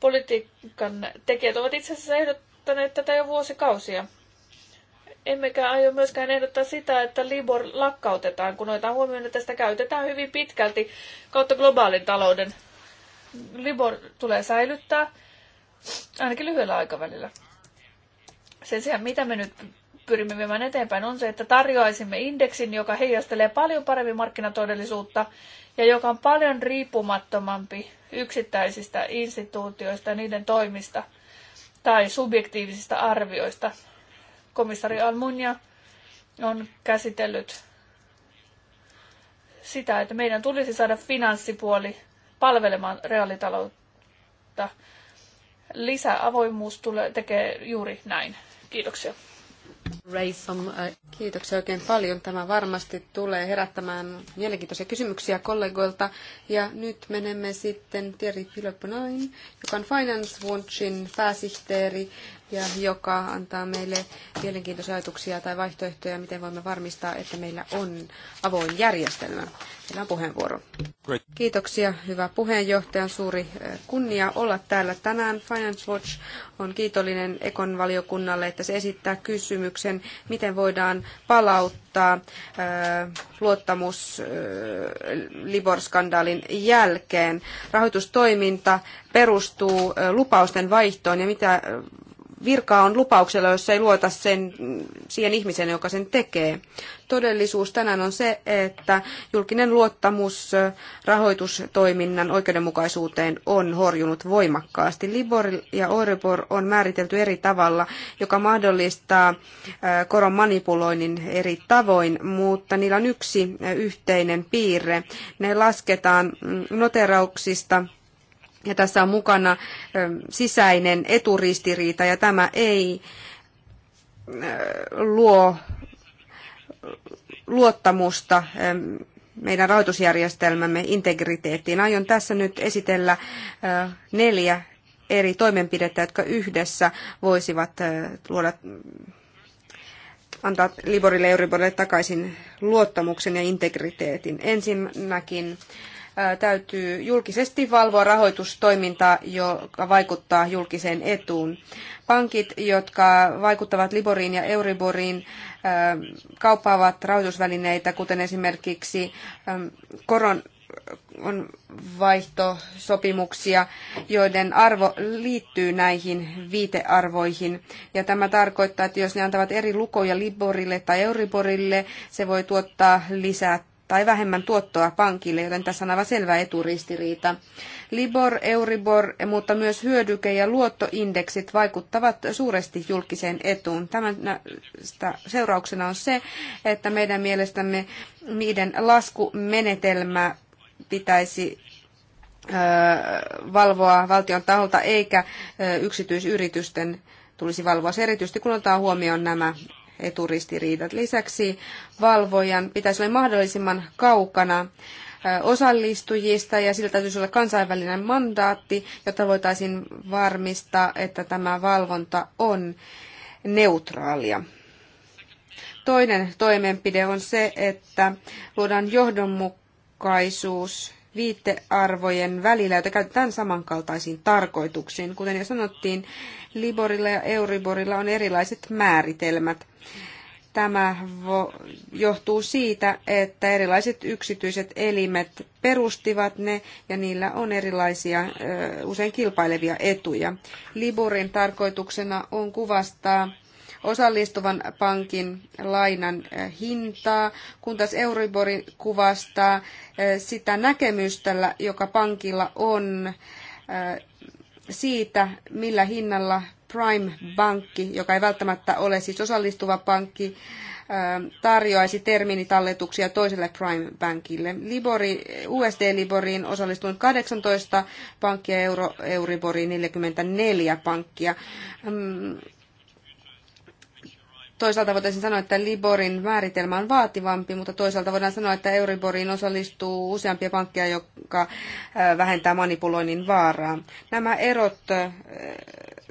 Politiikan tekijät ovat itse asiassa ehdottaneet tätä jo vuosikausia. Emmekä aio myöskään ehdottaa sitä, että Libor lakkautetaan, kun otetaan huomioon, että sitä käytetään hyvin pitkälti kautta globaalin talouden. Libor tulee säilyttää ainakin lyhyellä aikavälillä. Sen sijaan, mitä me nyt pyrimme viemään eteenpäin, on se, että tarjoaisimme indeksin, joka heijastelee paljon paremmin markkinatodellisuutta ja joka on paljon riippumattomampi yksittäisistä instituutioista ja niiden toimista tai subjektiivisista arvioista. Komissari Almunia on käsitellyt sitä, että meidän tulisi saada finanssipuoli palvelemaan reaalitaloutta. Lisää tulee, tekee juuri näin. Kiitoksia. Uh, kiitoksia oikein paljon. Tämä varmasti tulee herättämään mielenkiintoisia kysymyksiä kollegoilta. Ja nyt menemme sitten Thierry Piloponain, joka on Finance Watchin pääsihteeri ja joka antaa meille mielenkiintoisia ajatuksia tai vaihtoehtoja, miten voimme varmistaa, että meillä on avoin järjestelmä. Meillä on puheenvuoro. Great. Kiitoksia, hyvä puheenjohtaja. Suuri kunnia olla täällä tänään. Finance Watch on kiitollinen Ekon valiokunnalle, että se esittää kysymyksen, miten voidaan palauttaa luottamus Libor-skandaalin jälkeen. Rahoitustoiminta perustuu lupausten vaihtoon ja mitä virkaa on lupauksella, jos ei luota sen, siihen ihmiseen, joka sen tekee. Todellisuus tänään on se, että julkinen luottamus rahoitustoiminnan oikeudenmukaisuuteen on horjunut voimakkaasti. Libor ja Oribor on määritelty eri tavalla, joka mahdollistaa äh, koron manipuloinnin eri tavoin, mutta niillä on yksi äh, yhteinen piirre. Ne lasketaan mm, noterauksista ja tässä on mukana sisäinen eturistiriita ja tämä ei luo luottamusta meidän rahoitusjärjestelmämme integriteettiin. Aion tässä nyt esitellä neljä eri toimenpidettä, jotka yhdessä voisivat luoda antaa Liborille ja Euriborille takaisin luottamuksen ja integriteetin. Ensinnäkin äh, täytyy julkisesti valvoa rahoitustoimintaa, joka vaikuttaa julkiseen etuun. Pankit, jotka vaikuttavat Liboriin ja Euriboriin, kauppaavat rahoitusvälineitä, kuten esimerkiksi koron on vaihtosopimuksia, joiden arvo liittyy näihin viitearvoihin. Ja tämä tarkoittaa, että jos ne antavat eri lukuja Liborille tai Euriborille, se voi tuottaa lisää tai vähemmän tuottoa pankille, joten tässä on aivan selvä eturistiriita. Libor, Euribor, mutta myös hyödyke- ja luottoindeksit vaikuttavat suuresti julkiseen etuun. Tämän seurauksena on se, että meidän mielestämme niiden laskumenetelmä pitäisi valvoa valtion taholta, eikä yksityisyritysten tulisi valvoa se erityisesti, kun otetaan huomioon nämä eturistiriidat. Lisäksi valvojan pitäisi olla mahdollisimman kaukana osallistujista ja sillä täytyisi olla kansainvälinen mandaatti, jotta voitaisiin varmistaa, että tämä valvonta on neutraalia. Toinen toimenpide on se, että luodaan johdonmukaisuus viitearvojen välillä, joita käytetään samankaltaisiin tarkoituksiin. Kuten jo sanottiin, Liborilla ja Euriborilla on erilaiset määritelmät. Tämä johtuu siitä, että erilaiset yksityiset elimet perustivat ne ja niillä on erilaisia, usein kilpailevia etuja. Liborin tarkoituksena on kuvastaa osallistuvan pankin lainan eh, hintaa, kun taas Euribori kuvastaa eh, sitä näkemystä, joka pankilla on eh, siitä, millä hinnalla Prime-pankki, joka ei välttämättä ole siis osallistuva pankki, tarjoaisi terminitalletuksia toiselle Prime-pankille. Libori, USD-Liboriin osallistunut 18 pankkia, Euro, Euriboriin 44 pankkia. Mm, Toisaalta voitaisiin sanoa, että Liborin määritelmä on vaativampi, mutta toisaalta voidaan sanoa, että Euriboriin osallistuu useampia pankkeja, joka äh, vähentää manipuloinnin vaaraa. Nämä erot äh,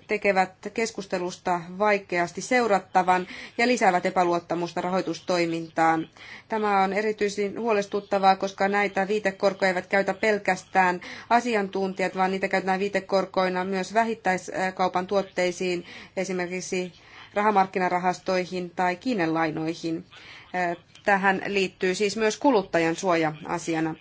tekevät keskustelusta vaikeasti seurattavan ja lisäävät epäluottamusta rahoitustoimintaan. Tämä on erityisen huolestuttavaa, koska näitä viitekorkoja eivät käytä pelkästään asiantuntijat, vaan niitä käytetään viitekorkoina myös vähittäiskaupan tuotteisiin, esimerkiksi rahamarkkinarahastoihin tai kiinelainoihin. Äh, tähän liittyy siis myös kuluttajan suoja-asiana.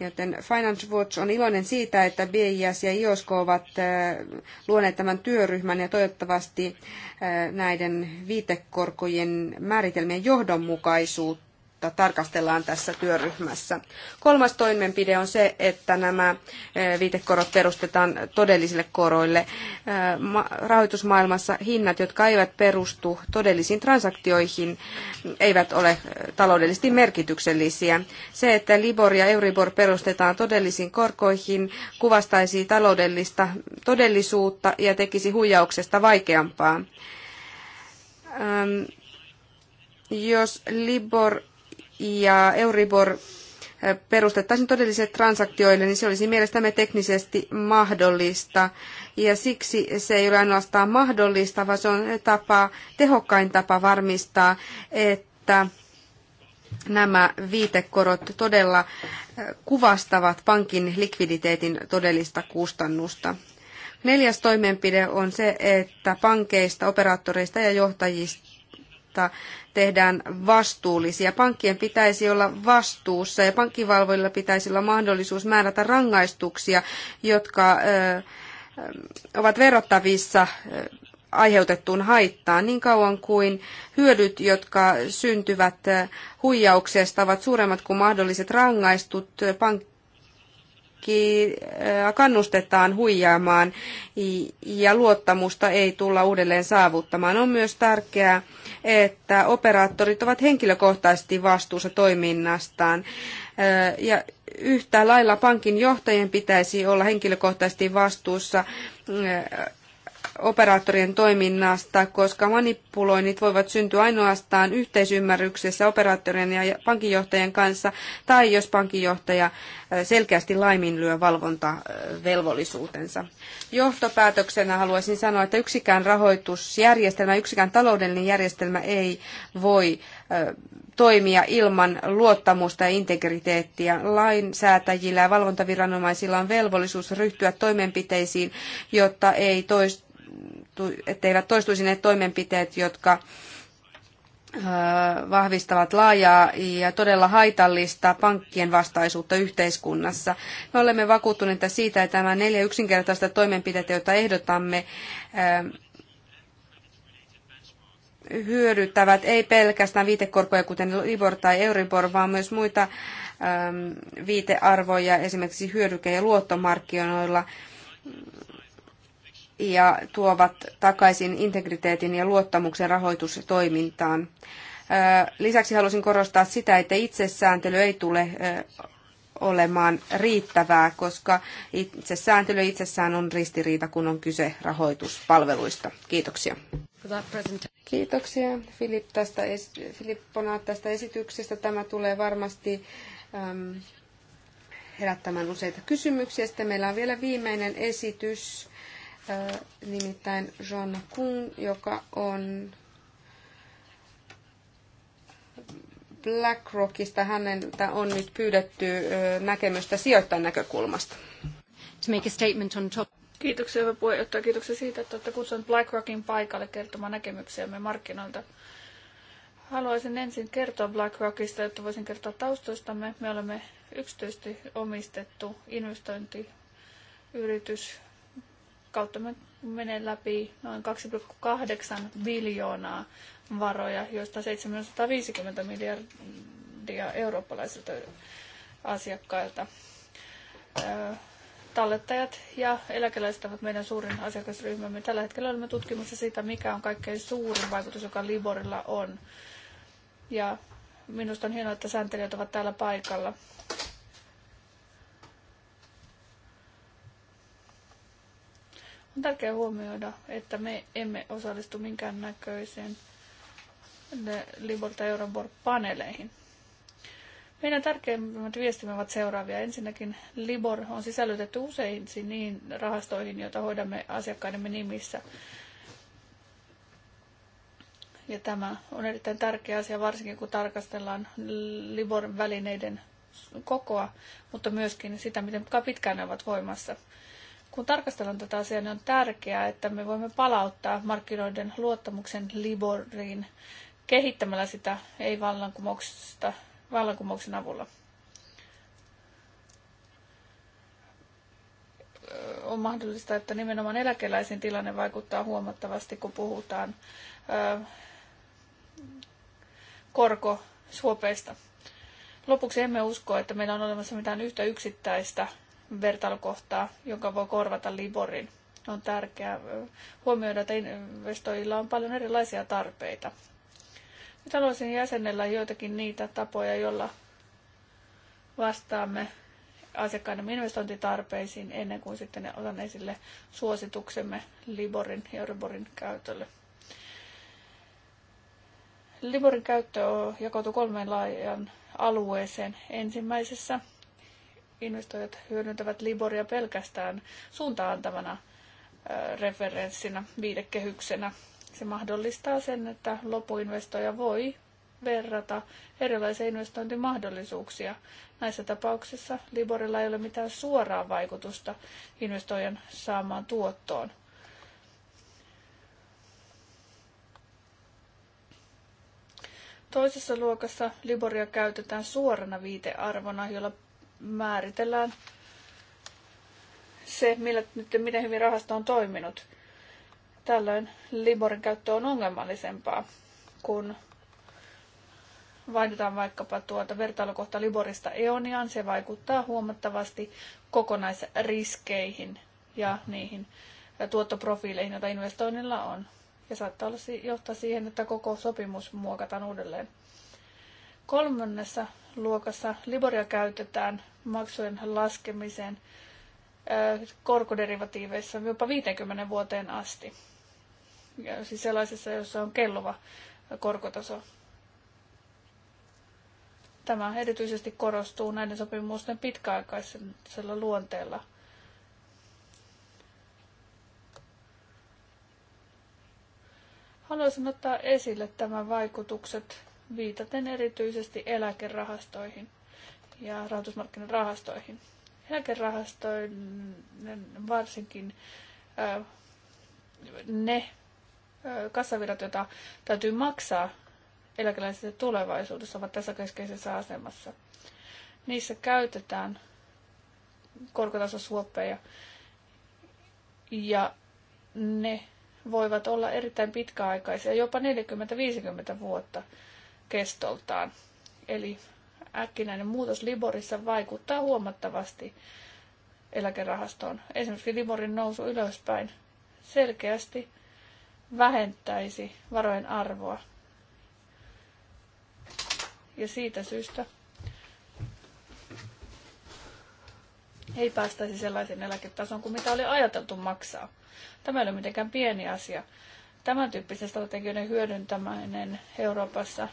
Joten Finance Watch on iloinen siitä, että BIS ja IOSK ovat äh, luoneet tämän työryhmän ja toivottavasti äh, näiden viitekorkojen määritelmien johdonmukaisuutta jota tarkastellaan tässä työryhmässä. Kolmas toimenpide on se, että nämä eh, viitekorot perustetaan todellisille koroille. Eh, rahoitusmaailmassa hinnat, jotka eivät perustu todellisiin transaktioihin, eivät ole eh, taloudellisesti merkityksellisiä. Se, että Libor ja Euribor perustetaan todellisiin korkoihin, kuvastaisi taloudellista todellisuutta ja tekisi huijauksesta vaikeampaa jos Libor ja Euribor eh, perustettaisiin todellisille transaktioille, niin se olisi mielestämme teknisesti mahdollista. Ja siksi se ei ole ainoastaan mahdollista, vaan se on tapa, tehokkain tapa varmistaa, että nämä viitekorot todella eh, kuvastavat pankin likviditeetin todellista kustannusta. Neljäs toimenpide on se, että pankeista, operaattoreista ja johtajista jotta tehdään vastuullisia. Pankkien pitäisi olla vastuussa ja pankkivalvoilla pitäisi olla mahdollisuus määrätä rangaistuksia, jotka ovat verrattavissa aiheutettuun haittaan niin kauan kuin hyödyt, jotka syntyvät huijauksesta, ovat suuremmat kuin mahdolliset rangaistut. Pank- ki, kannustetaan huijaamaan ja luottamusta ei tulla uudelleen saavuttamaan. On myös tärkeää, että operaattorit ovat henkilökohtaisesti vastuussa toiminnastaan. Ja yhtä lailla pankin johtajien pitäisi olla henkilökohtaisesti vastuussa operaattorien toiminnasta, koska manipuloinnit voivat syntyä ainoastaan yhteisymmärryksessä operaattorien ja pankinjohtajien kanssa, tai jos pankinjohtaja äh, selkeästi laiminlyö valvontavelvollisuutensa. Johtopäätöksenä haluaisin sanoa, että yksikään rahoitusjärjestelmä, yksikään taloudellinen järjestelmä ei voi äh, toimia ilman luottamusta ja integriteettiä. Lainsäätäjillä ja valvontaviranomaisilla on velvollisuus ryhtyä toimenpiteisiin, jotta ei toista etteivät toistuisi ne toimenpiteet, jotka vahvistavat laajaa ja todella haitallista pankkien vastaisuutta yhteiskunnassa. Me olemme vakuuttuneita siitä, että nämä neljä yksinkertaista toimenpiteitä, joita ehdotamme, hyödyttävät ei pelkästään viitekorkoja, kuten Libor tai Euribor, vaan myös muita viitearvoja, esimerkiksi hyödyke- ja luottomarkkinoilla ja tuovat takaisin integriteetin ja luottamuksen rahoitustoimintaan. Lisäksi haluaisin korostaa sitä, että itsesääntely ei tule olemaan riittävää, koska itsesääntely itsessään on ristiriita, kun on kyse rahoituspalveluista. Kiitoksia. Kiitoksia Filip tästä, Filippona tästä esityksestä. Tämä tulee varmasti äm, herättämään useita kysymyksiä. Sitten meillä on vielä viimeinen esitys nimittäin Joanna Kuhn, joka on BlackRockista. Hänen on nyt pyydetty näkemystä sijoittajan näkökulmasta. To make a statement on top. Kiitoksia hyvä puheenjohtaja. Kiitoksia siitä, että olette kutsunut BlackRockin paikalle kertomaan näkemyksiämme markkinoilta. Haluaisin ensin kertoa BlackRockista, jotta voisin kertoa taustoistamme. Me olemme yksityisesti omistettu investointiyritys, kautta mä menen läpi noin 2,8 biljoonaa varoja, joista 750 miljardia eurooppalaisilta asiakkailta. Öö, tallettajat ja eläkeläiset ovat meidän suurin asiakasryhmämme. Tällä hetkellä olemme tutkimassa sitä, mikä on kaikkein suurin vaikutus, joka Liborilla on. Ja minusta on hienoa, että sääntelijät ovat täällä paikalla. On tärkeää huomioida, että me emme osallistu minkään näköiseen Libor tai eurobor paneleihin. Meidän tärkeimmät viestimme ovat seuraavia. Ensinnäkin Libor on sisällytetty usein niin rahastoihin, joita hoidamme asiakkaidemme nimissä. Ja tämä on erittäin tärkeä asia, varsinkin kun tarkastellaan Libor-välineiden kokoa, mutta myöskin sitä, miten pitkään ne ovat voimassa kun tarkastellaan tätä asiaa, niin on tärkeää, että me voimme palauttaa markkinoiden luottamuksen Liboriin kehittämällä sitä ei vallankumouksesta, vallankumouksen avulla. On mahdollista, että nimenomaan eläkeläisen tilanne vaikuttaa huomattavasti, kun puhutaan korkosuopeista. Lopuksi emme usko, että meillä on olemassa mitään yhtä yksittäistä vertailukohtaa, joka voi korvata Liborin. On tärkeää huomioida, että investoijilla on paljon erilaisia tarpeita. Nyt haluaisin jäsenellä joitakin niitä tapoja, joilla vastaamme asiakkaiden investointitarpeisiin ennen kuin sitten otan esille suosituksemme Liborin ja Euroborin käytölle. Liborin käyttö on jakautu kolmeen laajan alueeseen. Ensimmäisessä investoijat hyödyntävät Liboria pelkästään suuntaantavana referenssinä, viidekehyksenä. Se mahdollistaa sen, että lopuinvestoija voi verrata erilaisia investointimahdollisuuksia. Näissä tapauksissa Liborilla ei ole mitään suoraa vaikutusta investoijan saamaan tuottoon. Toisessa luokassa Liboria käytetään suorana viitearvona, jolla määritellään se, millä, miten hyvin rahasto on toiminut. Tällöin Liborin käyttö on ongelmallisempaa, kun vaihdetaan vaikkapa tuota vertailukohta Liborista Eoniaan. Se vaikuttaa huomattavasti kokonaisriskeihin ja niihin tuottoprofiileihin, joita investoinnilla on. Ja saattaa olla, johtaa siihen, että koko sopimus muokataan uudelleen. Kolmannessa luokassa Liboria käytetään maksujen laskemiseen äh, korkoderivatiiveissa jopa 50 vuoteen asti. Ja siis sellaisessa, jossa on kelluva korkotaso. Tämä erityisesti korostuu näiden sopimusten pitkäaikaisella luonteella. Haluaisin ottaa esille tämän vaikutukset viitaten erityisesti eläkerahastoihin – ja rahoitusmarkkinarahastoihin. Eläkerahastoinen varsinkin ne kassavirrat, joita täytyy maksaa eläkeläisille tulevaisuudessa, ovat tässä keskeisessä asemassa. Niissä käytetään korkotasosuoppeja ja ne voivat olla erittäin pitkäaikaisia, jopa 40-50 vuotta kestoltaan. Eli äkkinäinen muutos Liborissa vaikuttaa huomattavasti eläkerahastoon. Esimerkiksi Liborin nousu ylöspäin selkeästi vähentäisi varojen arvoa. Ja siitä syystä ei päästäisi sellaisen eläketason kuin mitä oli ajateltu maksaa. Tämä ei ole mitenkään pieni asia. Tämän tyyppisen strategioiden hyödyntäminen Euroopassa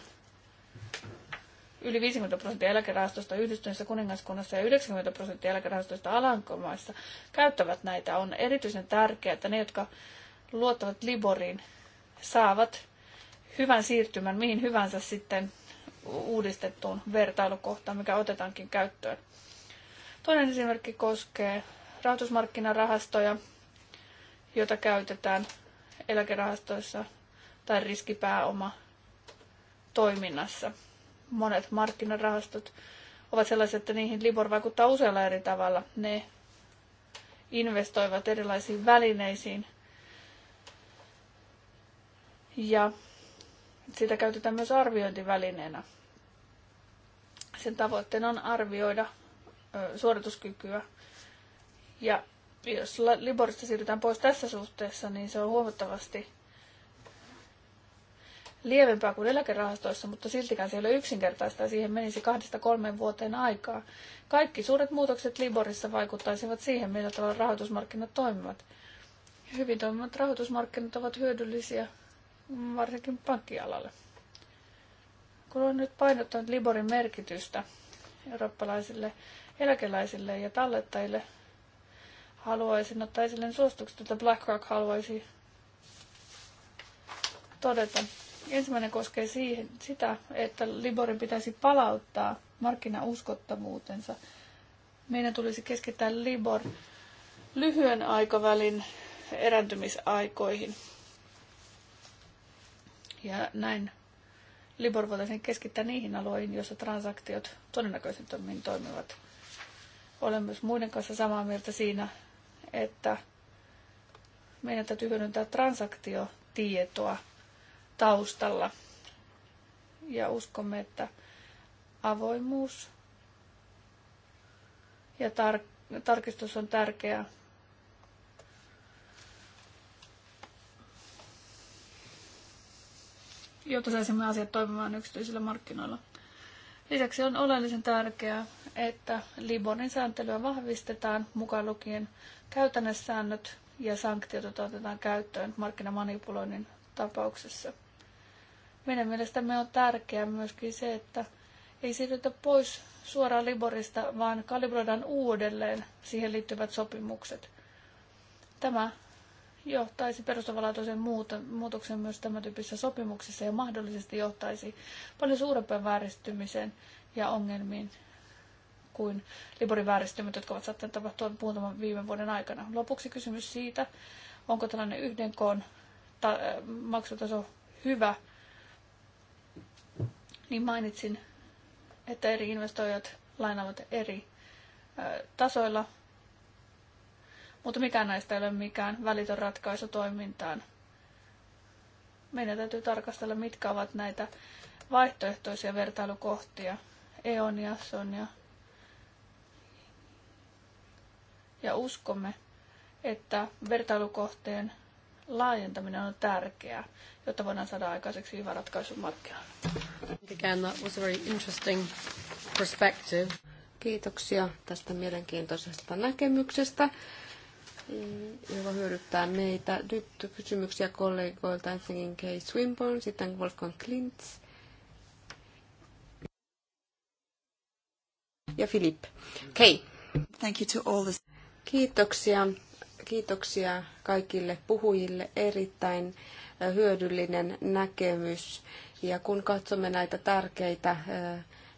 yli 50 prosenttia eläkerahastosta yhdistyneessä kuningaskunnassa ja 90 prosenttia eläkerahastoista Alankomaissa käyttävät näitä, on erityisen tärkeää, että ne, jotka luottavat Liboriin, saavat hyvän siirtymän mihin hyvänsä sitten uudistettuun vertailukohtaan, mikä otetaankin käyttöön. Toinen esimerkki koskee rahoitusmarkkinarahastoja, joita käytetään eläkerahastoissa tai riskipääoma toiminnassa monet markkinarahastot ovat sellaisia, että niihin Libor vaikuttaa usealla eri tavalla. Ne investoivat erilaisiin välineisiin ja sitä käytetään myös arviointivälineenä. Sen tavoitteena on arvioida suorituskykyä. Ja jos Liborista siirrytään pois tässä suhteessa, niin se on huomattavasti lievempää kuin eläkerahastoissa, mutta siltikään se ei ole yksinkertaista ja siihen menisi kahdesta kolmeen vuoteen aikaa. Kaikki suuret muutokset Liborissa vaikuttaisivat siihen, millä tavalla rahoitusmarkkinat toimivat. Hyvin toimivat rahoitusmarkkinat ovat hyödyllisiä varsinkin pankkialalle. Kun on nyt painottanut Liborin merkitystä eurooppalaisille eläkeläisille ja tallettajille, haluaisin ottaa esille suositukset, että BlackRock haluaisi todeta Ensimmäinen koskee siihen, sitä, että Liborin pitäisi palauttaa markkinauskottavuutensa. Meidän tulisi keskittää Libor lyhyen aikavälin erääntymisaikoihin. Ja näin Libor voitaisiin keskittää niihin alueihin, joissa transaktiot todennäköisemmin toimivat. Olen myös muiden kanssa samaa mieltä siinä, että meidän täytyy hyödyntää transaktiotietoa taustalla. Ja uskomme, että avoimuus ja tar- tarkistus on tärkeää. jotta saisimme asiat toimimaan yksityisillä markkinoilla. Lisäksi on oleellisen tärkeää, että Libonin sääntelyä vahvistetaan mukaan lukien käytännössäännöt ja sanktiot, otetaan käyttöön markkinamanipuloinnin tapauksessa. Meidän mielestämme on tärkeää myöskin se, että ei siirrytä pois suoraan Liborista, vaan kalibroidaan uudelleen siihen liittyvät sopimukset. Tämä johtaisi perustavanlaatuisen muutoksen myös tämän tyyppisissä sopimuksissa ja mahdollisesti johtaisi paljon suurempaan vääristymiseen ja ongelmiin kuin Liborin vääristymät, jotka ovat saattaneet tapahtua muutaman viime vuoden aikana. Lopuksi kysymys siitä, onko tällainen yhden koon eh, maksutaso hyvä niin mainitsin, että eri investoijat lainaavat eri ö, tasoilla, mutta mikään näistä ei ole mikään välitön ratkaisu toimintaan. Meidän täytyy tarkastella, mitkä ovat näitä vaihtoehtoisia vertailukohtia. EON ja Sonia. Ja uskomme, että vertailukohteen laajentaminen on tärkeää, jotta voidaan saada aikaiseksi hyvä ratkaisu markkinoille. Again, that was a very interesting perspective. Kiitoksia tästä mielenkiintoisesta näkemyksestä, joka hyödyttää meitä. Nyt kysymyksiä kollegoilta ensinnäkin Kay Swinburne, sitten Wolfgang Klintz ja Philip. Kay. Thank you to all this. Kiitoksia Kiitoksia kaikille puhujille. Erittäin hyödyllinen näkemys. Ja kun katsomme näitä tärkeitä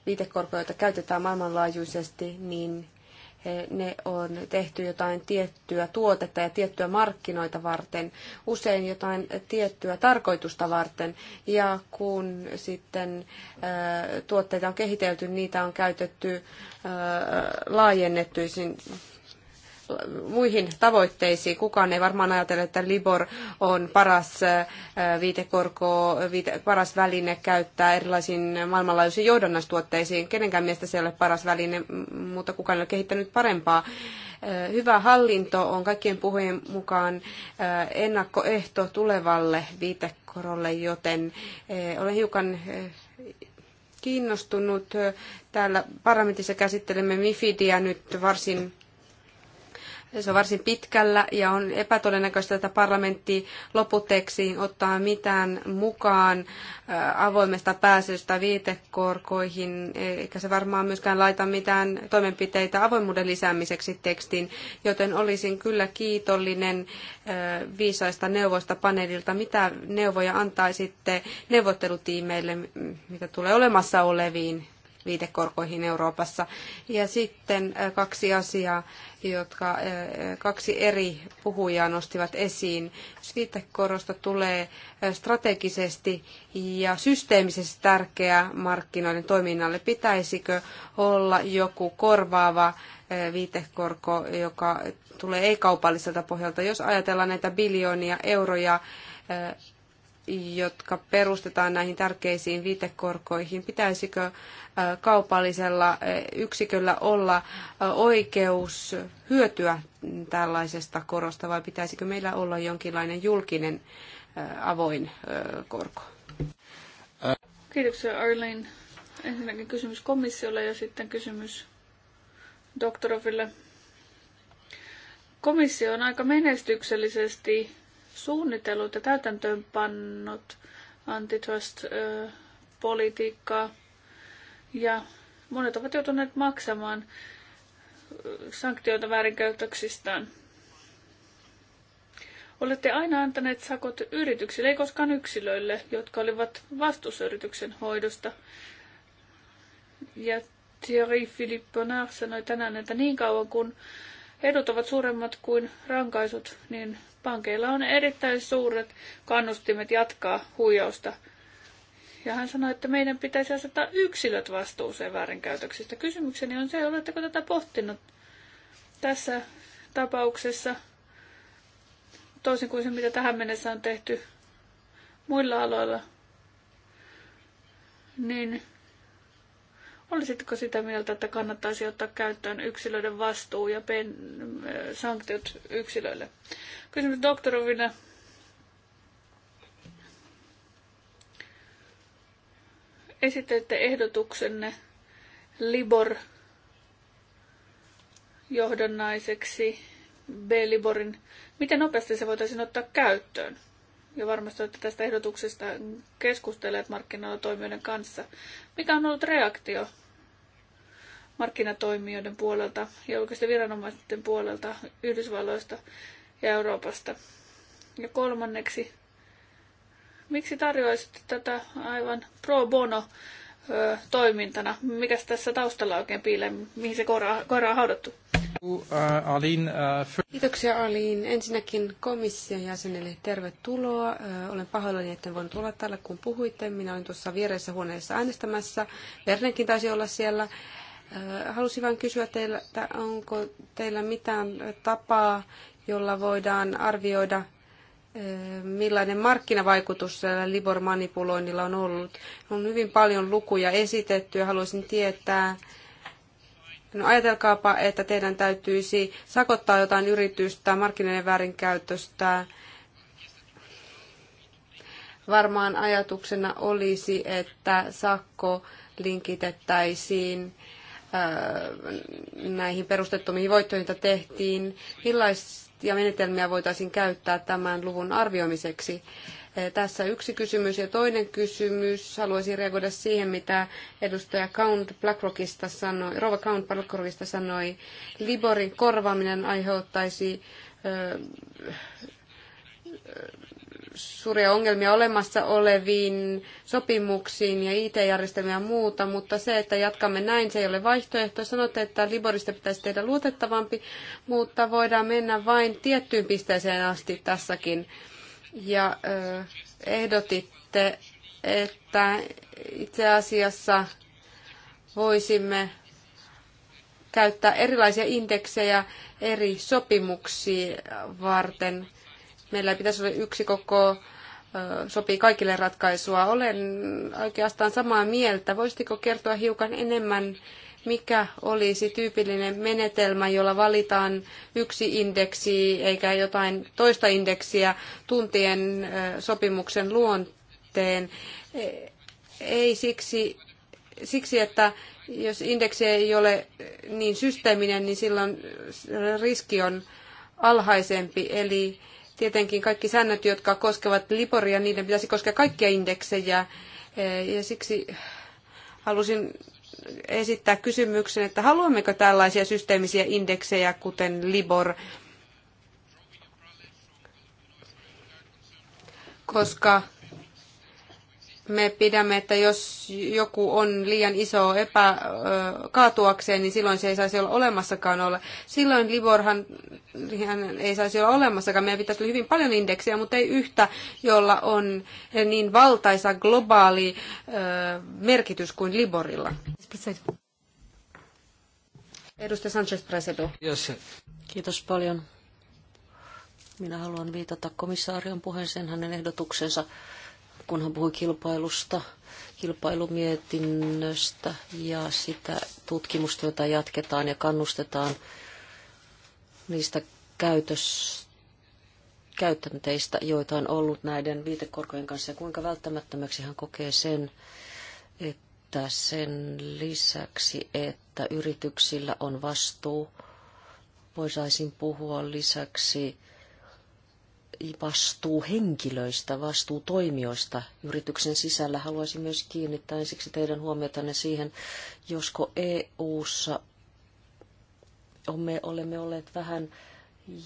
viitekorkoja, joita käytetään maailmanlaajuisesti, niin ne on tehty jotain tiettyä tuotetta ja tiettyä markkinoita varten, usein jotain tiettyä tarkoitusta varten. Ja kun sitten tuotteita on kehitelty, niitä on käytetty laajennettuisin muihin tavoitteisiin. Kukaan ei varmaan ajatella, että Libor on paras äh, viitekorko, viite, paras väline käyttää erilaisiin maailmanlaajuisiin johdannaistuotteisiin. Kenenkään mielestä se ei ole paras väline, mutta kukaan ei ole kehittänyt parempaa. Äh, hyvä hallinto on kaikkien puheen mukaan äh, ennakkoehto tulevalle viitekorolle, joten olen hiukan kiinnostunut. Täällä parlamentissa käsittelemme MIFIDia nyt varsin se on varsin pitkällä ja on epätodennäköistä, että parlamentti loputeksiin ottaa mitään mukaan avoimesta pääsystä viitekorkoihin, eikä se varmaan myöskään laita mitään toimenpiteitä avoimuuden lisäämiseksi tekstiin, joten olisin kyllä kiitollinen viisaista neuvoista paneelilta, mitä neuvoja antaisitte neuvottelutiimeille, mitä tulee olemassa oleviin viitekorkoihin Euroopassa. Ja sitten kaksi asiaa, jotka kaksi eri puhujaa nostivat esiin. viitekorosta tulee strategisesti ja systeemisesti tärkeä markkinoiden toiminnalle, pitäisikö olla joku korvaava viitekorko, joka tulee ei-kaupalliselta pohjalta. Jos ajatellaan näitä biljoonia euroja jotka perustetaan näihin tärkeisiin viitekorkoihin. Pitäisikö kaupallisella yksiköllä olla oikeus hyötyä tällaisesta korosta vai pitäisikö meillä olla jonkinlainen julkinen avoin korko? Kiitoksia Arlene. Ensinnäkin kysymys komissiolle ja sitten kysymys doktorofille. Komissio on aika menestyksellisesti suunnitellut ja täytäntöönpannut antitrust-politiikkaa ja monet ovat joutuneet maksamaan sanktioita väärinkäytöksistään. Olette aina antaneet sakot yrityksille, ei koskaan yksilöille, jotka olivat vastuusyrityksen hoidosta. Ja Thierry Philippe Bonnard sanoi tänään, että niin kauan kun edut ovat suuremmat kuin rankaisut, niin pankeilla on erittäin suuret kannustimet jatkaa huijausta. Ja hän sanoi, että meidän pitäisi asettaa yksilöt vastuuseen väärinkäytöksistä. Kysymykseni on se, oletteko tätä pohtinut tässä tapauksessa, toisin kuin se, mitä tähän mennessä on tehty muilla aloilla, niin Olisitko sitä mieltä, että kannattaisi ottaa käyttöön yksilöiden vastuu ja pen, sanktiot yksilöille? Kysymys doktorovina. Esitteitte ehdotuksenne Libor johdonnaiseksi B-Liborin. Miten nopeasti se voitaisiin ottaa käyttöön? ja varmasti olette tästä ehdotuksesta keskustelleet markkinoilla toimijoiden kanssa. Mikä on ollut reaktio markkinatoimijoiden puolelta ja oikeasti viranomaisten puolelta Yhdysvalloista ja Euroopasta? Ja kolmanneksi, miksi tarjoaisitte tätä aivan pro bono toimintana? Mikäs tässä taustalla oikein piilee? Mihin se koira, koira on haudattu? Uh, uh, Kiitoksia Aliin. Ensinnäkin komission jäsenelle tervetuloa. Uh, olen pahoillani, että en voinut olla täällä, kun puhuitte. Minä olin tuossa viereisessä huoneessa äänestämässä. Vernenkin taisi olla siellä. Halusin vain kysyä teiltä, onko teillä mitään tapaa, jolla voidaan arvioida millainen markkinavaikutus siellä Libor-manipuloinnilla on ollut. On hyvin paljon lukuja esitetty ja haluaisin tietää, No ajatelkaapa, että teidän täytyisi sakottaa jotain yritystä markkinoiden väärinkäytöstä. Varmaan ajatuksena olisi, että sakko linkitettäisiin äh, näihin perustettomiin voittoihin, joita tehtiin. Millaista ja menetelmiä voitaisiin käyttää tämän luvun arvioimiseksi. Eh, tässä yksi kysymys ja toinen kysymys. Haluaisin reagoida siihen, mitä edustaja Count Blackrockista sanoi, Rova Count Blackrockista sanoi. Liborin korvaaminen aiheuttaisi eh, suuria ongelmia olemassa oleviin sopimuksiin ja IT-järjestelmiä ja muuta, mutta se, että jatkamme näin, se ei ole vaihtoehto. Sanoitte, että Liborista pitäisi tehdä luotettavampi, mutta voidaan mennä vain tiettyyn pisteeseen asti tässäkin. Ja ö, ehdotitte, että itse asiassa voisimme käyttää erilaisia indeksejä eri sopimuksia varten – meillä ei pitäisi olla yksi koko sopii kaikille ratkaisua. Olen oikeastaan samaa mieltä. Voisitko kertoa hiukan enemmän, mikä olisi tyypillinen menetelmä, jolla valitaan yksi indeksi eikä jotain toista indeksiä tuntien sopimuksen luonteen? E, ei siksi, siksi että jos indeksi ei ole niin systeeminen, niin silloin riski on alhaisempi. Eli Tietenkin kaikki säännöt, jotka koskevat Liboria, niiden pitäisi koskea kaikkia indeksejä. E, ja siksi halusin esittää kysymyksen, että haluammeko tällaisia systeemisiä indeksejä, kuten Libor, koska me pidämme, että jos joku on liian iso epä, kaatuakseen, niin silloin se ei saisi olla olemassakaan olla. Silloin Liborhan hän ei saisi olla olemassakaan. Meidän pitäisi olla hyvin paljon indeksiä, mutta ei yhtä, jolla on niin valtaisa globaali merkitys kuin Liborilla. Edustaja Sanchez Presedo. Kiitos paljon. Minä haluan viitata komissaarion puheeseen hänen ehdotuksensa kun hän puhui kilpailusta, kilpailumietinnöstä ja sitä tutkimusta, jota jatketaan ja kannustetaan niistä käytös, käytänteistä, joita on ollut näiden viitekorkojen kanssa ja kuinka välttämättömäksi hän kokee sen, että sen lisäksi, että yrityksillä on vastuu, voisaisin puhua lisäksi vastuuhenkilöistä, vastuutoimijoista yrityksen sisällä. Haluaisin myös kiinnittää ensiksi teidän huomiotanne siihen, josko EU-ssa me olemme olleet vähän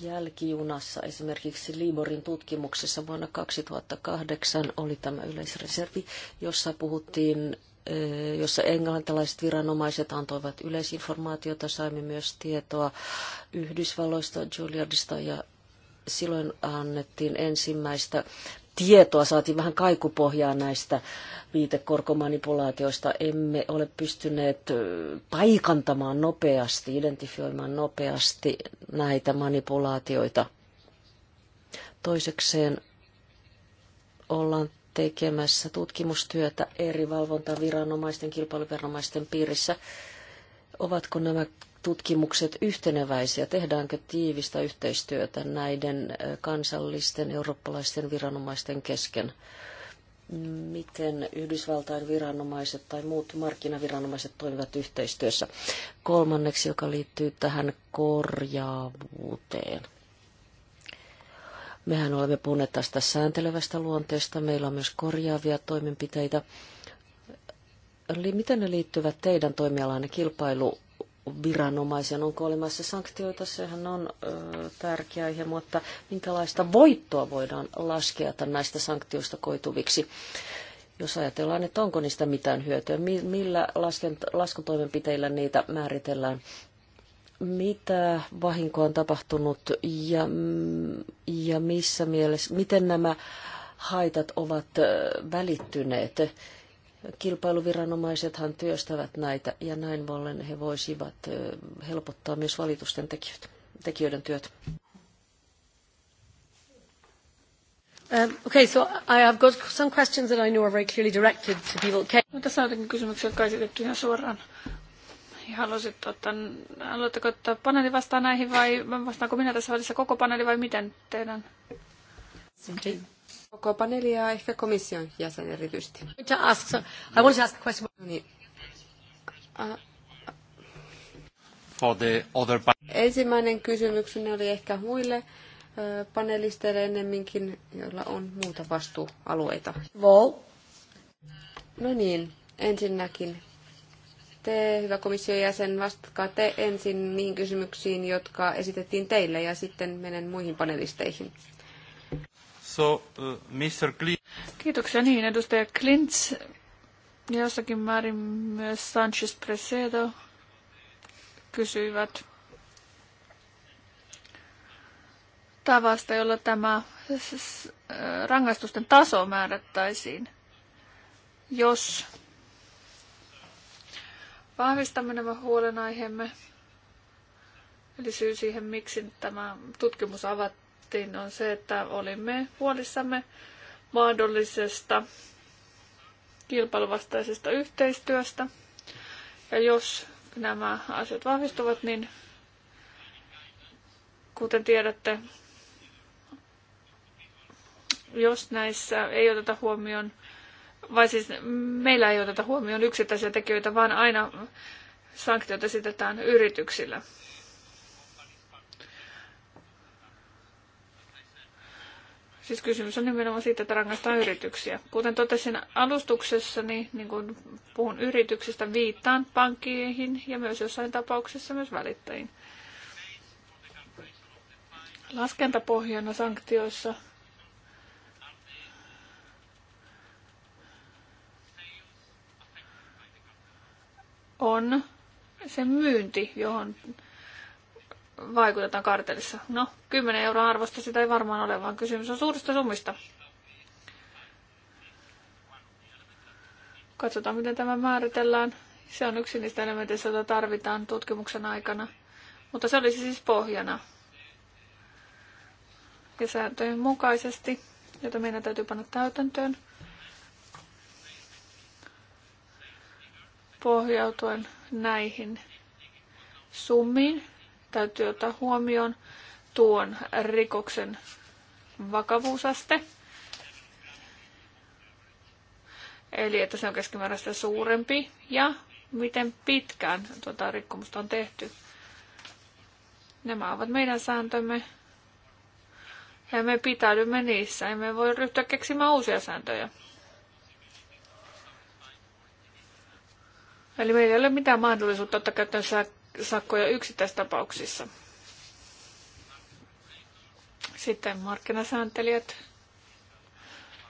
jälkijunassa. Esimerkiksi Liborin tutkimuksessa vuonna 2008 oli tämä yleisreservi, jossa puhuttiin e, jossa englantilaiset viranomaiset antoivat yleisinformaatiota. Saimme myös tietoa Yhdysvalloista, Juilliardista ja silloin annettiin ensimmäistä tietoa, saatiin vähän kaikupohjaa näistä viitekorkomanipulaatioista. Emme ole pystyneet paikantamaan nopeasti, identifioimaan nopeasti näitä manipulaatioita. Toisekseen ollaan tekemässä tutkimustyötä eri valvontaviranomaisten, kilpailuviranomaisten piirissä. Ovatko nämä tutkimukset yhteneväisiä? Tehdäänkö tiivistä yhteistyötä näiden kansallisten eurooppalaisten viranomaisten kesken? Miten Yhdysvaltain viranomaiset tai muut markkinaviranomaiset toimivat yhteistyössä? Kolmanneksi, joka liittyy tähän korjaavuuteen. Mehän olemme puhuneet tästä sääntelevästä luonteesta. Meillä on myös korjaavia toimenpiteitä. Eli miten ne liittyvät teidän toimialanne kilpailu viranomaisen, onko olemassa sanktioita, sehän on ö, tärkeä aihe, mutta minkälaista voittoa voidaan laskea näistä sanktioista koituviksi? Jos ajatellaan, että onko niistä mitään hyötyä, millä laskent- laskutoimenpiteillä niitä määritellään, mitä vahinkoa on tapahtunut ja, mm, ja missä mielessä, miten nämä haitat ovat välittyneet Kilpailuviranomaisethan työstävät näitä ja näin ollen he voisivat helpottaa myös valitusten tekijöiden työt. Um, okay, so I have got some questions that I know are very clearly directed to people. Can... No, tässä on jotenkin kysymyksiä, jotka esitetty ihan suoraan. Haluaisitko ottaa, haluatteko ottaa paneeli vastaan näihin vai vastaanko minä tässä välissä koko paneeli vai miten teidän? Okay koko paneelia ja ehkä komission jäsen erityisesti. I want to ask a question. No niin. Uh, for the other Ensimmäinen kysymykseni oli ehkä muille panelisteille ennemminkin, joilla on muuta vastuualueita. Wow. No niin, ensinnäkin te, hyvä komission jäsen, vastatkaa te ensin niihin kysymyksiin, jotka esitettiin teille, ja sitten menen muihin panelisteihin. So, uh, Mr. Klint. Kiitoksia niin, edustaja Klintz. Jossakin määrin myös Sanchez Presedo kysyivät tavasta, jolla tämä rangaistusten taso määrättäisiin, jos vahvistamme nämä huolenaiheemme, eli syy siihen, miksi tämä tutkimus avat, tehtiin, on se, että olimme huolissamme mahdollisesta kilpailuvastaisesta yhteistyöstä. Ja jos nämä asiat vahvistuvat, niin kuten tiedätte, jos näissä ei oteta huomioon, vai siis meillä ei oteta huomioon yksittäisiä tekijöitä, vaan aina sanktiot esitetään yrityksillä. Siis kysymys on nimenomaan siitä, että rangaistaan yrityksiä. Kuten totesin alustuksessa, niin kun puhun yrityksistä, viittaan pankkiin ja myös jossain tapauksessa myös välittäjiin. Laskentapohjana sanktioissa on se myynti, johon vaikutetaan kartelissa. No, 10 euroa arvosta sitä ei varmaan ole, vaan kysymys on suurista summista. Katsotaan, miten tämä määritellään. Se on yksi niistä elementeistä, joita tarvitaan tutkimuksen aikana. Mutta se olisi siis pohjana. Ja sääntöjen mukaisesti, jota meidän täytyy panna täytäntöön. Pohjautuen näihin summiin, täytyy ottaa huomioon tuon rikoksen vakavuusaste. Eli että se on keskimääräistä suurempi ja miten pitkään tuota rikkomusta on tehty. Nämä ovat meidän sääntömme ja me pitäydymme niissä. Emme voi ryhtyä keksimään uusia sääntöjä. Eli meillä ei ole mitään mahdollisuutta ottaa käyttöön sakkoja yksittäistapauksissa. Sitten markkinasääntelijät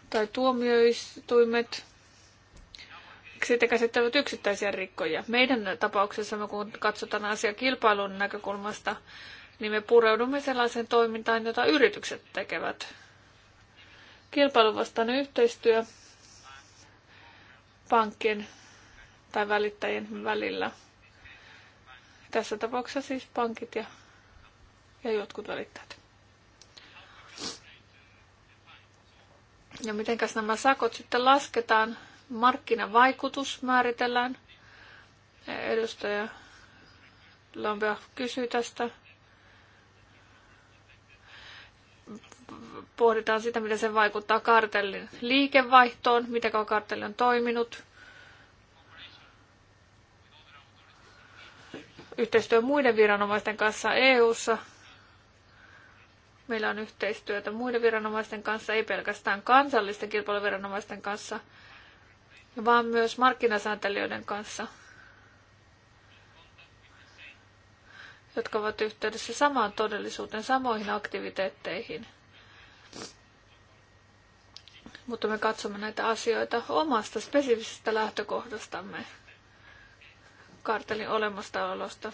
tai tuomioistuimet sitten käsittelevät yksittäisiä rikkoja. Meidän tapauksessamme, kun katsotaan asia kilpailun näkökulmasta, niin me pureudumme sellaiseen toimintaan, jota yritykset tekevät. Kilpailuvastainen yhteistyö pankkien tai välittäjien välillä – tässä tapauksessa siis pankit ja, ja jotkut välittäjät. Ja mitenkäs nämä sakot sitten lasketaan? Markkinavaikutus määritellään. Edustaja Lambert kysyi tästä. Pohditaan sitä, miten se vaikuttaa kartellin liikevaihtoon, miten kartelli on toiminut, yhteistyö muiden viranomaisten kanssa EU-ssa. Meillä on yhteistyötä muiden viranomaisten kanssa, ei pelkästään kansallisten kilpailuviranomaisten kanssa, vaan myös markkinasääntelijöiden kanssa, jotka ovat yhteydessä samaan todellisuuteen, samoihin aktiviteetteihin. Mutta me katsomme näitä asioita omasta spesifisestä lähtökohdastamme kartelin olemastaolosta.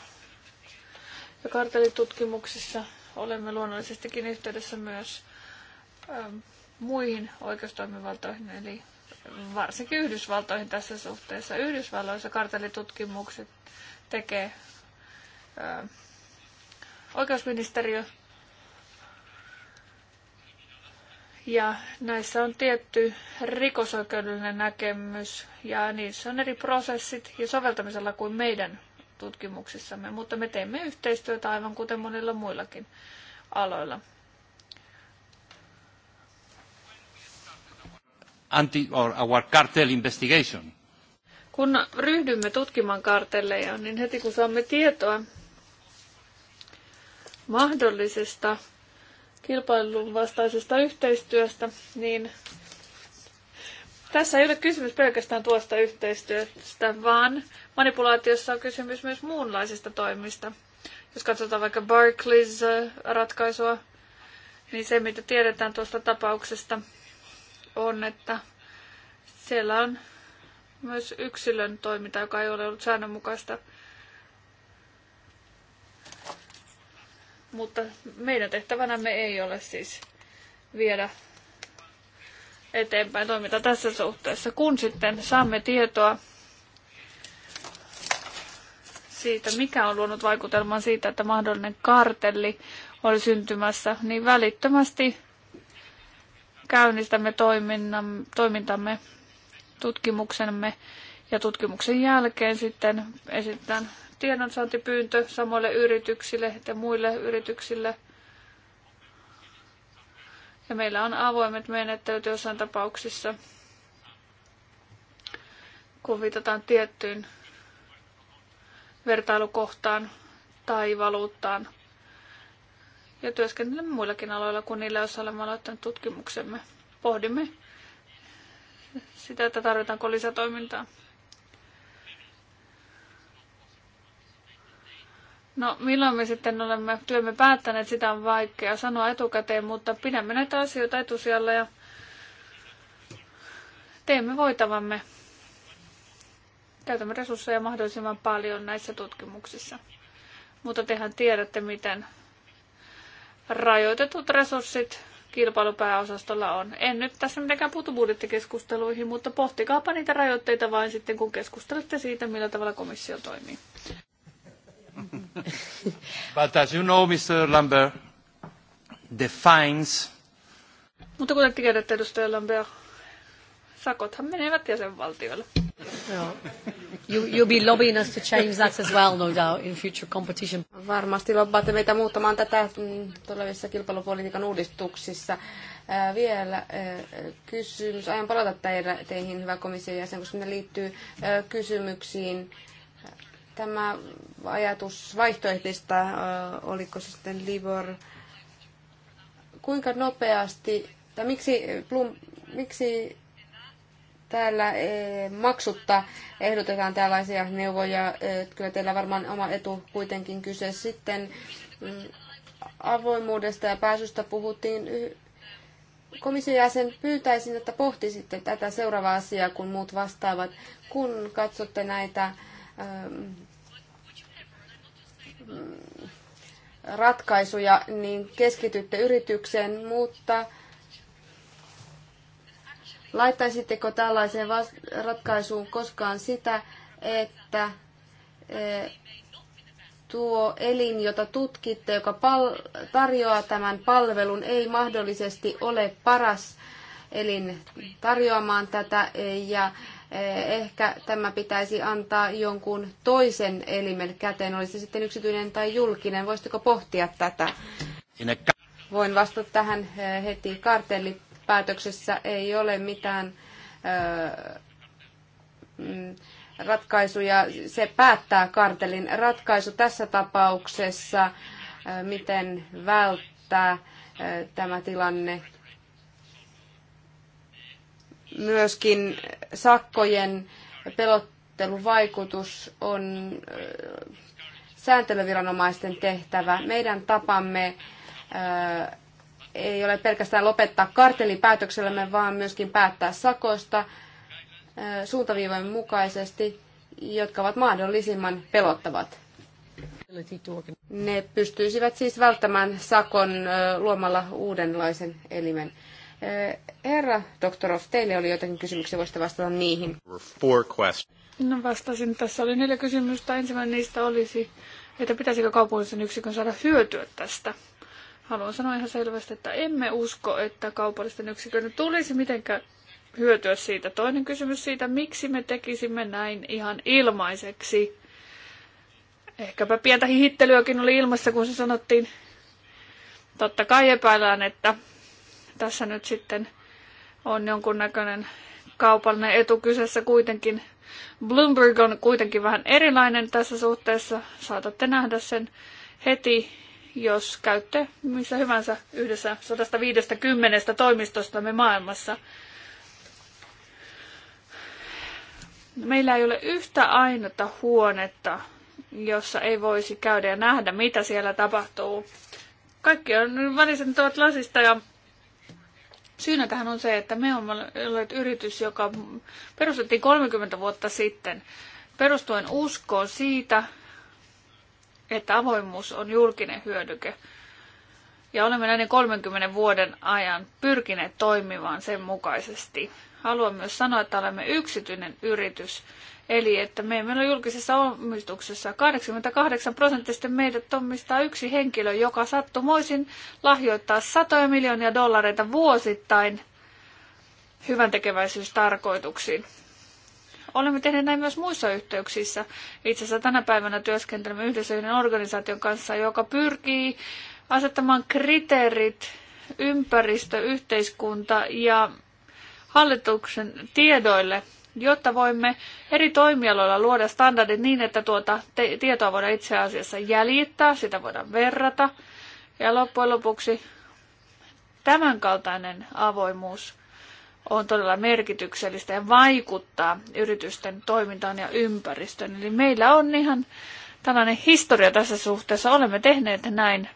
Ja tutkimuksissa olemme luonnollisestikin yhteydessä myös äm, muihin oikeustoimivaltoihin, eli varsinkin Yhdysvaltoihin tässä suhteessa. Yhdysvalloissa kartelitutkimukset tekee ää, ähm, oikeusministeriö Ja näissä on tietty rikosoikeudellinen näkemys ja niissä on eri prosessit ja soveltamisella kuin meidän tutkimuksissamme, mutta me teemme yhteistyötä aivan kuten monilla muillakin aloilla. Anti or our cartel investigation. Kun ryhdymme tutkimaan kartelleja, niin heti kun saamme tietoa mahdollisesta kilpailun vastaisesta yhteistyöstä, niin tässä ei ole kysymys pelkästään tuosta yhteistyöstä, vaan manipulaatiossa on kysymys myös muunlaisista toimista. Jos katsotaan vaikka Barclays-ratkaisua, niin se mitä tiedetään tuosta tapauksesta on, että siellä on myös yksilön toiminta, joka ei ole ollut säännönmukaista. Mutta meidän tehtävänämme ei ole siis viedä eteenpäin toiminta tässä suhteessa, kun sitten saamme tietoa siitä, mikä on luonut vaikutelman siitä, että mahdollinen kartelli oli syntymässä, niin välittömästi käynnistämme toimintamme, tutkimuksemme ja tutkimuksen jälkeen sitten esitän tiedonsaantipyyntö samoille yrityksille ja muille yrityksille. Ja meillä on avoimet menettelyt jossain tapauksissa, kun viitataan tiettyyn vertailukohtaan tai valuuttaan. Ja työskentelemme muillakin aloilla kuin niillä, joissa olemme aloittaneet tutkimuksemme. Pohdimme sitä, että tarvitaanko lisätoimintaa. No milloin me sitten olemme työmme päättäneet, sitä on vaikea sanoa etukäteen, mutta pidämme näitä asioita etusijalla ja teemme voitavamme. Käytämme resursseja mahdollisimman paljon näissä tutkimuksissa. Mutta tehän tiedätte, miten rajoitetut resurssit kilpailupääosastolla on. En nyt tässä mitenkään puutu budjettikeskusteluihin, mutta pohtikaapa niitä rajoitteita vain sitten, kun keskustelette siitä, millä tavalla komissio toimii. But as you know, Mr. Lambert, the fines... Mutta kuten tiedätte, edustaja Lambert, sakothan menevät jäsenvaltioille. You, you'll be lobbying us to change that as well, no doubt, in future competition. Varmasti lobbaatte meitä muuttamaan tätä mm, tulevissa kilpailupolitiikan uudistuksissa. Ää, vielä ää, kysymys. Aion palata teihin, hyvä komission jäsen, koska ne liittyy ää, kysymyksiin, Tämä ajatus vaihtoehdista, oliko se sitten Libor, kuinka nopeasti, tai miksi, Blum, miksi täällä e, maksutta ehdotetaan tällaisia neuvoja, e, kyllä teillä varmaan oma etu kuitenkin kyse sitten mm, avoimuudesta ja pääsystä puhuttiin. Komission jäsen pyytäisin, että pohtisitte tätä seuraavaa asiaa, kun muut vastaavat. Kun katsotte näitä ähm, ratkaisuja, niin keskitytte yritykseen, mutta laittaisitteko tällaiseen ratkaisuun koskaan sitä, että e, tuo elin, jota tutkitte, joka tarjoaa tämän palvelun, ei mahdollisesti ole paras elin tarjoamaan tätä ja Eh, ehkä tämä pitäisi antaa jonkun toisen elimen käteen, olisi se sitten yksityinen tai julkinen. Voisitteko pohtia tätä? Voin vastata tähän eh, heti. Kartellipäätöksessä ei ole mitään eh, mm, ratkaisuja. Se päättää kartelin ratkaisu tässä tapauksessa, miten välttää tämä tilanne myöskin sakkojen pelotteluvaikutus on sääntelyviranomaisten tehtävä. Meidän tapamme ei ole pelkästään lopettaa kartellipäätöksellämme, vaan myöskin päättää sakoista suuntaviivojen mukaisesti, jotka ovat mahdollisimman pelottavat. Ne pystyisivät siis välttämään sakon luomalla uudenlaisen elimen. Eh, herra Doktorov, teille oli jotakin kysymyksiä, voisitte vastata niihin. No vastasin, tässä oli neljä kysymystä. Ensimmäinen niistä olisi, että pitäisikö kaupallisen yksikön saada hyötyä tästä. Haluan sanoa ihan selvästi, että emme usko, että kaupallisten yksikön tulisi mitenkään hyötyä siitä. Toinen kysymys siitä, miksi me tekisimme näin ihan ilmaiseksi. Ehkäpä pientä hihittelyäkin oli ilmassa, kun se sanottiin. Totta kai epäillään, että tässä nyt sitten on jonkunnäköinen kaupallinen etu kyseessä kuitenkin. Bloomberg on kuitenkin vähän erilainen tässä suhteessa. Saatatte nähdä sen heti, jos käytte missä hyvänsä yhdessä 150 toimistostamme maailmassa. Meillä ei ole yhtä ainutta huonetta, jossa ei voisi käydä ja nähdä, mitä siellä tapahtuu. Kaikki on väliset ovat lasista ja Syynä tähän on se, että me olemme olleet yritys, joka perustettiin 30 vuotta sitten perustuen uskoon siitä, että avoimuus on julkinen hyödyke. Ja olemme näiden 30 vuoden ajan pyrkineet toimimaan sen mukaisesti haluan myös sanoa, että olemme yksityinen yritys. Eli että me emme ole julkisessa omistuksessa. 88 prosenttisesti meidät omistaa yksi henkilö, joka sattumoisin lahjoittaa satoja miljoonia dollareita vuosittain hyvän tekeväisyystarkoituksiin. Olemme tehneet näin myös muissa yhteyksissä. Itse asiassa tänä päivänä työskentelemme yhdessä yhden organisaation kanssa, joka pyrkii asettamaan kriteerit ympäristö, yhteiskunta ja hallituksen tiedoille, jotta voimme eri toimialoilla luoda standardit niin, että tuota tietoa voidaan itse asiassa jäljittää, sitä voidaan verrata. Ja loppujen lopuksi tämänkaltainen avoimuus on todella merkityksellistä ja vaikuttaa yritysten toimintaan ja ympäristöön. Eli meillä on ihan tällainen historia tässä suhteessa. Olemme tehneet näin.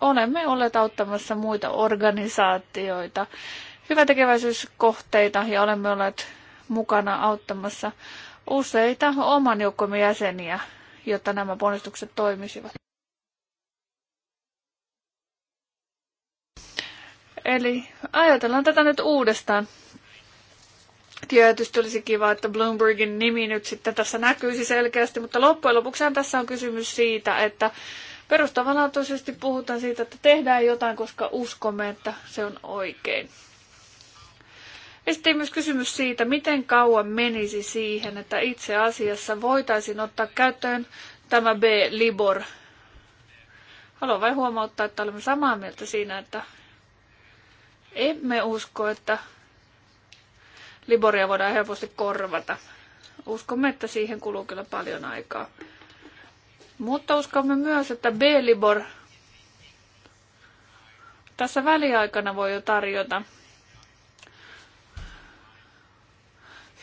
Olemme olleet auttamassa muita organisaatioita hyväntekeväisyyskohteita ja olemme olleet mukana auttamassa useita oman joukkomme jäseniä, jotta nämä ponnistukset toimisivat. Eli ajatellaan tätä nyt uudestaan. Tietysti olisi kiva, että Bloombergin nimi nyt sitten tässä näkyisi selkeästi, mutta loppujen lopuksi tässä on kysymys siitä, että perustavanlaatuisesti puhutaan siitä, että tehdään jotain, koska uskomme, että se on oikein. Esitin myös kysymys siitä, miten kauan menisi siihen, että itse asiassa voitaisiin ottaa käyttöön tämä B-Libor. Haluan vain huomauttaa, että olemme samaa mieltä siinä, että emme usko, että Liboria voidaan helposti korvata. Uskomme, että siihen kuluu kyllä paljon aikaa. Mutta uskomme myös, että B-Libor tässä väliaikana voi jo tarjota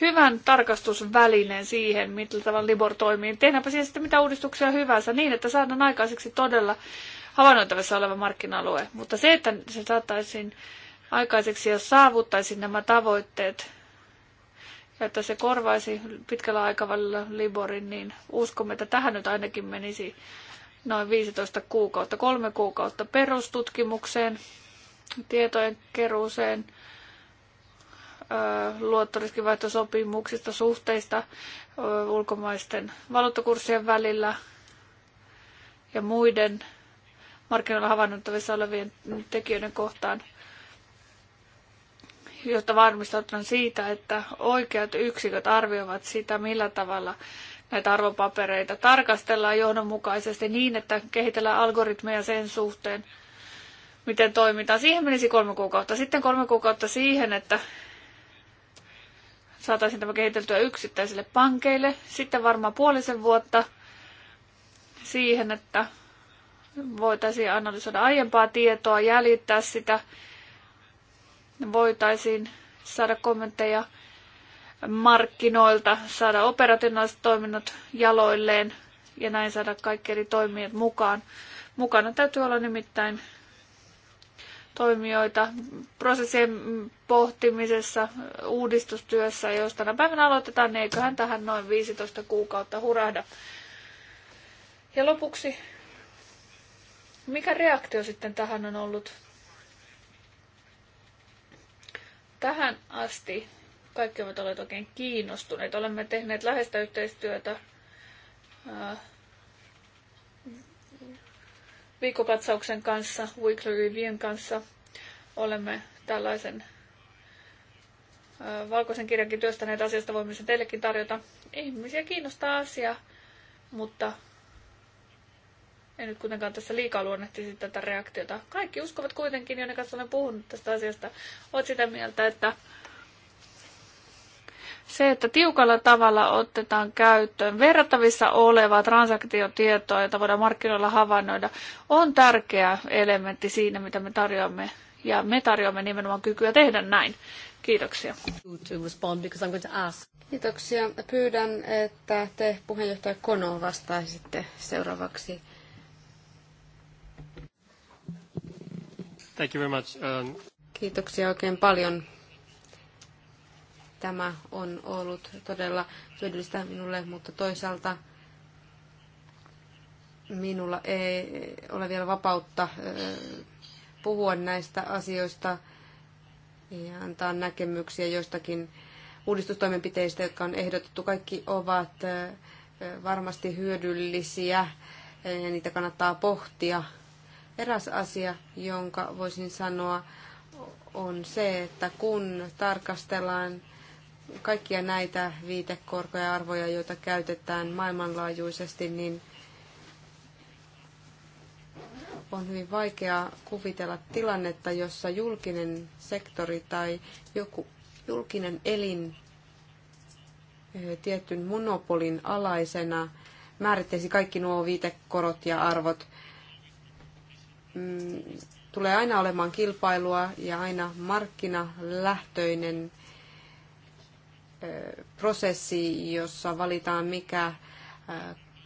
hyvän tarkastusvälineen siihen, millä tavalla Libor toimii. Tehdäänpä siihen sitten mitä uudistuksia hyvänsä niin, että saadaan aikaiseksi todella havainnoitavissa oleva markkina-alue. Mutta se, että se saataisiin aikaiseksi, jos saavuttaisiin nämä tavoitteet, ja että se korvaisi pitkällä aikavälillä Liborin, niin uskomme, että tähän nyt ainakin menisi noin 15 kuukautta, kolme kuukautta perustutkimukseen, tietojen keruuseen – luottoriskivaihtosopimuksista, suhteista ulkomaisten valuuttakurssien välillä ja muiden markkinoilla havainnoitavissa olevien tekijöiden kohtaan, jotta varmistutaan siitä, että oikeat yksiköt arvioivat sitä, millä tavalla näitä arvopapereita tarkastellaan johdonmukaisesti niin, että kehitellään algoritmeja sen suhteen, miten toimitaan. Siihen menisi kolme kuukautta. Sitten kolme kuukautta siihen, että saataisiin tämä kehiteltyä yksittäisille pankeille. Sitten varmaan puolisen vuotta siihen, että voitaisiin analysoida aiempaa tietoa, jäljittää sitä, voitaisiin saada kommentteja markkinoilta, saada operationaaliset toiminnot jaloilleen ja näin saada kaikki eri toimijat mukaan. Mukana täytyy olla nimittäin toimijoita prosessien pohtimisessa, uudistustyössä, jos tänä päivänä aloitetaan, niin eiköhän tähän noin 15 kuukautta hurahda. Ja lopuksi, mikä reaktio sitten tähän on ollut? Tähän asti kaikki ovat olleet oikein kiinnostuneet. Olemme tehneet läheistä yhteistyötä viikopatsauksen kanssa, Weekly Reviewn kanssa olemme tällaisen valkoisen kirjankin työstäneet asiasta, voimme sen teillekin tarjota. Ihmisiä kiinnostaa asia, mutta en nyt kuitenkaan tässä liikaa luonnehtisi tätä reaktiota. Kaikki uskovat kuitenkin, joiden kanssa olen puhunut tästä asiasta, ovat sitä mieltä, että se, että tiukalla tavalla otetaan käyttöön verrattavissa olevaa transaktiotietoa, jota voidaan markkinoilla havainnoida, on tärkeä elementti siinä, mitä me tarjoamme. Ja me tarjoamme nimenomaan kykyä tehdä näin. Kiitoksia. Kiitoksia. Pyydän, että te puheenjohtaja Kono vastaisitte seuraavaksi. Thank you very much. Um, Kiitoksia oikein paljon Tämä on ollut todella hyödyllistä minulle, mutta toisaalta minulla ei ole vielä vapautta puhua näistä asioista ja antaa näkemyksiä joistakin uudistustoimenpiteistä, jotka on ehdotettu. Kaikki ovat varmasti hyödyllisiä ja niitä kannattaa pohtia. Eräs asia, jonka voisin sanoa, on se, että kun tarkastellaan kaikkia näitä viitekorkoja arvoja, joita käytetään maailmanlaajuisesti, niin on hyvin vaikea kuvitella tilannetta, jossa julkinen sektori tai joku julkinen elin tietyn monopolin alaisena määrittäisi kaikki nuo viitekorot ja arvot. Mm, tulee aina olemaan kilpailua ja aina markkinalähtöinen prosessi, jossa valitaan mikä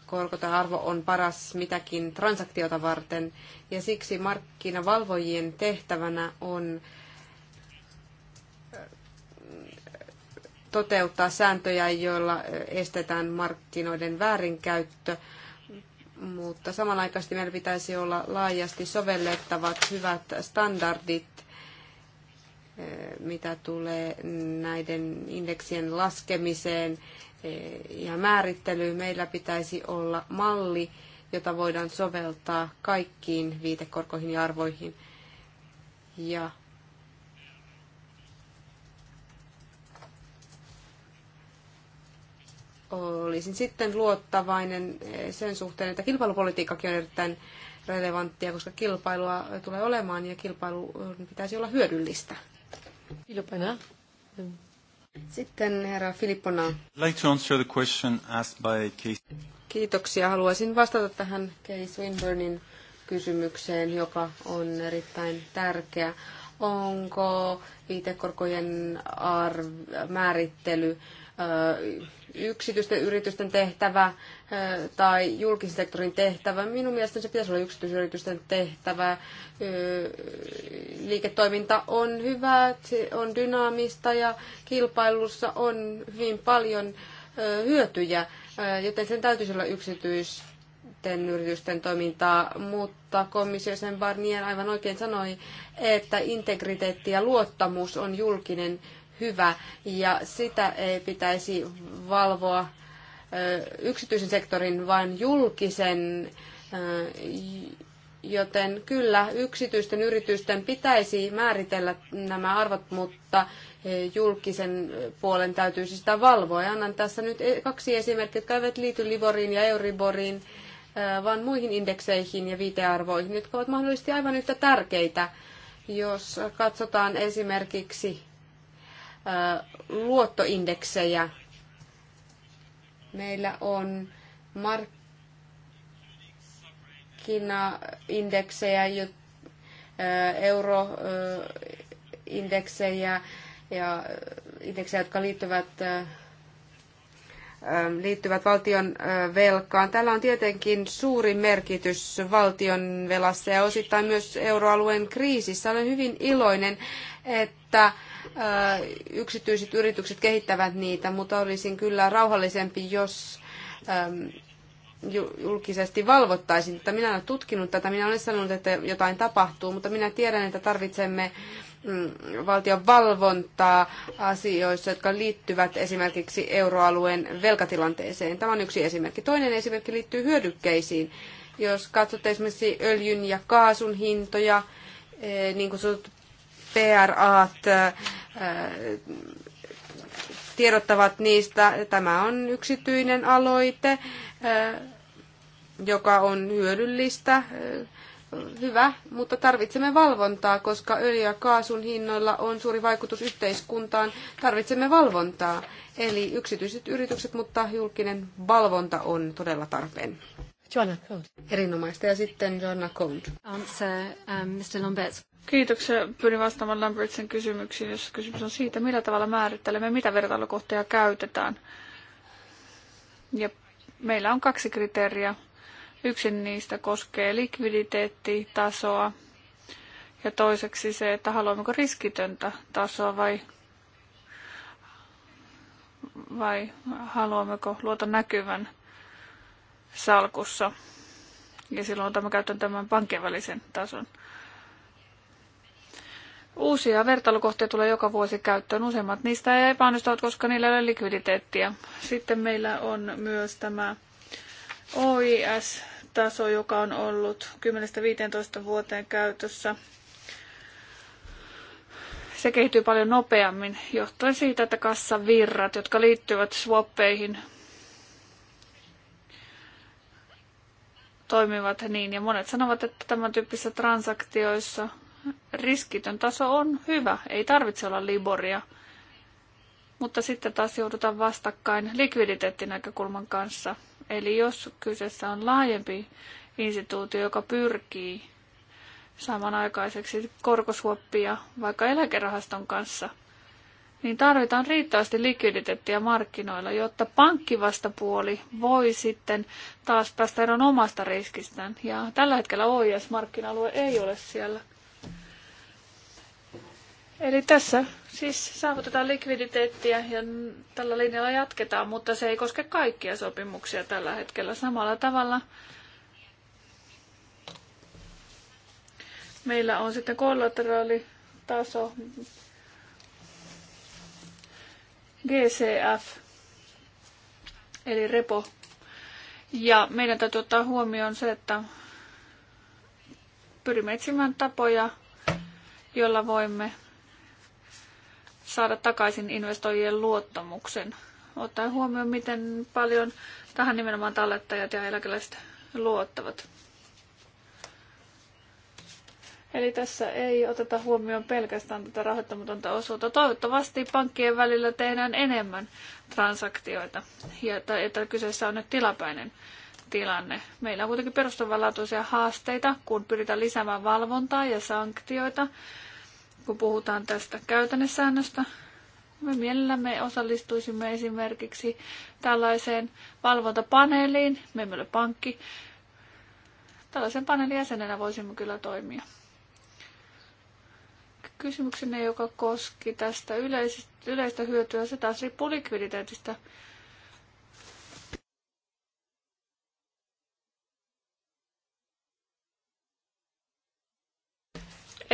korko tai arvo on paras mitäkin transaktiota varten. Ja siksi markkinavalvojien tehtävänä on toteuttaa sääntöjä, joilla estetään markkinoiden väärinkäyttö, mutta samanaikaisesti meillä pitäisi olla laajasti sovellettavat hyvät standardit Eh, mitä tulee näiden indeksien laskemiseen eh, ja määrittelyyn. Meillä pitäisi olla malli, jota voidaan soveltaa kaikkiin viitekorkoihin ja arvoihin. Ja olisin sitten luottavainen eh, sen suhteen, että kilpailupolitiikkakin on erittäin relevanttia, koska kilpailua tulee olemaan ja kilpailu pitäisi olla hyödyllistä. Sitten herra Filippona. Like to answer the question asked by Case. Kiitoksia. Haluaisin vastata tähän Case Winburnin kysymykseen, joka on erittäin tärkeä. Onko viitekorkojen arv- määrittely yksityisten yritysten tehtävä tai julkisen sektorin tehtävä. Minun mielestäni se pitäisi olla yksityisyritysten tehtävä. Liiketoiminta on hyvää, se on dynaamista ja kilpailussa on hyvin paljon hyötyjä, joten sen täytyisi olla yksityisten yritysten toimintaa, mutta komissio sen Barnier aivan oikein sanoi, että integriteetti ja luottamus on julkinen hyvä ja sitä ei pitäisi valvoa yksityisen sektorin, vaan julkisen, joten kyllä yksityisten yritysten pitäisi määritellä nämä arvot, mutta julkisen puolen täytyisi siis sitä valvoa. Ja annan tässä nyt e-, kaksi esimerkkiä, jotka eivät liity Livoriin ja Euriboriin, vaan muihin indekseihin ja viitearvoihin, jotka ovat mahdollisesti aivan yhtä tärkeitä. Jos katsotaan esimerkiksi luottoindeksejä. Meillä on markkinaindeksejä, euroindeksejä ja indeksejä, jotka liittyvät liittyvät valtion velkaan. Tällä on tietenkin suuri merkitys valtion velassa ja osittain myös euroalueen kriisissä. Olen hyvin iloinen, että yksityiset yritykset kehittävät niitä, mutta olisin kyllä rauhallisempi, jos julkisesti valvottaisiin. Mutta minä olen tutkinut tätä, minä olen sanonut, että jotain tapahtuu, mutta minä tiedän, että tarvitsemme mm, valtion valvontaa asioissa, jotka liittyvät esimerkiksi euroalueen velkatilanteeseen. Tämä on yksi esimerkki. Toinen esimerkki liittyy hyödykkeisiin. Jos katsotte esimerkiksi öljyn ja kaasun hintoja, eh, niin kuin PRA äh, tiedottavat niistä. Tämä on yksityinen aloite, äh, joka on hyödyllistä. Äh, hyvä, mutta tarvitsemme valvontaa, koska öljy- ja kaasun hinnoilla on suuri vaikutus yhteiskuntaan. Tarvitsemme valvontaa, eli yksityiset yritykset, mutta julkinen valvonta on todella tarpeen. Joanna Cold. Erinomaista. Ja sitten Joanna Cold. Answer, um, Mr. Lamberts. Kiitoksia. Pyrin vastaamaan Lambertsen kysymyksiin, jossa kysymys on siitä, millä tavalla määrittelemme, mitä vertailukohtia käytetään. Ja meillä on kaksi kriteeriä. Yksi niistä koskee likviditeettitasoa ja toiseksi se, että haluammeko riskitöntä tasoa vai, vai haluammeko luota näkyvän salkussa. Ja silloin otamme käyttöön tämän pankkien välisen tason. Uusia vertailukohtia tulee joka vuosi käyttöön. Useimmat niistä epäonnistuvat, koska niillä ei ole likviditeettiä. Sitten meillä on myös tämä OIS-taso, joka on ollut 10-15 vuoteen käytössä. Se kehittyy paljon nopeammin, johtuen siitä, että kassavirrat, jotka liittyvät swappeihin, toimivat niin. Ja monet sanovat, että tämän tyyppisissä transaktioissa – riskitön taso on hyvä. Ei tarvitse olla Liboria. Mutta sitten taas joudutaan vastakkain likviditeettinäkökulman kanssa. Eli jos kyseessä on laajempi instituutio, joka pyrkii samanaikaiseksi korkosuoppia vaikka eläkerahaston kanssa, niin tarvitaan riittävästi likviditeettiä markkinoilla, jotta pankkivastapuoli voi sitten taas päästä eroon omasta riskistään. Ja tällä hetkellä OIS-markkina-alue ei ole siellä. Eli tässä siis saavutetaan likviditeettiä ja tällä linjalla jatketaan, mutta se ei koske kaikkia sopimuksia tällä hetkellä samalla tavalla. Meillä on sitten kollateraalitaso GCF, eli repo. Ja meidän täytyy ottaa huomioon se, että pyrimme etsimään tapoja, joilla voimme saada takaisin investoijien luottamuksen. Ottaen huomioon, miten paljon tähän nimenomaan tallettajat ja eläkeläiset luottavat. Eli tässä ei oteta huomioon pelkästään tätä rahoittamatonta osuutta. Toivottavasti pankkien välillä tehdään enemmän transaktioita ja että, että kyseessä on nyt tilapäinen tilanne. Meillä on kuitenkin perustavanlaatuisia haasteita, kun pyritään lisäämään valvontaa ja sanktioita kun puhutaan tästä käytännössäännöstä. Me mielellämme osallistuisimme esimerkiksi tällaiseen valvontapaneeliin, me emme ole pankki. Tällaisen paneelin jäsenenä voisimme kyllä toimia. Kysymyksenne, joka koski tästä yleistä hyötyä, se taas riippuu likviditeetistä.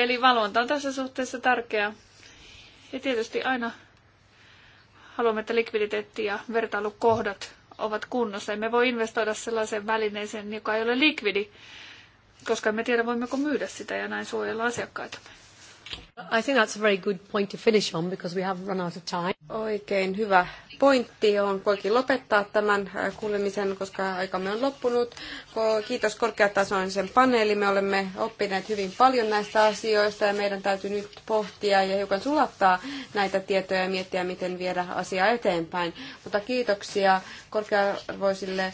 Eli valvonta on tässä suhteessa tärkeää. Ja tietysti aina haluamme, että likviditeetti ja vertailukohdat ovat kunnossa. Emme voi investoida sellaiseen välineeseen, joka ei ole likvidi, koska emme tiedä, voimmeko myydä sitä ja näin suojella asiakkaitamme. I think that's a very good point to finish on because we have run out of time. Oikein hyvä pointti on voikin lopettaa tämän äh, kuulemisen, koska aikamme on loppunut. Kiitos korkeatasoisen paneeli, Me olemme oppineet hyvin paljon näistä asioista ja meidän täytyy nyt pohtia ja hiukan sulattaa näitä tietoja ja miettiä, miten viedä asiaa eteenpäin. Mutta kiitoksia korkearvoisille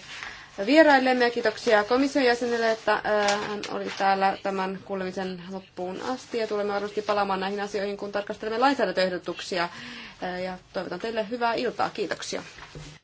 vieraillemme ja kiitoksia komission jäsenelle, että äh, hän oli täällä tämän kuulemisen loppuun asti ja tulemme varmasti palaamaan näihin asioihin, kun tarkastelemme lainsäädäntöehdotuksia äh, ja toivotan teille hyvää iltaa. Kiitoksia.